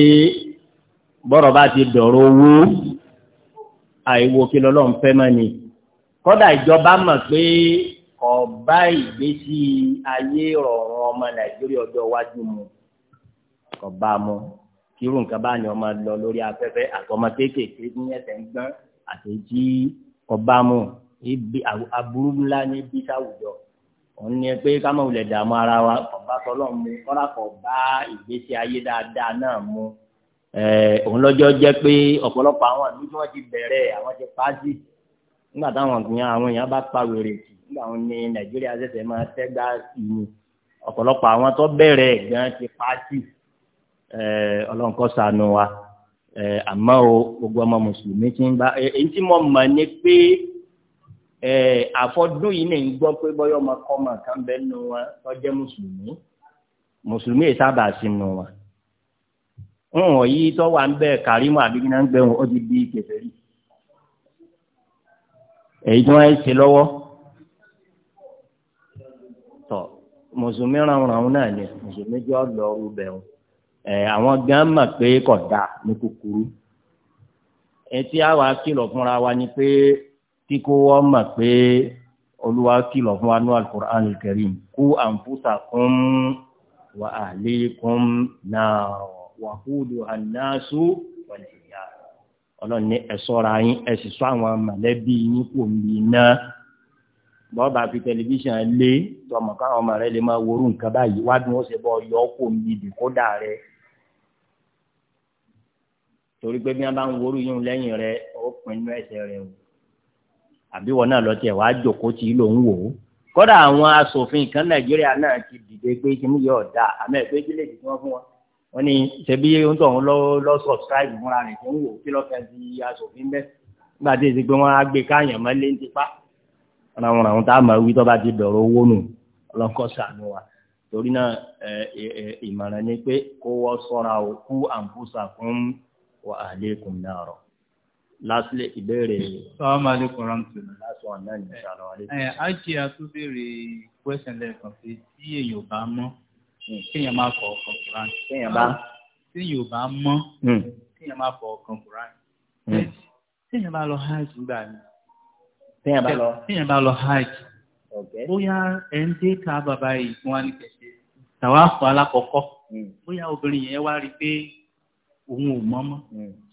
bọ́rọ̀ bá ti dọ̀rọ̀ owó àìwo kí lọ́lọ́run fẹ́ mọ́ ni kódà ìjọba mọ̀ pé ọba ìgbésí ayé rọrùn ọmọ nàìjíríà ọjọ́ iwájú mu ọba mu kírun nǹkan bá ní ọmọ lọ lórí afẹ́fẹ́ àtọmọ kéékèèké ní ẹsẹ̀ ń gbọ́n àtẹ̀jí ọba mu ibi aburú ńlá ní bísí àwùjọ òun ni pé ká má wulẹ̀ dààmú ara wa ọba tọ́lọ́ mu kọ́ra kọ́ bá ìgbésí ayé dáadáa náà mu òun lọ́jọ́ jẹ́ pé ọ̀pọ̀lọpọ̀ àwọn àdúgbò tí wọ́n ti bẹ̀rẹ̀ àwọn ti pàṣẹ nígbà táwọn èèyàn àwọn èèyàn bá pa wèrè tì nígbà wọn ni nàìjíríà ṣẹ̀ṣẹ̀ máa tẹ́gbà ìlú ọ̀pọ̀lọpọ̀ àwọn tó bẹ̀rẹ̀ gan ti pàṣẹ ọlọ́nkọ́ ṣàánú wa àmọ́ o gbogbo ọmọ mùsùlùmí ti ń bá èyí tí mo mọ̀ ni pé àfọdún yìí ní gbọ́ pé bọ́yọ́ ọmọ kọ́mọ kan bẹ́ẹ̀ nù wọn tọ́jẹ́ mùsùlùmí mùsùlùmí yìí sábà sí nù wọn. wọn yìí tó wà ń bẹ kàrímù àbíkí náà ń gbẹ wọn ó ti di kèfèrí. èyí tí wọ́n ń ṣe lọ́wọ́ tọ̀ mùsùlùmí ránranràn náà ni mùsùlùmí jọ lọ rúbẹ̀ wọn. àwọn gan mọ̀ pé kódà ní kúkúrú. etí àwa kìlọ̀ fúnra wa ni pé kí kó wọ́n mọ̀ pé olúwa kìlọ̀ fún wa ní alukur'an al-karim kú anfusakum wa ahlikum náà wa quduha an-nasu wal-hijara ọlọ́run ní ẹ ṣọ́ra yín ẹ sì ṣọ́ àwọn mọ̀lẹ́bí yín kò ní iná bọ́ọ̀bà fi tẹlifíṣàn lé tọmọ káwọn ọmọ rẹ lè máa worú nǹkan báyìí wádùn ó ṣe bọ́ yọ kò ní dìkódà rẹ torí pé bí wọ́n bá ń worú yín lẹ́yìn rẹ ó pinnu ẹsẹ̀ rẹ o àbí wọn náà lọ wàá jòkó tí ló ń wò ó kódà àwọn asòfin kan nàìjíríà náà ti dìde pé kíní yóò dà àmọ́ ẹgbẹ́ ìdílé tí wọn fún wọn wọn ni ṣebí ohun tó ń lọ lọ subscribe fúnra rẹ̀ tó ń wò kí lọkẹ di asòfin bẹ nígbà tí èsì pé wọn á gbé káyàn mọ́lé ń tipa ràwọn ràwọn tá a máa wí tó bá ti dọ̀rọ̀ owó nù ọlọkọ sànù wa torí náà ìmọ̀ràn ni pé kó wọ́n sọ́ra o kú àǹfùsà fún wa àlékún náà lásìlẹ̀ ìbéèrè Assalamu alaikum warahmatullahi lásìlẹ̀ ọ̀nà ìṣàlọ̀ alẹ́. àjì àtúbèrè question lẹ́ẹ̀kan sí hmm, hmm. hmm. tí èèyàn bá mọ̀ kéèyàn máa fọ ọkàn Quran. kéèyàn bá. téèyàn bá mọ̀ kéèyàn máa fọ ọkàn Quran. téèyàn bá lọ hajj gbà mí. téèyàn bá lọ. téèyàn bá lọ hajj. bóyá ẹ̀ ń dé ká bàbá yìí fún wa ní kẹ̀kẹ́ tàwa fọ alákọ̀ọ́kọ́ bóyá obìnrin yẹn wá rí pé òun ò mọ̀ mọ́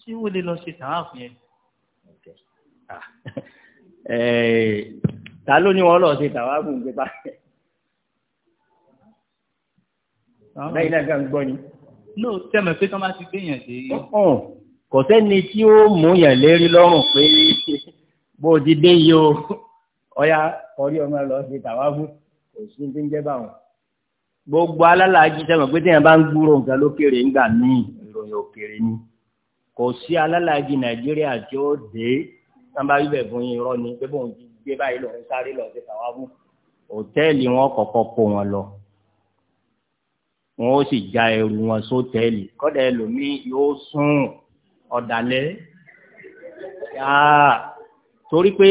ṣé ó lè lọ ṣe tàwa fún yẹn. Eh, ta ló ní wọn lọ ṣe tàwa bùn pípa ah. lẹ́yìn náà kàn gbọ́ ni. no tẹ́mẹ̀ pé kí wọ́n bá ti gbéyàn dé. Oh, oh. kò sẹ́ni tí ó mú yàn lérí lọ́rùn pé bó ti dé yìí o ọ̀ya kọrí ọmọ lọ ṣe tàwa bùn kò sí ní jẹ́ báwọn. gbogbo alálàájì sẹ́mọ̀ pé téèyàn bá ń gbúrò nǹkan lókèrè ńgbà míì ìròyìn òkèrè ni kò sí alálàájì nàìjíríà tí ó dé tán bá wíbẹ̀ fún yín irọ́ ni pé bóun ti gbé báyìí lọ ń sáré lọ sí sàwábù òtẹ́ẹ̀lì wọn kọ́kọ́ kó wọn lọ wọn ó sì já ẹrù wọn sótẹ́ẹ̀lì kọ́dà ẹlòmíín yóò sún ọ̀dàlẹ́ yáa torí pé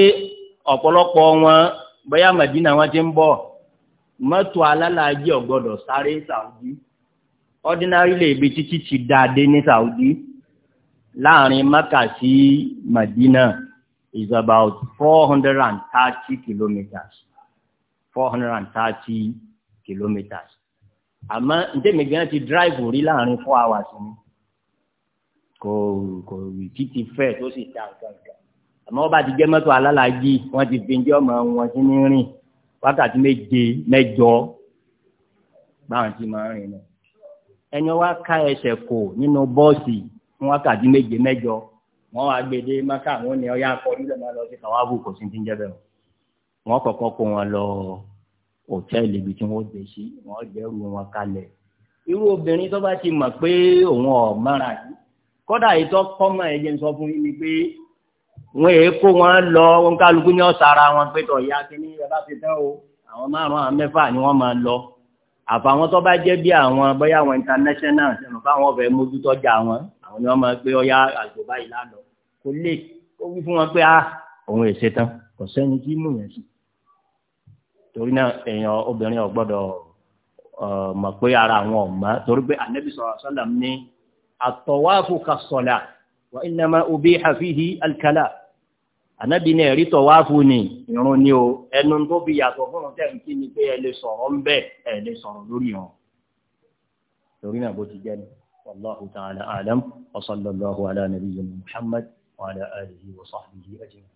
ọ̀pọ̀lọpọ̀ wọn bóyá Mẹdínà wọn ti ń bọ̀ mọ́tò alálàájì ọ̀gbọ́dọ̀ sáré Saudi ordinary lè ibi títí ti dáadé ní Saudi láàrin Maka sí Mẹdínà is about 430 kilometers 430 kilometers àmọ́ ntẹ́mi gan ti drive rí láàrin four hours ni kò kò títí fẹ́ tó sì ta nǹkan àmọ́ ọba ti jẹ́ mọ́tò alálàájì wọ́n ti fi jẹ́ ọmọ wọn sí ní rìn wákàtí méje mẹ́jọ báwọn ti máa ń rìn náà ẹni wá ká ẹsẹ̀ kò nínú bọ́ọ̀sì fún wákàtí méje mẹ́jọ wọ́n wá gbèdé mọ́kà wọ́n ní ọyá akọ́rí lọ́mọ lọ sí tàwábù kò sí ti ń jẹ́ bẹ́ẹ̀ wọ́n kọ́kọ́ kó wọn lọ hòtẹ́ẹ̀lì ibi tí wọ́n gbé sí wọ́n gbẹ́rù wọn kalẹ̀ irú obìnrin tó bá ti mọ̀ pé òun ọ̀ mọ́ra yìí kódà ìtọ́ kọ́mọ ẹ̀jẹ̀ ń sọ fún yín ni pé wọn èé kó wọn lọ wọn kálukú ní ọ̀sára wọn pé tọ̀ ya kí ní ọlá ti tán o àwọn márùn-ún àwọn mẹ́fà ni wọ́n máa lọ àfàwọn tó bá jẹ́ bí àwọn bóyá àwọn international ṣẹ̀nù fáwọn ọ̀fẹ́ mójútọ́jà wọn àwọn ni wọ́n máa gbé ọyá àjò báyìí lánà kò lè ó wí fún wọn pé a ah, òun èsè tán kò sẹ́ni tí mú yẹn sí torí náà èèyàn obìnrin ò gbọ́dọ̀ mọ̀ pé ara àwọn ọmọ torí pé anabi sọ̀rọ̀ sọ́làm ní àtọ̀wáfù ka sọ̀là wà ìnàmà òbí àfihì alkala anabi ní ẹ̀rí tọ̀wáfù ni irun ni o ẹnu tó fi yàtọ̀ fún ọ̀tẹ̀ nkí ni pé ẹ lè sọ̀rọ̀ ń bẹ̀ ẹ lè sọ̀rọ̀ lórí wọn torí náà bó ti jẹ́ ni. والله تعالى أعلم وصلى الله على نبينا محمد وعلى آله وصحبه أجمعين